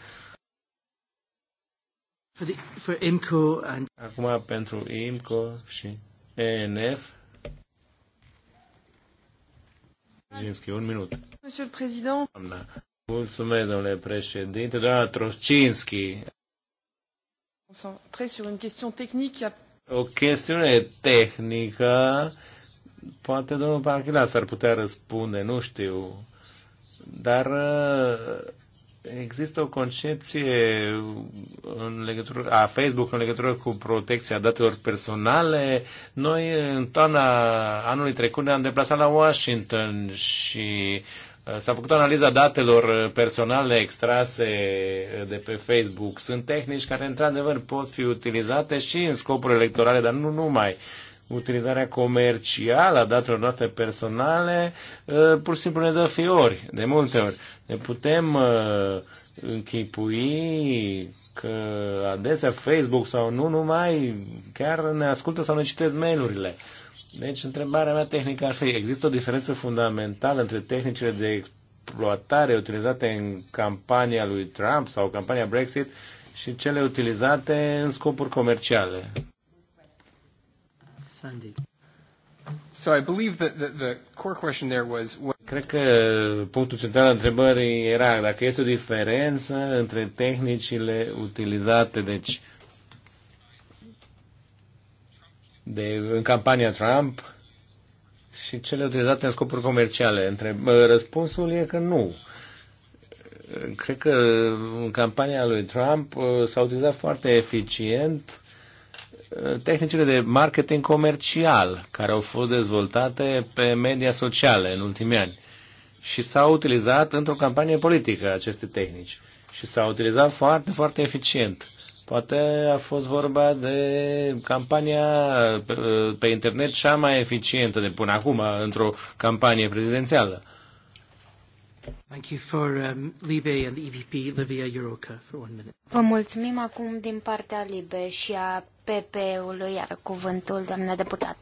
For the, for IMCO and... Acum pentru IMCO și ENF. Monsieur le Président. Mulțumesc, domnule președinte. Doamna Troscinski. Concentrez sur une question technique. O chestiune tehnică. Poate domnul Panchila s-ar putea răspunde, nu știu. Dar există o concepție în legătură, a Facebook în legătură cu protecția datelor personale. Noi în toamna anului trecut ne-am deplasat la Washington și uh, S-a făcut analiza datelor personale extrase de pe Facebook. Sunt tehnici care, într-adevăr, pot fi utilizate și în scopuri electorale, dar nu numai. Uh, utilizarea comercială a datelor noastre personale uh, pur și simplu ne dă fiori, de multe ori. Ne putem uh, închipui că adesea Facebook sau nu numai chiar ne ascultă sau ne citesc mail-urile. Deci întrebarea mea tehnică ar fi, există o diferență fundamentală între tehnicile de exploatare utilizate în campania lui Trump sau campania Brexit și cele utilizate în scopuri comerciale? Sandy. So I believe that the, the core question there was what... Cred că punctul central al întrebării era dacă este o diferență între tehnicile utilizate, deci de, în campania Trump și cele utilizate în scopuri comerciale. Între, răspunsul e că nu. Cred că în campania lui Trump uh, s-a utilizat foarte eficient tehnicile de marketing comercial care au fost dezvoltate pe media sociale în ultimii ani și s-au utilizat într-o campanie politică aceste tehnici și s-au utilizat foarte, foarte eficient. Poate a fost vorba de campania uh, pe internet cea mai eficientă de până acum într-o campanie prezidențială. Thank you for um, Libe and the Livia Euroca, for one minute. Vă mulțumim acum din partea Libe și a PP-ului, iar cuvântul, doamna deputat.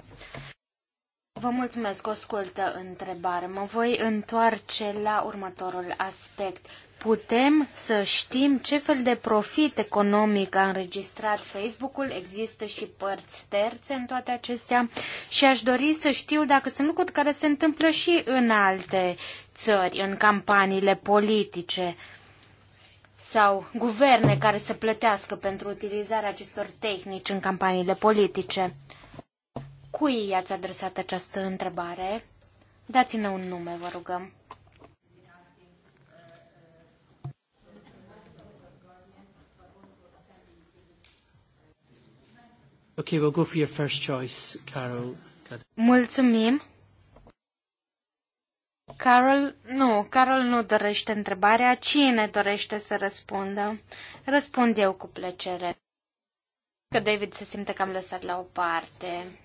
Vă mulțumesc, o scurtă întrebare. Mă voi întoarce la următorul aspect putem să știm ce fel de profit economic a înregistrat Facebook-ul, există și părți terțe în toate acestea și aș dori să știu dacă sunt lucruri care se întâmplă și în alte țări, în campaniile politice sau guverne care să plătească pentru utilizarea acestor tehnici în campaniile politice. Cui i-ați adresat această întrebare? Dați-ne un nume, vă rugăm. Okay, we'll go for your first choice, Carol. Mulțumim. Carol, nu, Carol nu dorește întrebarea. Cine dorește să răspundă? Răspund eu cu plăcere. Că David se simte că am lăsat la o parte.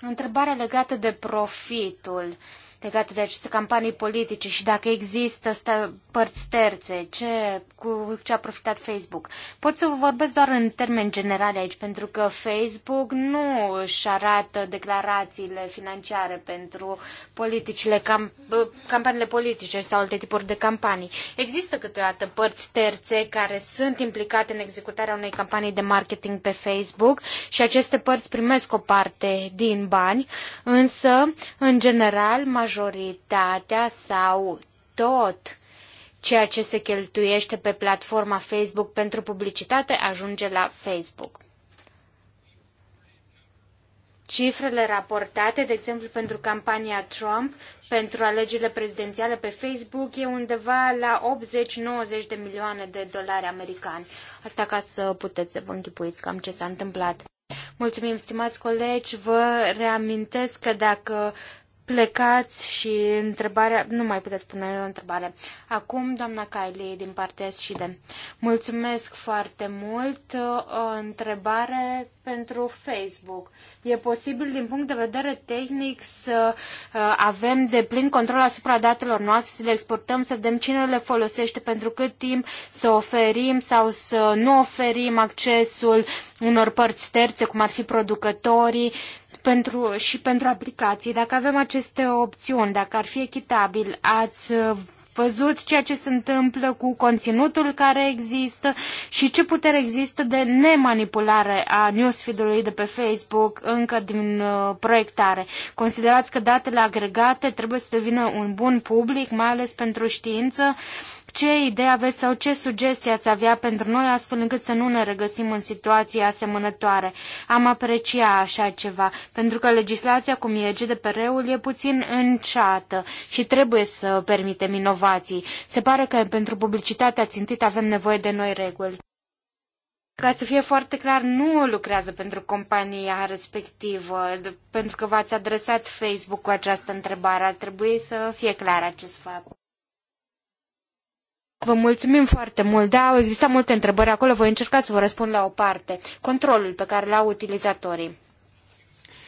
Întrebarea legată de profitul. Uh, legate de aceste campanii politice și dacă există asta părți terțe, ce, cu ce a profitat Facebook. Pot să vă vorbesc doar în termeni generali aici, pentru că Facebook nu își arată declarațiile financiare pentru politicile, cam, campaniile politice sau alte tipuri de campanii. Există câteodată părți terțe care sunt implicate în executarea unei campanii de marketing pe Facebook și aceste părți primesc o parte din bani, însă, în general, majoritatea majoritatea sau tot ceea ce se cheltuiește pe platforma Facebook pentru publicitate ajunge la Facebook. Cifrele raportate, de exemplu, pentru campania Trump, pentru alegerile prezidențiale pe Facebook, e undeva la 80-90 de milioane de dolari americani. Asta ca să puteți să vă închipuiți cam ce s-a întâmplat. Mulțumim, stimați colegi. Vă reamintesc că dacă plecați și întrebarea, nu mai puteți pune o întrebare. Acum, doamna Kylie din partea SCD. Mulțumesc foarte mult. O întrebare pentru Facebook. E posibil din punct de vedere tehnic să avem de plin control asupra datelor noastre, să le exportăm, să vedem cine le folosește, pentru cât timp să oferim sau să nu oferim accesul unor părți terțe, cum ar fi producătorii, pentru, și pentru aplicații, dacă avem aceste opțiuni, dacă ar fi echitabil, ați văzut ceea ce se întâmplă cu conținutul care există și ce putere există de nemanipulare a newsfeed-ului de pe Facebook încă din uh, proiectare. Considerați că datele agregate trebuie să devină un bun public, mai ales pentru știință. Uh, ce idee aveți sau ce sugestii ați avea pentru noi astfel încât să nu ne regăsim în situații asemănătoare? Am aprecia așa ceva, pentru că legislația cum e GDPR-ul e puțin înceată și trebuie să permitem inovații. Se pare că pentru publicitatea țintită avem nevoie de noi reguli. Ca să fie foarte clar, nu lucrează pentru compania respectivă, pentru că v-ați adresat Facebook cu această întrebare. Ar trebui să fie clar acest fapt. Vă mulțumim foarte mult. Da, au existat multe întrebări acolo. Voi încerca să vă răspund la o parte. Controlul pe care l-au utilizatorii.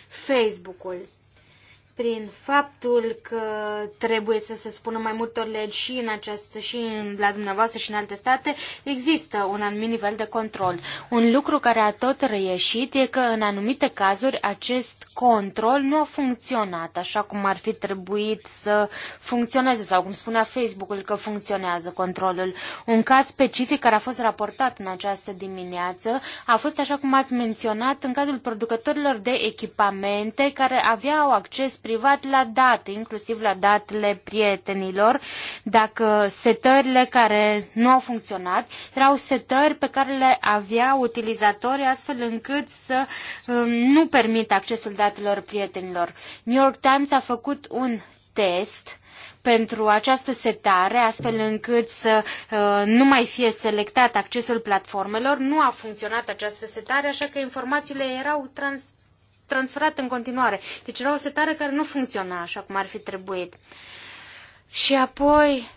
Facebook-ul prin faptul că trebuie să se spună mai multor legi și în această, și în, la dumneavoastră și în alte state, există un anumit nivel de control. Un lucru care a tot reieșit e că în anumite cazuri acest control nu a funcționat așa cum ar fi trebuit să funcționeze sau cum spunea Facebook-ul că funcționează controlul. Un caz specific care a fost raportat în această dimineață a fost așa cum ați menționat în cazul producătorilor de echipamente care aveau acces prin privat la date, inclusiv la datele prietenilor, dacă setările care nu au funcționat erau setări pe care le aveau utilizatorii astfel încât să um, nu permită accesul datelor prietenilor. New York Times a făcut un test pentru această setare, astfel încât să uh, nu mai fie selectat accesul platformelor. Nu a funcționat această setare, așa că informațiile erau trans transferat în continuare. Deci era o setare care nu funcționa așa cum ar fi trebuit. Și apoi,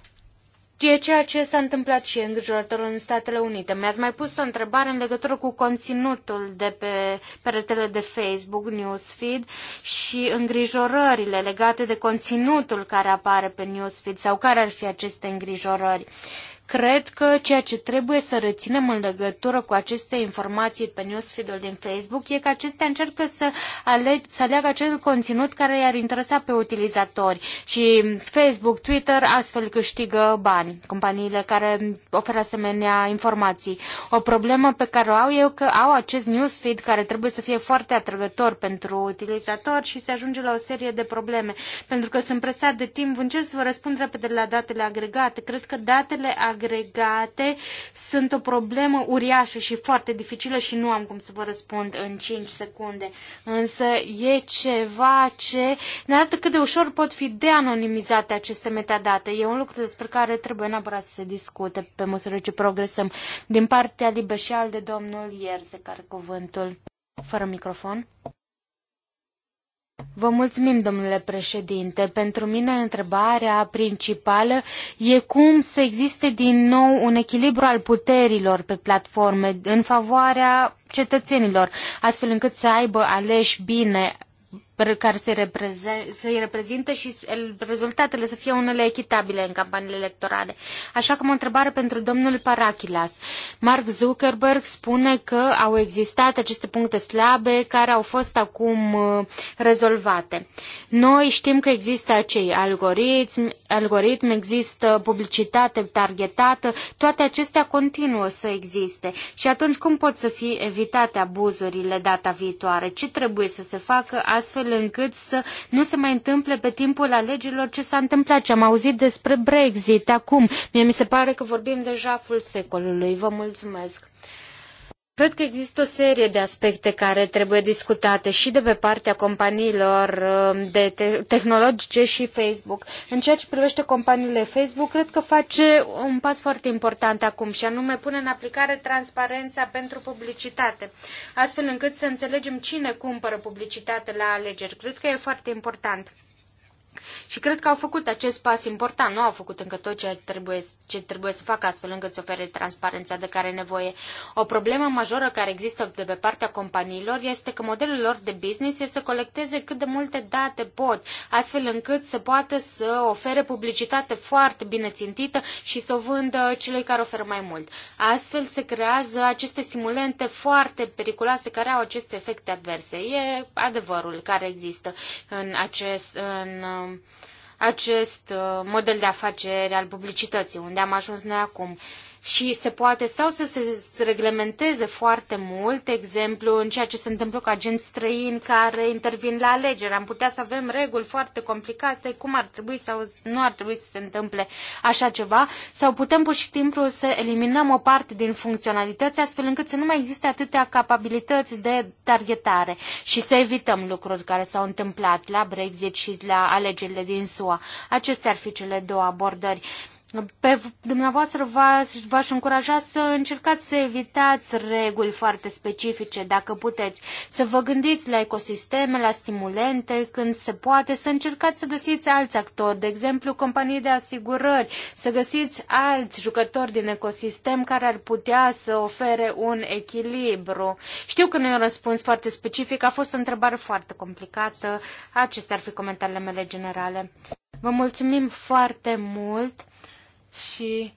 E ceea ce s-a întâmplat și îngrijorător în Statele Unite. Mi-ați mai pus o întrebare în legătură cu conținutul de pe peretele de Facebook, Newsfeed, și îngrijorările legate de conținutul care apare pe Newsfeed sau care ar fi aceste îngrijorări. Uh, Cred că ceea ce trebuie să reținem în legătură cu aceste informații pe newsfeed-ul din Facebook e că acestea încearcă să, aleg, să aleagă acel conținut care i-ar interesa pe utilizatori și Facebook, Twitter astfel câștigă bani, companiile care oferă asemenea informații. O problemă pe care o au eu că au acest newsfeed care trebuie să fie foarte atrăgător pentru utilizatori și se ajunge la o serie de probleme. Pentru că sunt presat de timp, încerc să vă răspund repede la datele agregate. Cred că datele agregate sunt o problemă uriașă și foarte dificilă și nu am cum să vă răspund în 5 secunde. Însă e ceva ce ne arată cât de ușor pot fi deanonimizate aceste metadate. E un lucru despre care trebuie neapărat să se discute pe măsură ce progresăm. Din partea liberșeal de domnul Ierse, care cuvântul. Fără microfon. Vă mulțumim, domnule președinte. Pentru mine întrebarea principală e cum să existe din nou un echilibru al puterilor pe platforme în favoarea cetățenilor, astfel încât să aibă aleși bine care să-i, reprezinte, și rezultatele să fie unele echitabile în campaniile electorale. Așa că o întrebare pentru domnul Parachilas. Mark Zuckerberg spune că au existat aceste puncte slabe care au fost acum uh, rezolvate. Noi știm că există acei algoritmi, algoritm, există publicitate targetată, toate acestea continuă să existe. Și atunci cum pot să fie evitate abuzurile data viitoare? Ce trebuie să se facă astfel astfel încât să nu se mai întâmple pe timpul alegerilor ce s-a întâmplat, ce am auzit despre Brexit acum. Mie mi se pare că vorbim deja full secolului. Vă mulțumesc! Cred că există o serie de aspecte care trebuie discutate și de pe partea companiilor um, de te- tehnologice și Facebook. În ceea ce privește companiile Facebook, cred că face un pas foarte important acum și anume pune în aplicare transparența pentru publicitate, astfel încât să înțelegem cine cumpără publicitate la alegeri. Cred că e foarte important. Și cred că au făcut acest pas important, nu au făcut încă tot ce trebuie, ce trebuie să facă astfel încât să ofere transparența de care e nevoie. O problemă majoră care există de pe partea companiilor este că modelul lor de business este să colecteze cât de multe date pot, astfel încât să poată să ofere publicitate foarte bine țintită și să o vândă celui care oferă mai mult. Astfel se creează aceste stimulente foarte periculoase care au aceste efecte adverse. E adevărul care există în acest, în acest uh, model de afaceri al publicității, unde am ajuns noi acum și se poate sau să se reglementeze foarte mult, exemplu în ceea ce se întâmplă cu agenți străini care intervin la alegeri. Am putea să avem reguli foarte complicate, cum ar trebui sau nu ar trebui să se întâmple așa ceva, sau putem pur și simplu să eliminăm o parte din funcționalități astfel încât să nu mai existe atâtea capabilități de targetare și să evităm lucruri care s-au întâmplat la Brexit și la alegerile din SUA. Acestea ar fi cele două abordări. Pe dumneavoastră v-aș încuraja să încercați să evitați reguli foarte specifice, dacă puteți, să vă gândiți la ecosisteme, la stimulente, când se poate, să încercați să găsiți alți actori, de exemplu companii de asigurări, să găsiți alți jucători din ecosistem care ar putea să ofere un echilibru. Știu că nu e un răspuns foarte specific, a fost o întrebare foarte complicată, acestea ar fi comentariile mele generale. Vă mulțumim foarte mult! Și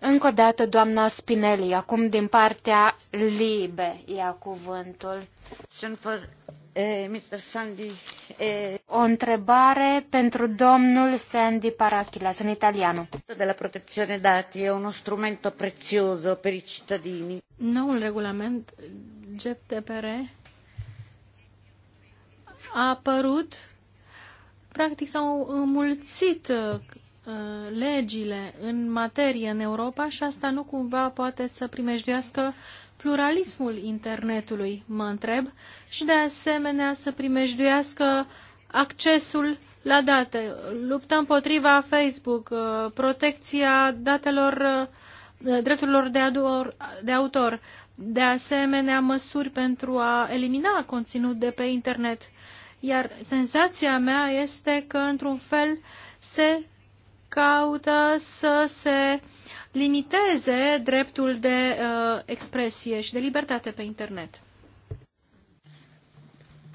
încă o dată, doamna Spinelli, acum din partea Libe ia cuvântul. Sunt for, eh, Mr. Sandy, eh... O întrebare pentru domnul Sandy Parachila, sunt italiano. De la protecție dati e un strumento prețios per i cittadini. Noul regulament GDPR a apărut practic s-au înmulțit Uh, legile în materie în Europa și asta nu cumva poate să primejduiască pluralismul internetului, mă întreb, și de asemenea să primejduiască accesul la date, lupta împotriva Facebook, uh, protecția datelor, uh, drepturilor de, ador, de autor, de asemenea măsuri pentru a elimina conținut de pe internet. Iar senzația mea este că, într-un fel, se caută să se limiteze dreptul de uh, expresie și de libertate pe internet.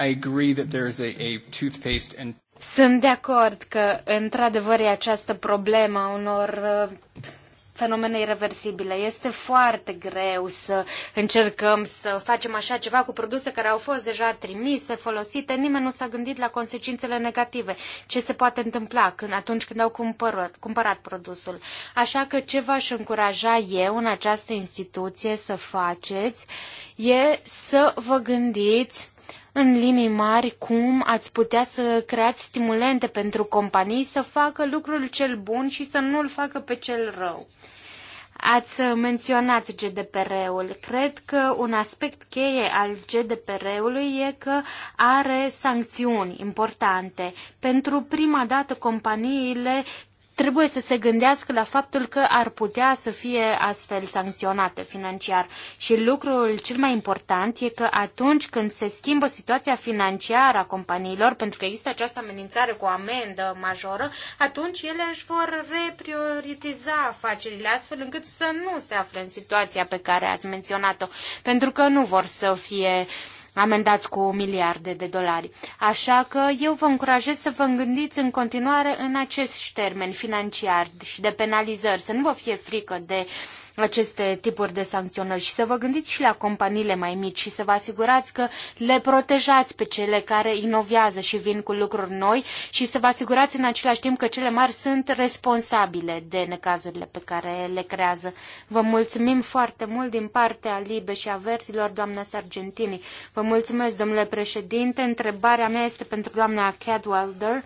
I agree that there is a, a toothpaste and sunt de acord că, într-adevăr, e această problemă a unor uh, fenomene irreversibile. Este foarte greu să încercăm să facem așa ceva cu produse care au fost deja trimise, folosite. Nimeni nu s-a gândit la consecințele negative. Ce se poate întâmpla când, atunci când au cumpărat, cumpărat produsul. Așa că ce v-aș încuraja eu în această instituție să faceți e să vă gândiți în linii mari cum ați putea să creați stimulente pentru companii să facă lucrul cel bun și să nu îl facă pe cel rău. Ați menționat GDPR-ul. Cred că un aspect cheie al GDPR-ului e că are sancțiuni importante. Pentru prima dată companiile trebuie să se gândească la faptul că ar putea să fie astfel sancționate financiar. Și lucrul cel mai important e că atunci când se schimbă situația financiară a companiilor, pentru că există această amenințare cu o amendă majoră, atunci ele își vor reprioritiza afacerile astfel încât să nu se afle în situația pe care ați menționat-o, pentru că nu vor să fie uh, amendați cu miliarde de dolari. Așa că eu vă încurajez să vă gândiți în continuare în acest termen financiar și de penalizări, să nu vă fie frică de uh, aceste tipuri de sancționări și să vă gândiți și la companiile mai mici și să vă asigurați că le protejați pe cele care inovează și vin cu lucruri noi și să vă asigurați în același timp că cele mari sunt responsabile de necazurile pe care le creează. Vă mulțumim foarte mult din partea Libe și a verzilor, doamna Sargentini. Vă mulțumesc, domnule președinte. Întrebarea mea este pentru doamna Cadwalder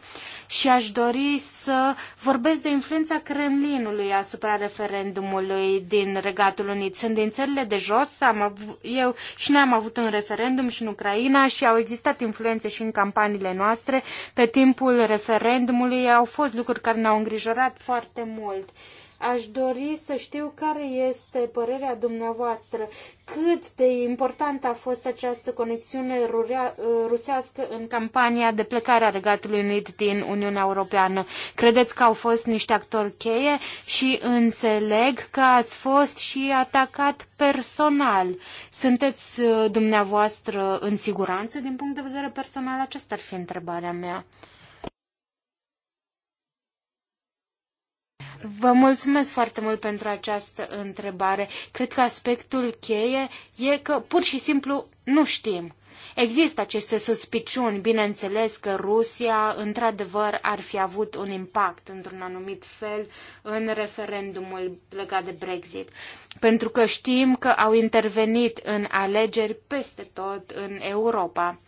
și aș dori să vorbesc de influența Kremlinului asupra referendumului din din Regatul Unit. Sunt din țările de jos, am avut, eu și noi am avut un referendum și în Ucraina și au existat influențe și în campaniile noastre. Pe timpul referendumului au fost lucruri care ne-au îngrijorat foarte mult. Uh, Aș dori să știu care este părerea dumneavoastră, cât de importantă a fost această conexiune rusească în campania de plecare a Regatului Unit din Uniunea Europeană. Credeți că au fost niște actori cheie și înțeleg că ați fost și atacat personal. Sunteți uh, dumneavoastră în siguranță din punct de vedere personal? Aceasta ar fi întrebarea mea. Vă mulțumesc foarte mult pentru această întrebare. Cred că aspectul cheie e că pur și simplu nu știm. Există aceste suspiciuni, bineînțeles că Rusia într-adevăr ar fi avut un impact într-un anumit fel în referendumul legat de Brexit, pentru că știm că au intervenit în alegeri peste tot în Europa.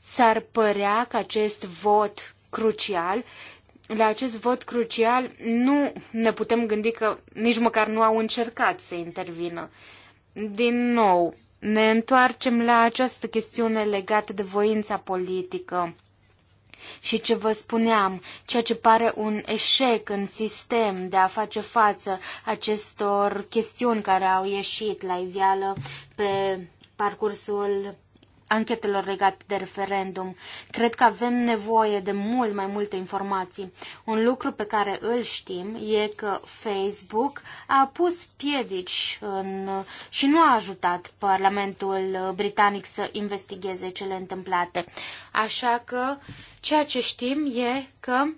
S-ar părea că acest vot crucial la acest vot crucial nu ne putem gândi că nici măcar nu au încercat să intervină. Din nou, ne întoarcem la această chestiune legată de voința politică. Și ce vă spuneam, ceea ce pare un eșec în sistem de a face față acestor chestiuni care au ieșit la iveală pe parcursul anchetelor legate de referendum. Cred că avem nevoie de mult mai multe informații. Un lucru pe care îl știm e că Facebook a pus piedici în, și nu a ajutat Parlamentul Britanic să investigheze cele întâmplate. Așa că ceea ce știm e că uh,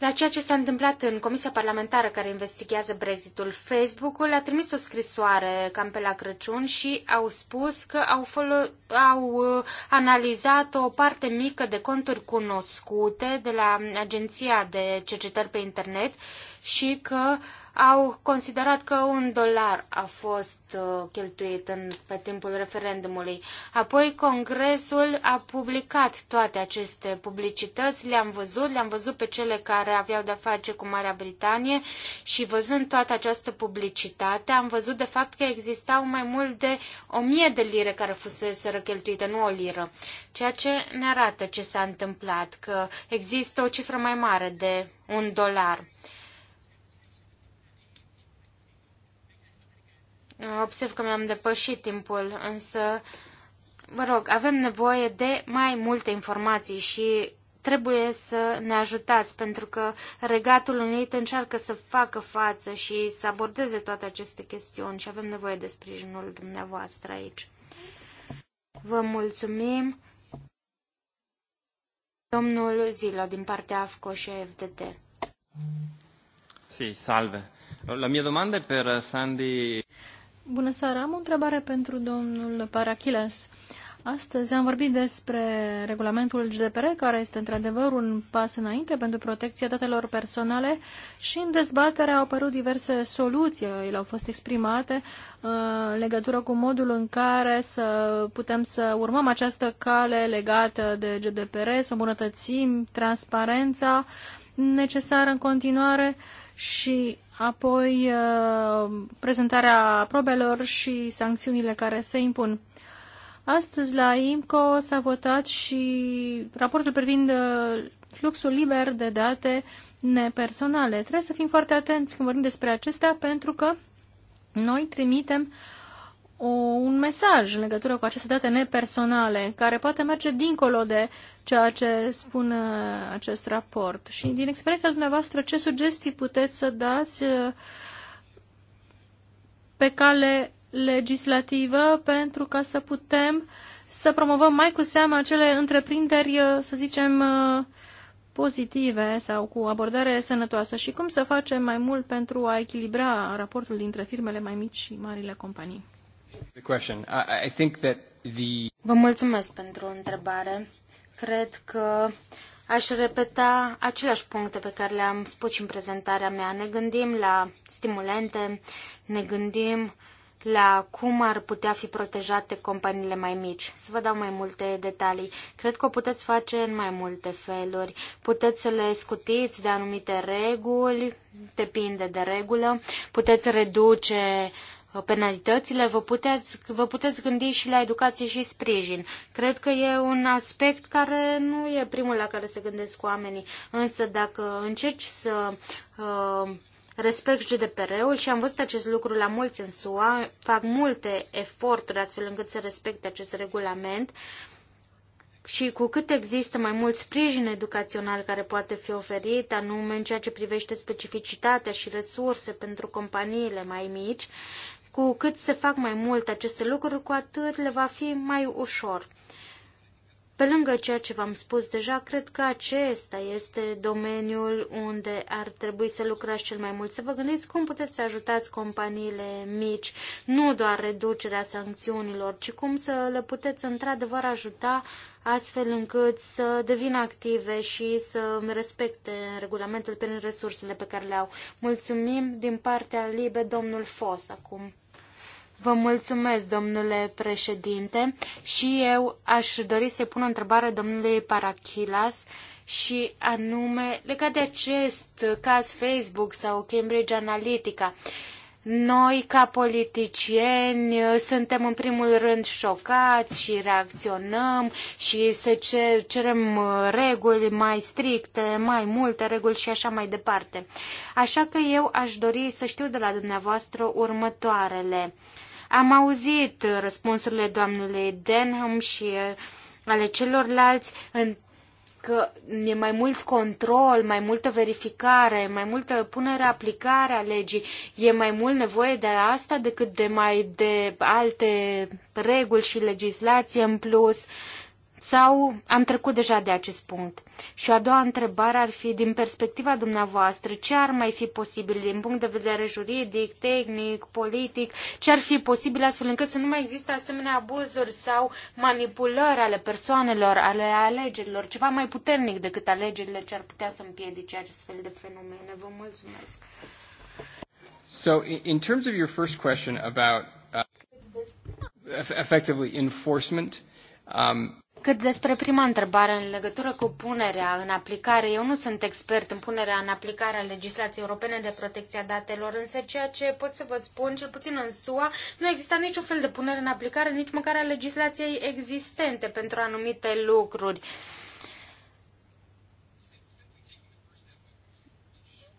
la ceea ce s-a întâmplat în Comisia Parlamentară care investigează Brexitul, Facebook-ul a trimis o scrisoare cam pe la Crăciun și au spus că au, folo- au uh, analizat o parte mică de conturi cunoscute de la Agenția de Cercetări pe Internet și că uh, au considerat că un dolar a fost uh, cheltuit în, pe timpul referendumului. Apoi Congresul a publicat toate aceste publicități, le-am văzut, le-am văzut pe cele care aveau de-a face cu Marea Britanie și văzând toată această publicitate, am văzut de fapt că existau mai mult de o mie de lire care fusese răcheltuite, nu o liră. Ceea ce ne arată ce s-a întâmplat, că există o cifră mai mare de un dolar. Uh, observ că mi-am depășit timpul, însă, vă rog, avem nevoie de mai multe informații și trebuie să ne ajutați, pentru că Regatul Unit încearcă să facă față și să abordeze toate aceste chestiuni și avem nevoie de sprijinul dumneavoastră aici. Vă mulțumim. Domnul Zilo, din partea AFCO și FDT. Sì, salve. La mia domanda è per Sandy. Bună seara, am o întrebare pentru domnul Parachiles. Astăzi am vorbit despre regulamentul GDPR, care este într-adevăr un pas înainte pentru protecția datelor personale și în dezbatere au apărut diverse soluții, ele au fost exprimate uh, în legătură cu modul în care să putem să urmăm această cale legată de GDPR, să îmbunătățim transparența necesară în continuare și apoi uh, prezentarea probelor și sancțiunile care se impun. Astăzi la IMCO s-a votat și raportul privind uh, fluxul liber de date nepersonale. Trebuie să fim foarte atenți când vorbim despre acestea pentru că noi trimitem uh, o, un mesaj în legătură cu aceste date nepersonale, care poate merge dincolo de ceea ce spune uh, acest raport. Și din experiența dumneavoastră, ce sugestii puteți să dați uh, pe cale legislativă pentru ca să putem să promovăm mai cu seamă acele întreprinderi, uh, să zicem, pozitive sau cu abordare sănătoasă și cum să facem mai mult pentru a echilibra raportul dintre firmele mai mici și marile companii. Vă mulțumesc pentru o întrebare. Cred că aș repeta aceleași puncte pe care le-am spus și în prezentarea mea. Ne gândim la stimulente, ne gândim la cum ar putea fi protejate companiile mai mici. Să vă dau mai multe detalii. Cred că o puteți face în mai multe feluri. Puteți să le scutiți de anumite reguli, depinde de regulă. Puteți reduce uh, penalitățile, vă puteți, vă puteți gândi și la educație și sprijin. Cred că e un aspect care nu e primul la care se gândesc oamenii, însă dacă încerci să uh, respect GDPR-ul și am văzut acest lucru la mulți în SUA, fac multe eforturi astfel încât să respecte acest regulament și cu cât există mai mult sprijin educațional care poate fi oferit, anume în ceea ce privește specificitatea și resurse pentru companiile mai mici, cu cât se fac mai mult aceste lucruri, cu atât le va fi mai ușor. Pe lângă ceea ce v-am spus deja, cred că acesta este domeniul unde ar trebui să lucrați cel mai mult. Să vă gândiți cum puteți să ajutați companiile mici, nu doar reducerea sancțiunilor, ci cum să le puteți într-adevăr ajuta astfel încât să devină active și să respecte regulamentul prin resursele pe care le au. Mulțumim din partea LIBE, domnul Fos, acum. Vă mulțumesc, domnule președinte, și eu aș dori să pun o întrebare domnului Parachilas și anume legat de acest caz Facebook sau Cambridge Analytica. Noi, ca politicieni, suntem în primul rând șocați și reacționăm și să cer, cerem reguli mai stricte, mai multe reguli și așa mai departe. Așa că eu aș dori să știu de la dumneavoastră următoarele. Uh, am auzit răspunsurile doamnului Denham și ale celorlalți în că e mai mult control, mai multă verificare, mai multă punere aplicare a legii, e mai mult nevoie de asta decât de mai de alte reguli și legislație în plus. Uh, sau am trecut deja de acest punct? Și a doua întrebare ar fi, din perspectiva dumneavoastră, ce ar mai fi posibil din punct de vedere juridic, tehnic, politic, ce ar fi posibil astfel încât să nu mai există asemenea abuzuri sau manipulări ale persoanelor, ale alegerilor, ceva mai puternic decât alegerile ce ar putea să împiedice acest fel de fenomene? Vă mulțumesc! So, in terms of your first question about uh, effectively enforcement, um, cât despre prima întrebare în legătură cu punerea în aplicare, eu nu sunt expert în punerea în aplicare a legislației europene de protecție a datelor, însă ceea ce pot să vă spun, cel puțin în SUA, nu există niciun fel de punere în aplicare, nici măcar a legislației existente pentru anumite lucruri.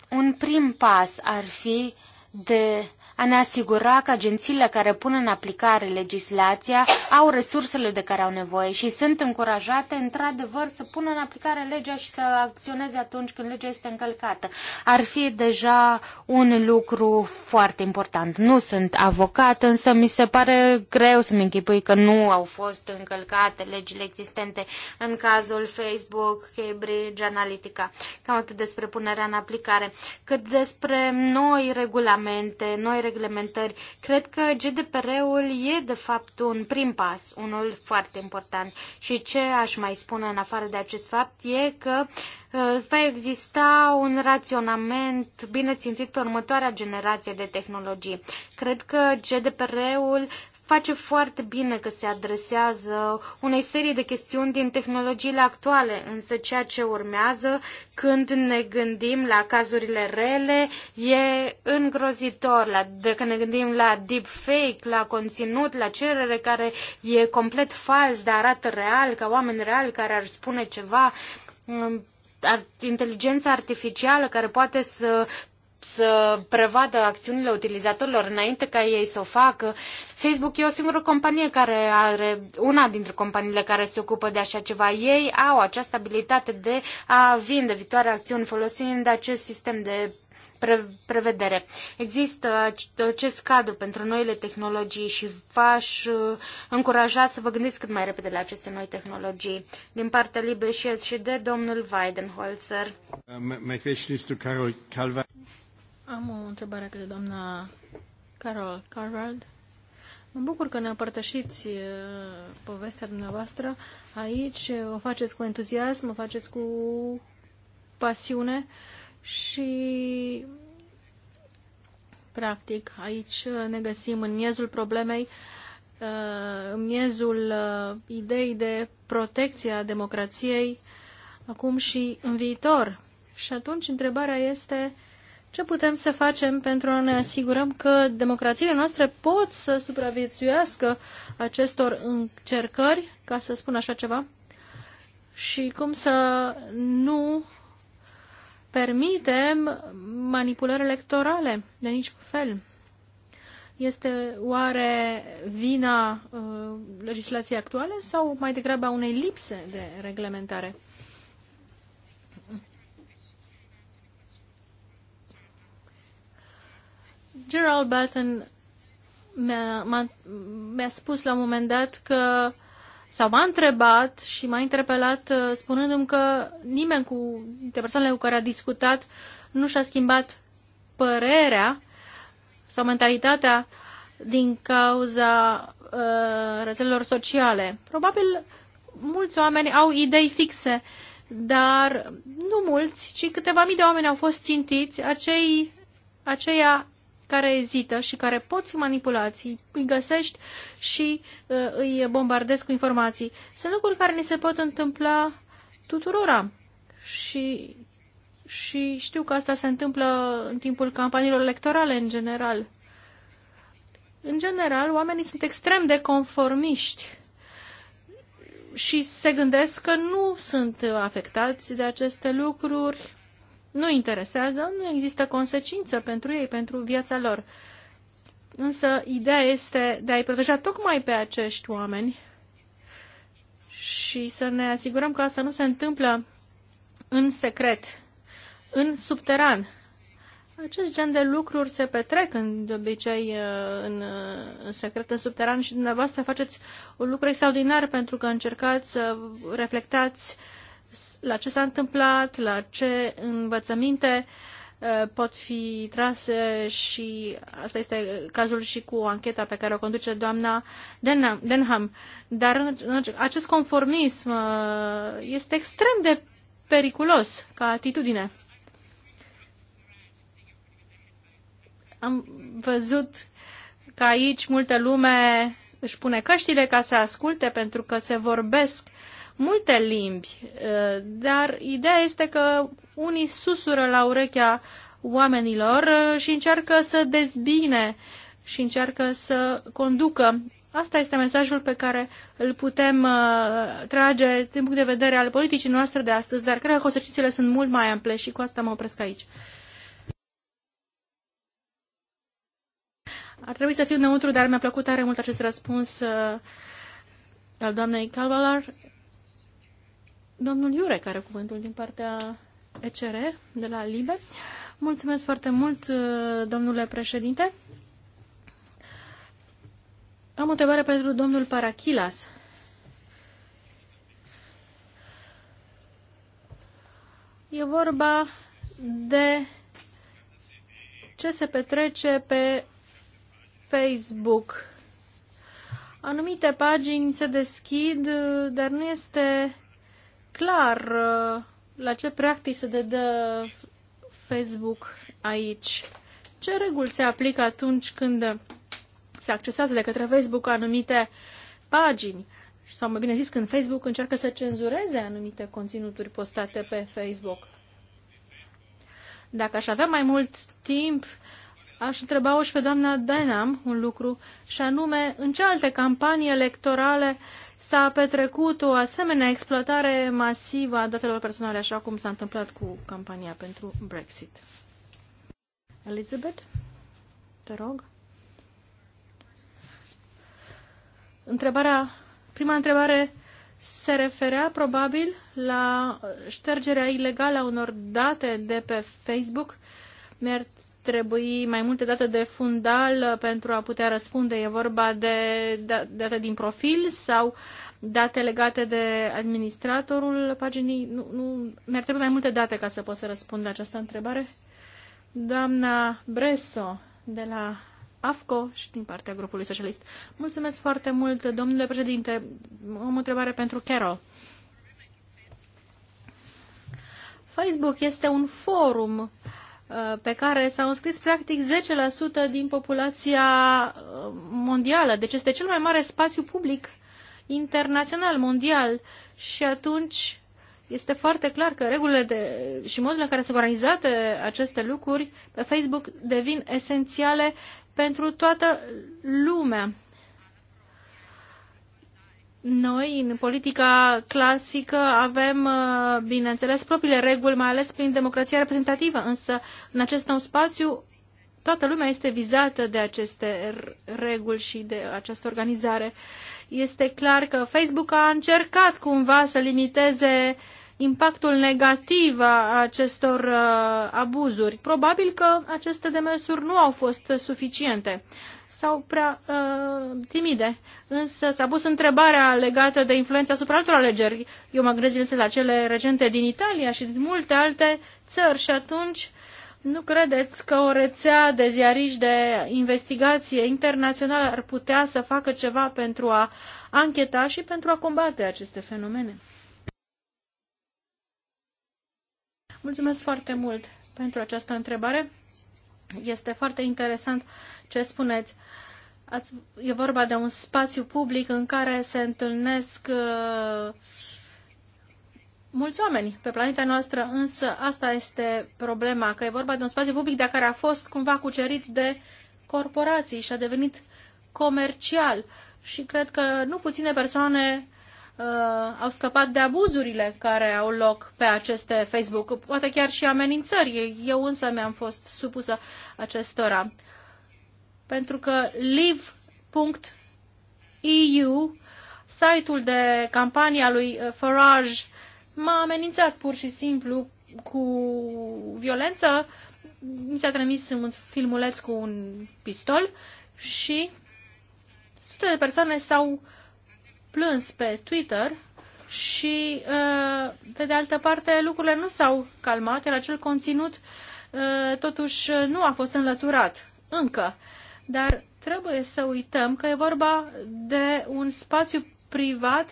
Un prim pas ar fi de a ne asigura că agențiile care pun în aplicare legislația au resursele de care au nevoie și sunt încurajate, într-adevăr, să pună în aplicare legea și să acționeze atunci când legea este încălcată. Ar fi deja un lucru foarte important. Nu sunt avocat, însă mi se pare greu să-mi închipui că nu au fost încălcate legile existente în cazul Facebook, Cambridge Analytica. Cam atât despre punerea în aplicare. Cât despre noi regulamente, noi regulamente reglementări. Cred că GDPR-ul e de fapt un prim pas, unul foarte important. Și ce aș mai spune în afară de acest fapt e că uh, va exista un raționament bine țintit pe următoarea generație de tehnologii. Cred că GDPR-ul Face foarte bine că se adresează unei serii de chestiuni din tehnologiile actuale, însă ceea ce urmează când ne gândim la cazurile rele e îngrozitor. La, dacă ne gândim la deepfake, la conținut, la cerere care e complet fals, dar arată real, ca oameni reali care ar spune ceva, um, inteligența artificială care poate să să prevadă acțiunile utilizatorilor înainte ca ei să o facă. Facebook e o singură companie care are, una dintre companiile care se ocupă de așa ceva. Ei au această abilitate de a vinde viitoare acțiuni folosind acest sistem de pre- prevedere. Există acest cadru pentru noile tehnologii și v-aș uh, încuraja să vă gândiți cât mai repede la aceste noi tehnologii. Din partea Libe și de domnul Weidenholzer. Uh, am o întrebare către doamna Carol Carvald. Mă bucur că ne împărtășiți uh, povestea dumneavoastră aici. Uh, o faceți cu entuziasm, o faceți cu pasiune și practic aici uh, ne găsim în miezul problemei, în miezul ideii de protecție a democrației acum și în viitor. Și atunci întrebarea este ce putem să facem pentru a ne asigurăm că democrațiile noastre pot să supraviețuiască acestor încercări, ca să spun așa ceva, și cum să nu permitem manipulări electorale de niciun fel. Este oare vina uh, legislației actuale sau mai degrabă a unei lipse de reglementare? Gerald Button mi-a, mi, -a, spus la un moment dat că sau m-a întrebat și m-a interpelat uh, spunându-mi că nimeni cu, dintre persoanele cu care a discutat nu și-a schimbat părerea sau mentalitatea din cauza uh, rețelelor sociale. Probabil mulți oameni au idei fixe, dar nu mulți, ci câteva mii de oameni au fost țintiți, acei, aceia care ezită și care pot fi manipulații, îi găsești și uh, îi bombardezi cu informații. Sunt lucruri care ni se pot întâmpla tuturora și, și știu că asta se întâmplă în timpul campaniilor electorale în general. În general, oamenii sunt extrem de conformiști și se gândesc că nu sunt afectați de aceste lucruri, nu interesează, nu există consecință pentru ei, pentru viața lor. Însă ideea este de a-i proteja tocmai pe acești oameni și să ne asigurăm că asta nu se întâmplă în secret, în subteran. Acest gen de lucruri se petrec în, de obicei uh, în, uh, în secret, în subteran și dumneavoastră faceți un lucru extraordinar pentru că încercați să reflectați uh, la ce s-a întâmplat, la ce învățăminte uh, pot fi trase și asta este cazul și cu ancheta pe care o conduce doamna Denham. Dar acest conformism uh, este extrem de periculos ca atitudine. Am văzut că aici multă lume își pune căștile ca să asculte pentru că se vorbesc multe limbi, uh, dar ideea este că unii susură la urechea oamenilor uh, și încearcă să dezbine și încearcă să conducă. Asta este mesajul pe care îl putem uh, trage din punct de vedere al politicii noastre de astăzi, dar cred că consecințele sunt mult mai ample și cu asta mă opresc aici. Ar trebui să fiu neutru, dar mi-a plăcut tare mult acest răspuns uh, al doamnei Calvalar. Domnul Iure, care cuvântul din partea ECR, de la LIBE. Mulțumesc foarte mult, uh, domnule președinte. Am o întrebare pentru domnul Parachilas. E vorba de ce se petrece pe Facebook. Anumite pagini se deschid, uh, dar nu este clar uh, la ce practic se dedă Facebook aici. Ce reguli se aplică atunci când se accesează de către Facebook anumite pagini? Sau mai bine zis, când Facebook încearcă să cenzureze anumite conținuturi postate pe Facebook. Dacă aș avea mai mult timp, uh, aș întreba-o și pe doamna Denham un lucru, și anume, în ce alte campanii electorale s-a petrecut o asemenea exploatare masivă a datelor personale, așa cum s-a întâmplat cu campania pentru Brexit? Elizabeth, te rog. Întrebarea, prima întrebare se referea probabil la ștergerea ilegală a unor date de pe Facebook. Mi-ar trebui mai multe date de fundal pentru a putea răspunde? E vorba de da, date din profil sau date legate de administratorul paginii? Nu, nu, mi-ar trebui mai multe date ca să pot să răspund la această întrebare. Doamna Breso de la AFCO și din partea grupului socialist. Mulțumesc foarte mult, domnule președinte. Am o întrebare pentru Carol. Facebook este un forum uh, Uh, pe care s-au înscris practic 10% din populația uh, mondială. Deci este cel mai mare spațiu public internațional, mondial. Și atunci este foarte clar că regulile de, și modul în care sunt organizate aceste lucruri pe Facebook devin esențiale pentru toată lumea. Noi, în politica clasică, avem, uh, bineînțeles, propriile reguli, mai ales prin democrația reprezentativă, însă în acest nou spațiu toată lumea este vizată de aceste reguli și de această organizare. Este clar că Facebook a încercat cumva să limiteze impactul negativ a acestor uh, abuzuri. Probabil că aceste demersuri nu au fost suficiente sau prea uh, timide. Însă s-a pus întrebarea legată de influența asupra altor alegeri. Eu mă gândesc, bineînțeles, la cele recente din Italia și din multe alte țări și atunci nu credeți că o rețea de ziariști de investigație internațională ar putea să facă ceva pentru a ancheta și pentru a combate aceste fenomene? Mulțumesc foarte mult pentru această întrebare. Este foarte interesant ce spuneți. Ați, e vorba de un spațiu public în care se întâlnesc uh, mulți oameni pe planeta noastră, însă asta este problema, că e vorba de un spațiu public de care a fost cumva cucerit de corporații și a devenit comercial. Și cred că nu puține persoane uh, au scăpat de abuzurile care au loc pe aceste Facebook, poate chiar și amenințări. Eu însă mi-am fost supusă acestora. Pentru că live.eu, site-ul de campanie lui uh, Farage, m-a amenințat pur și simplu cu violență. Mi s-a trimis un filmuleț cu un pistol și sute de persoane s-au uh, plâns pe Twitter și, uh, pe de altă parte, lucrurile nu s-au calmat, iar acel conținut uh, totuși uh, nu a fost înlăturat încă. Dar trebuie să uităm că e vorba de un spațiu privat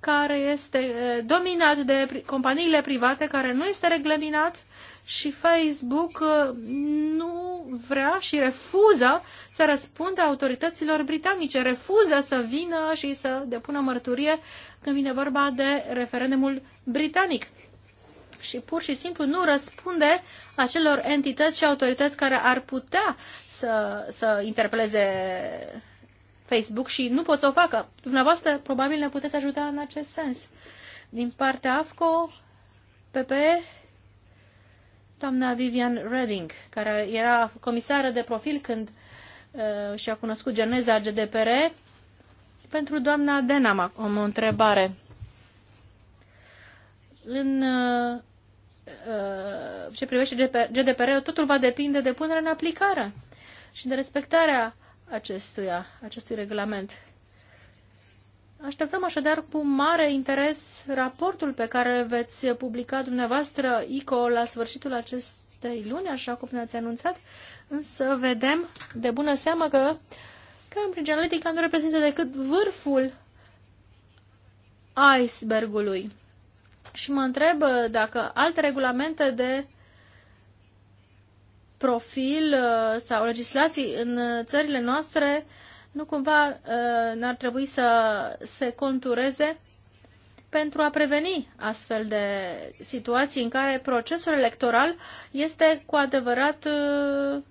care este dominat de companiile private, care nu este reglementat și Facebook nu vrea și refuză să răspundă autorităților britanice, refuză să vină și să depună mărturie când vine vorba de referendumul britanic și pur și simplu nu răspunde acelor entități și autorități care ar putea să, să interpeleze Facebook și nu pot să o facă. Dumneavoastră probabil ne puteți ajuta în acest sens. Din partea AFCO, PPE, doamna Vivian Redding, care era comisară de profil când uh, și-a cunoscut geneza GDPR. Pentru doamna Denam am o întrebare. În uh, uh, ce privește GDPR, totul va depinde de punerea în aplicare și de respectarea acestuia, acestui regulament. Așteptăm așadar cu mare interes raportul pe care veți publica dumneavoastră ICO la sfârșitul acestei luni, așa cum ne-ați anunțat, însă vedem de bună seamă că Cambridge Analytica nu reprezintă decât vârful icebergului. Și mă întreb dacă alte regulamente de profil uh, sau legislații în țările noastre uh, nu cumva uh, n-ar trebui să se contureze pentru a preveni astfel de situații în care procesul electoral este cu adevărat uh,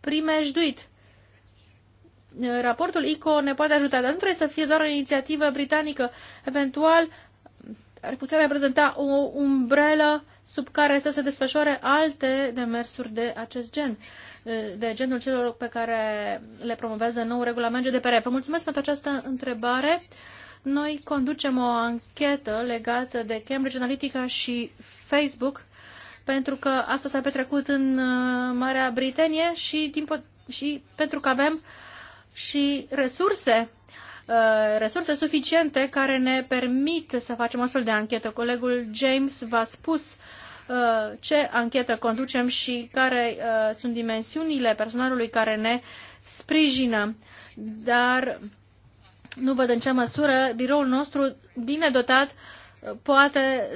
primejduit. Raportul ICO ne poate ajuta, dar nu trebuie să fie doar o inițiativă britanică. Eventual, ar putea reprezenta o umbrelă sub care să se desfășoare alte demersuri de acest gen de genul celor pe care le promovează nou regulament GDPR. Vă mulțumesc pentru această întrebare. Noi conducem o anchetă legată de Cambridge Analytica și Facebook, pentru că asta s-a petrecut în uh, Marea Britanie și, din, și pentru că avem și resurse uh, resurse suficiente care ne permit să facem astfel de anchetă. Colegul James v-a spus uh, Uh, ce anchetă conducem și care uh, sunt dimensiunile personalului care ne sprijină. Dar nu văd în ce măsură biroul nostru bine dotat uh, poate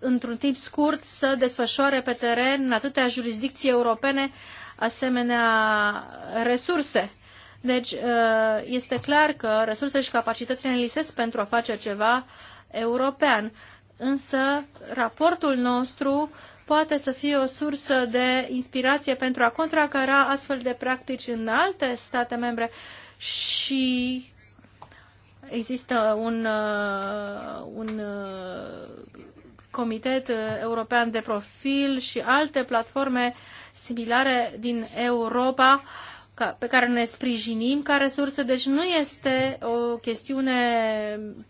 într-un timp scurt să desfășoare pe teren în atâtea jurisdicții europene asemenea resurse. Deci este clar că resursele și capacitățile lisesc pentru a face ceva european însă raportul nostru poate să fie o sursă de inspirație pentru a contracara astfel de practici în alte state membre și există un, uh, un uh, comitet european de profil și alte platforme similare din Europa pe care ne sprijinim ca resurse, deci nu este o chestiune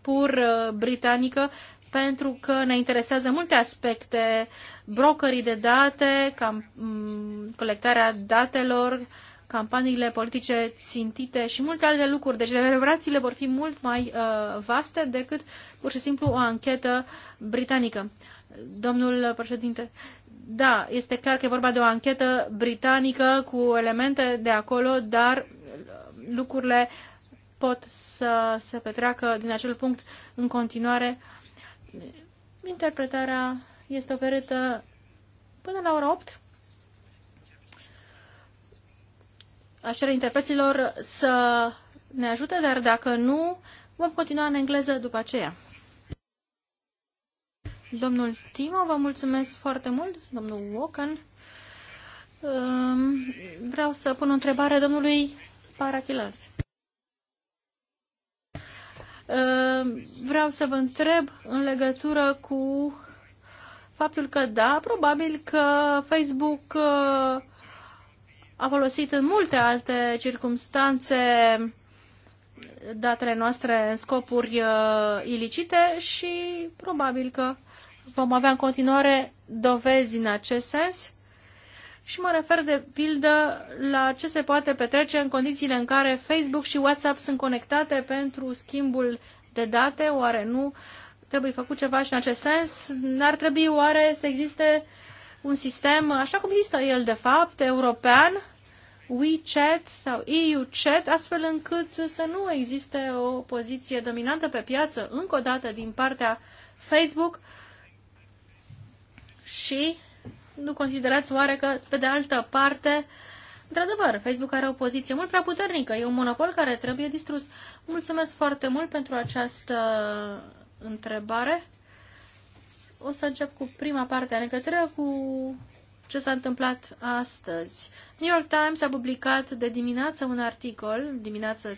pur uh, britanică, pentru că ne interesează multe aspecte, brokerii de date, cam, mm, colectarea datelor, campaniile politice țintite și multe alte lucruri. Deci revelațiile vor fi mult mai uh, vaste decât pur și simplu o anchetă britanică. Domnul președinte, da, este clar că e vorba de o anchetă britanică cu elemente de acolo, dar uh, lucrurile pot să se petreacă din acel punct în continuare uh, interpretarea este oferită până la ora 8. Aș cere interpreților să ne ajute, dar dacă nu, vom continua în engleză după aceea. Domnul Timo, vă mulțumesc foarte mult, domnul Woken. Ehm, vreau să pun o întrebare domnului Parachilas. Ehm, vreau să vă întreb în legătură cu faptul că, da, probabil că Facebook eh, a folosit în multe alte circumstanțe datele noastre în scopuri eh, ilicite și probabil că vom avea în continuare dovezi în acest sens și mă refer de pildă la ce se poate petrece în condițiile în care Facebook și WhatsApp sunt conectate pentru schimbul de date, oare nu trebuie făcut ceva și în acest sens? N-ar trebui oare să existe un sistem, așa cum există el de fapt, european, WeChat sau EUChat, astfel încât să nu existe o poziție dominantă pe piață, încă o dată, din partea Facebook și nu considerați oare că, pe de altă parte, într-adevăr, Facebook are o poziție mult prea puternică, e un monopol care trebuie distrus. Mulțumesc foarte mult pentru această întrebare. O să încep cu prima parte a legătură cu ce s-a întâmplat astăzi. New York Times a publicat de dimineață un articol, dimineață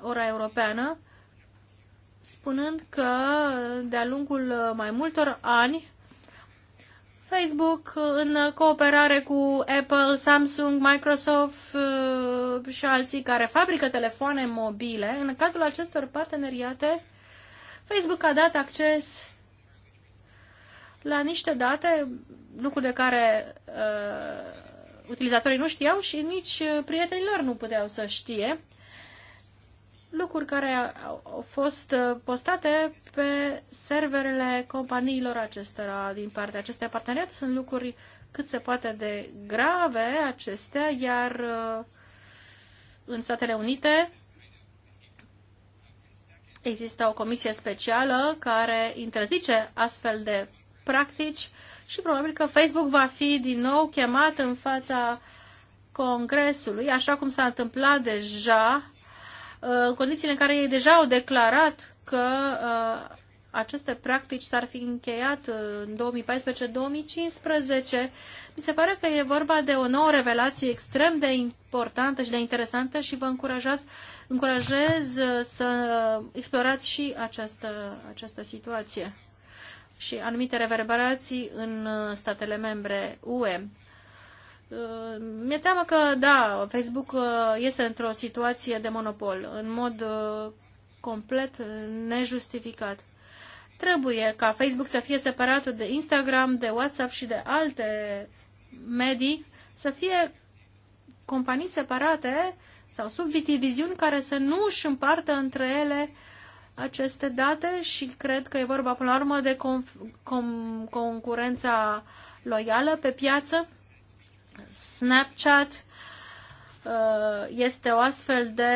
ora europeană, spunând că de-a lungul mai multor ani Facebook în cooperare cu Apple, Samsung, Microsoft uh, și alții care fabrică telefoane mobile, în cadrul acestor parteneriate, Facebook a dat acces la niște date, lucruri de care uh, utilizatorii nu știau și nici uh, prietenilor nu puteau să știe lucruri care au fost uh, postate pe serverele companiilor acestora din partea acestea parteneriate. Sunt lucruri cât se poate de grave acestea, iar uh, în Statele Unite există o comisie specială care interzice astfel de practici și probabil că Facebook va fi din nou chemat în fața Congresului, așa cum s-a întâmplat deja în uh, condițiile în care ei deja au declarat că uh, aceste practici s-ar fi încheiat uh, în 2014-2015. Mi se pare că e vorba de o nouă revelație extrem de importantă și de interesantă și vă încurajați, încurajez să explorați și această, această situație și anumite reverberații în statele membre UE. Uh, mi-e teamă că, da, Facebook uh, este într-o situație de monopol, în mod uh, complet nejustificat. Trebuie ca Facebook să fie separat de Instagram, de WhatsApp și de alte medii, să fie companii separate sau sub viziuni care să nu își împartă între ele aceste date și cred că e vorba până la urmă de conf- com- concurența loială pe piață Snapchat uh, este o astfel de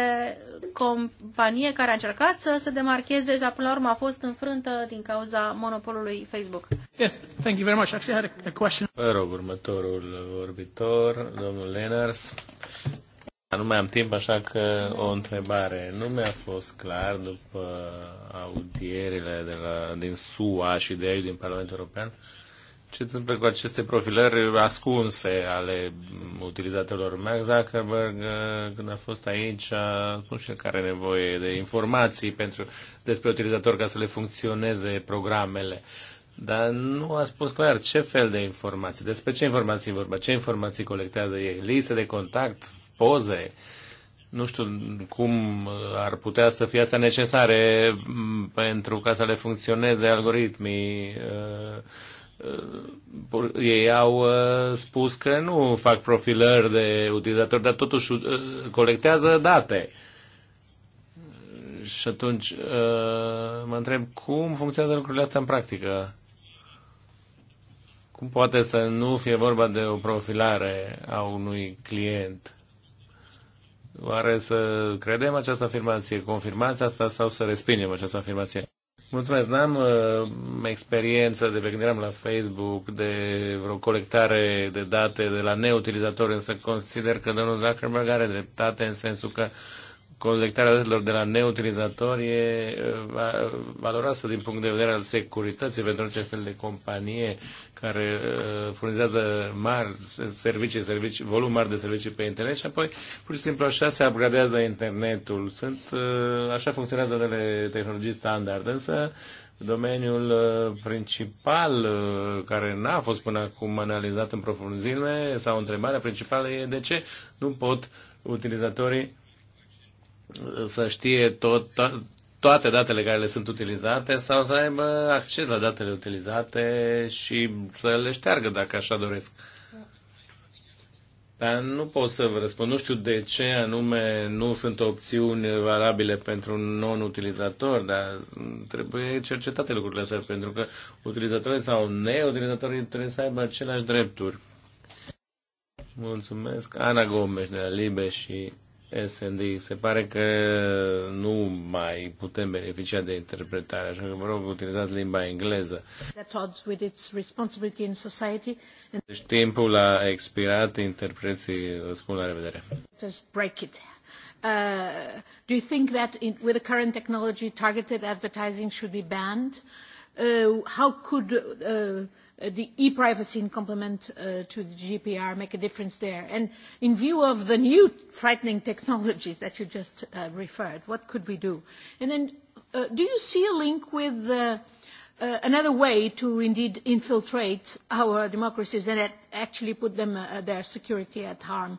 companie care a încercat să se demarcheze, dar până la urmă a fost înfrântă din cauza monopolului Facebook. Yes, thank you very much. Actually, I had a, question. Vă rog, următorul vorbitor, domnul Lenars. Nu mai am timp, așa că o întrebare. Nu mi-a fost clar după audierile de la, din SUA și de aici, din Parlamentul European, uh, ce întâmplă cu aceste profilări ascunse ale utilizatorilor? Max Zuckerberg, uh, când a fost aici, nu știu care are nevoie de informații pentru, despre utilizator ca să le funcționeze programele. Dar nu a spus clar ce fel de informații, despre ce informații vorba, ce informații colectează ei, liste de contact, poze, nu știu cum uh, ar putea să fie asta necesare pentru ca să le funcționeze algoritmii. Uh, Uh, ei au uh, spus că nu fac profilări de utilizatori, dar totuși uh, colectează date. Și atunci mă întreb cum funcționează lucrurile astea în practică. Cum poate să nu fie vorba de o profilare a unui client? Oare să credem această afirmație? Confirmați asta sau să respingem această afirmație? Mulțumesc, n-am uh, experiență de pe când eram la Facebook, de vreo colectare de date de la neutilizatori, însă consider că domnul Zuckerberg are dreptate în sensul că colectarea datelor de la neutilizatori e valoroasă din punct de vedere al securității pentru orice fel de companie care furnizează mari servicii, servicii, volum mari de servicii pe internet și apoi pur și simplu așa se upgradează internetul. Sunt, așa funcționează unele tehnologii standard, însă domeniul principal care n-a fost până acum analizat în profunzime sau întrebarea principală e de ce nu pot utilizatorii să știe tot, to- toate datele care le sunt utilizate sau să aibă acces la datele utilizate și să le șteargă dacă așa doresc. Dar nu pot să vă răspund. Nu știu de ce anume nu sunt opțiuni valabile pentru un non-utilizator, dar trebuie cercetate lucrurile astea, pentru că utilizatorii sau neutilizatorii trebuie să aibă aceleași drepturi. Mulțumesc. Ana Gomes de la Libe și SND. Se pare că nu mai putem beneficia de interpretare, așa că vă rog, utilizați limba engleză. Deci timpul a expirat, interpreții spun la revedere. break it. Uh, do you think that in, with the current technology targeted advertising should be banned? Uh, how could uh, Uh, the e-privacy in complement uh, to the GDPR make a difference there? And in view of the new frightening technologies that you just uh, referred, what could we do? And then uh, do you see a link with uh, another way to indeed infiltrate our democracies and actually put them, their security at harm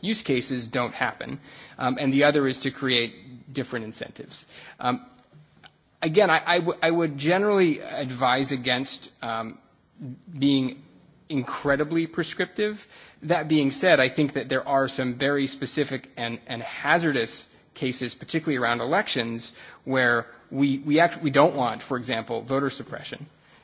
use cases don't happen, um, and the other is to create different incentives. Um, again, I, I, w- I would generally advise against um, being incredibly prescriptive. That being said, I think that there are some very specific and, and hazardous cases, particularly around elections, where we, we, act, we don't want, for example, voter suppression.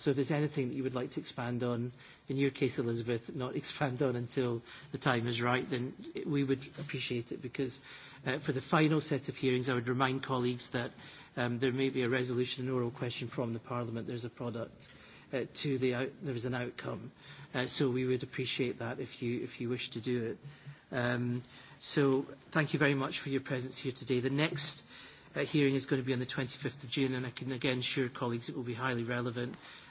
So if there's anything that you would like to expand on, in your case, Elizabeth, not expand on until the time is right, then we would appreciate it because uh, for the final set of hearings, I would remind colleagues that um, there may be a resolution, an oral question from the Parliament. There's a product uh, to the out, there is an outcome. Uh, so we would appreciate that if you, if you wish to do it. Um, so thank you very much for your presence here today. The next hearing is going to be on the 25th of June, and I can again assure colleagues it will be highly relevant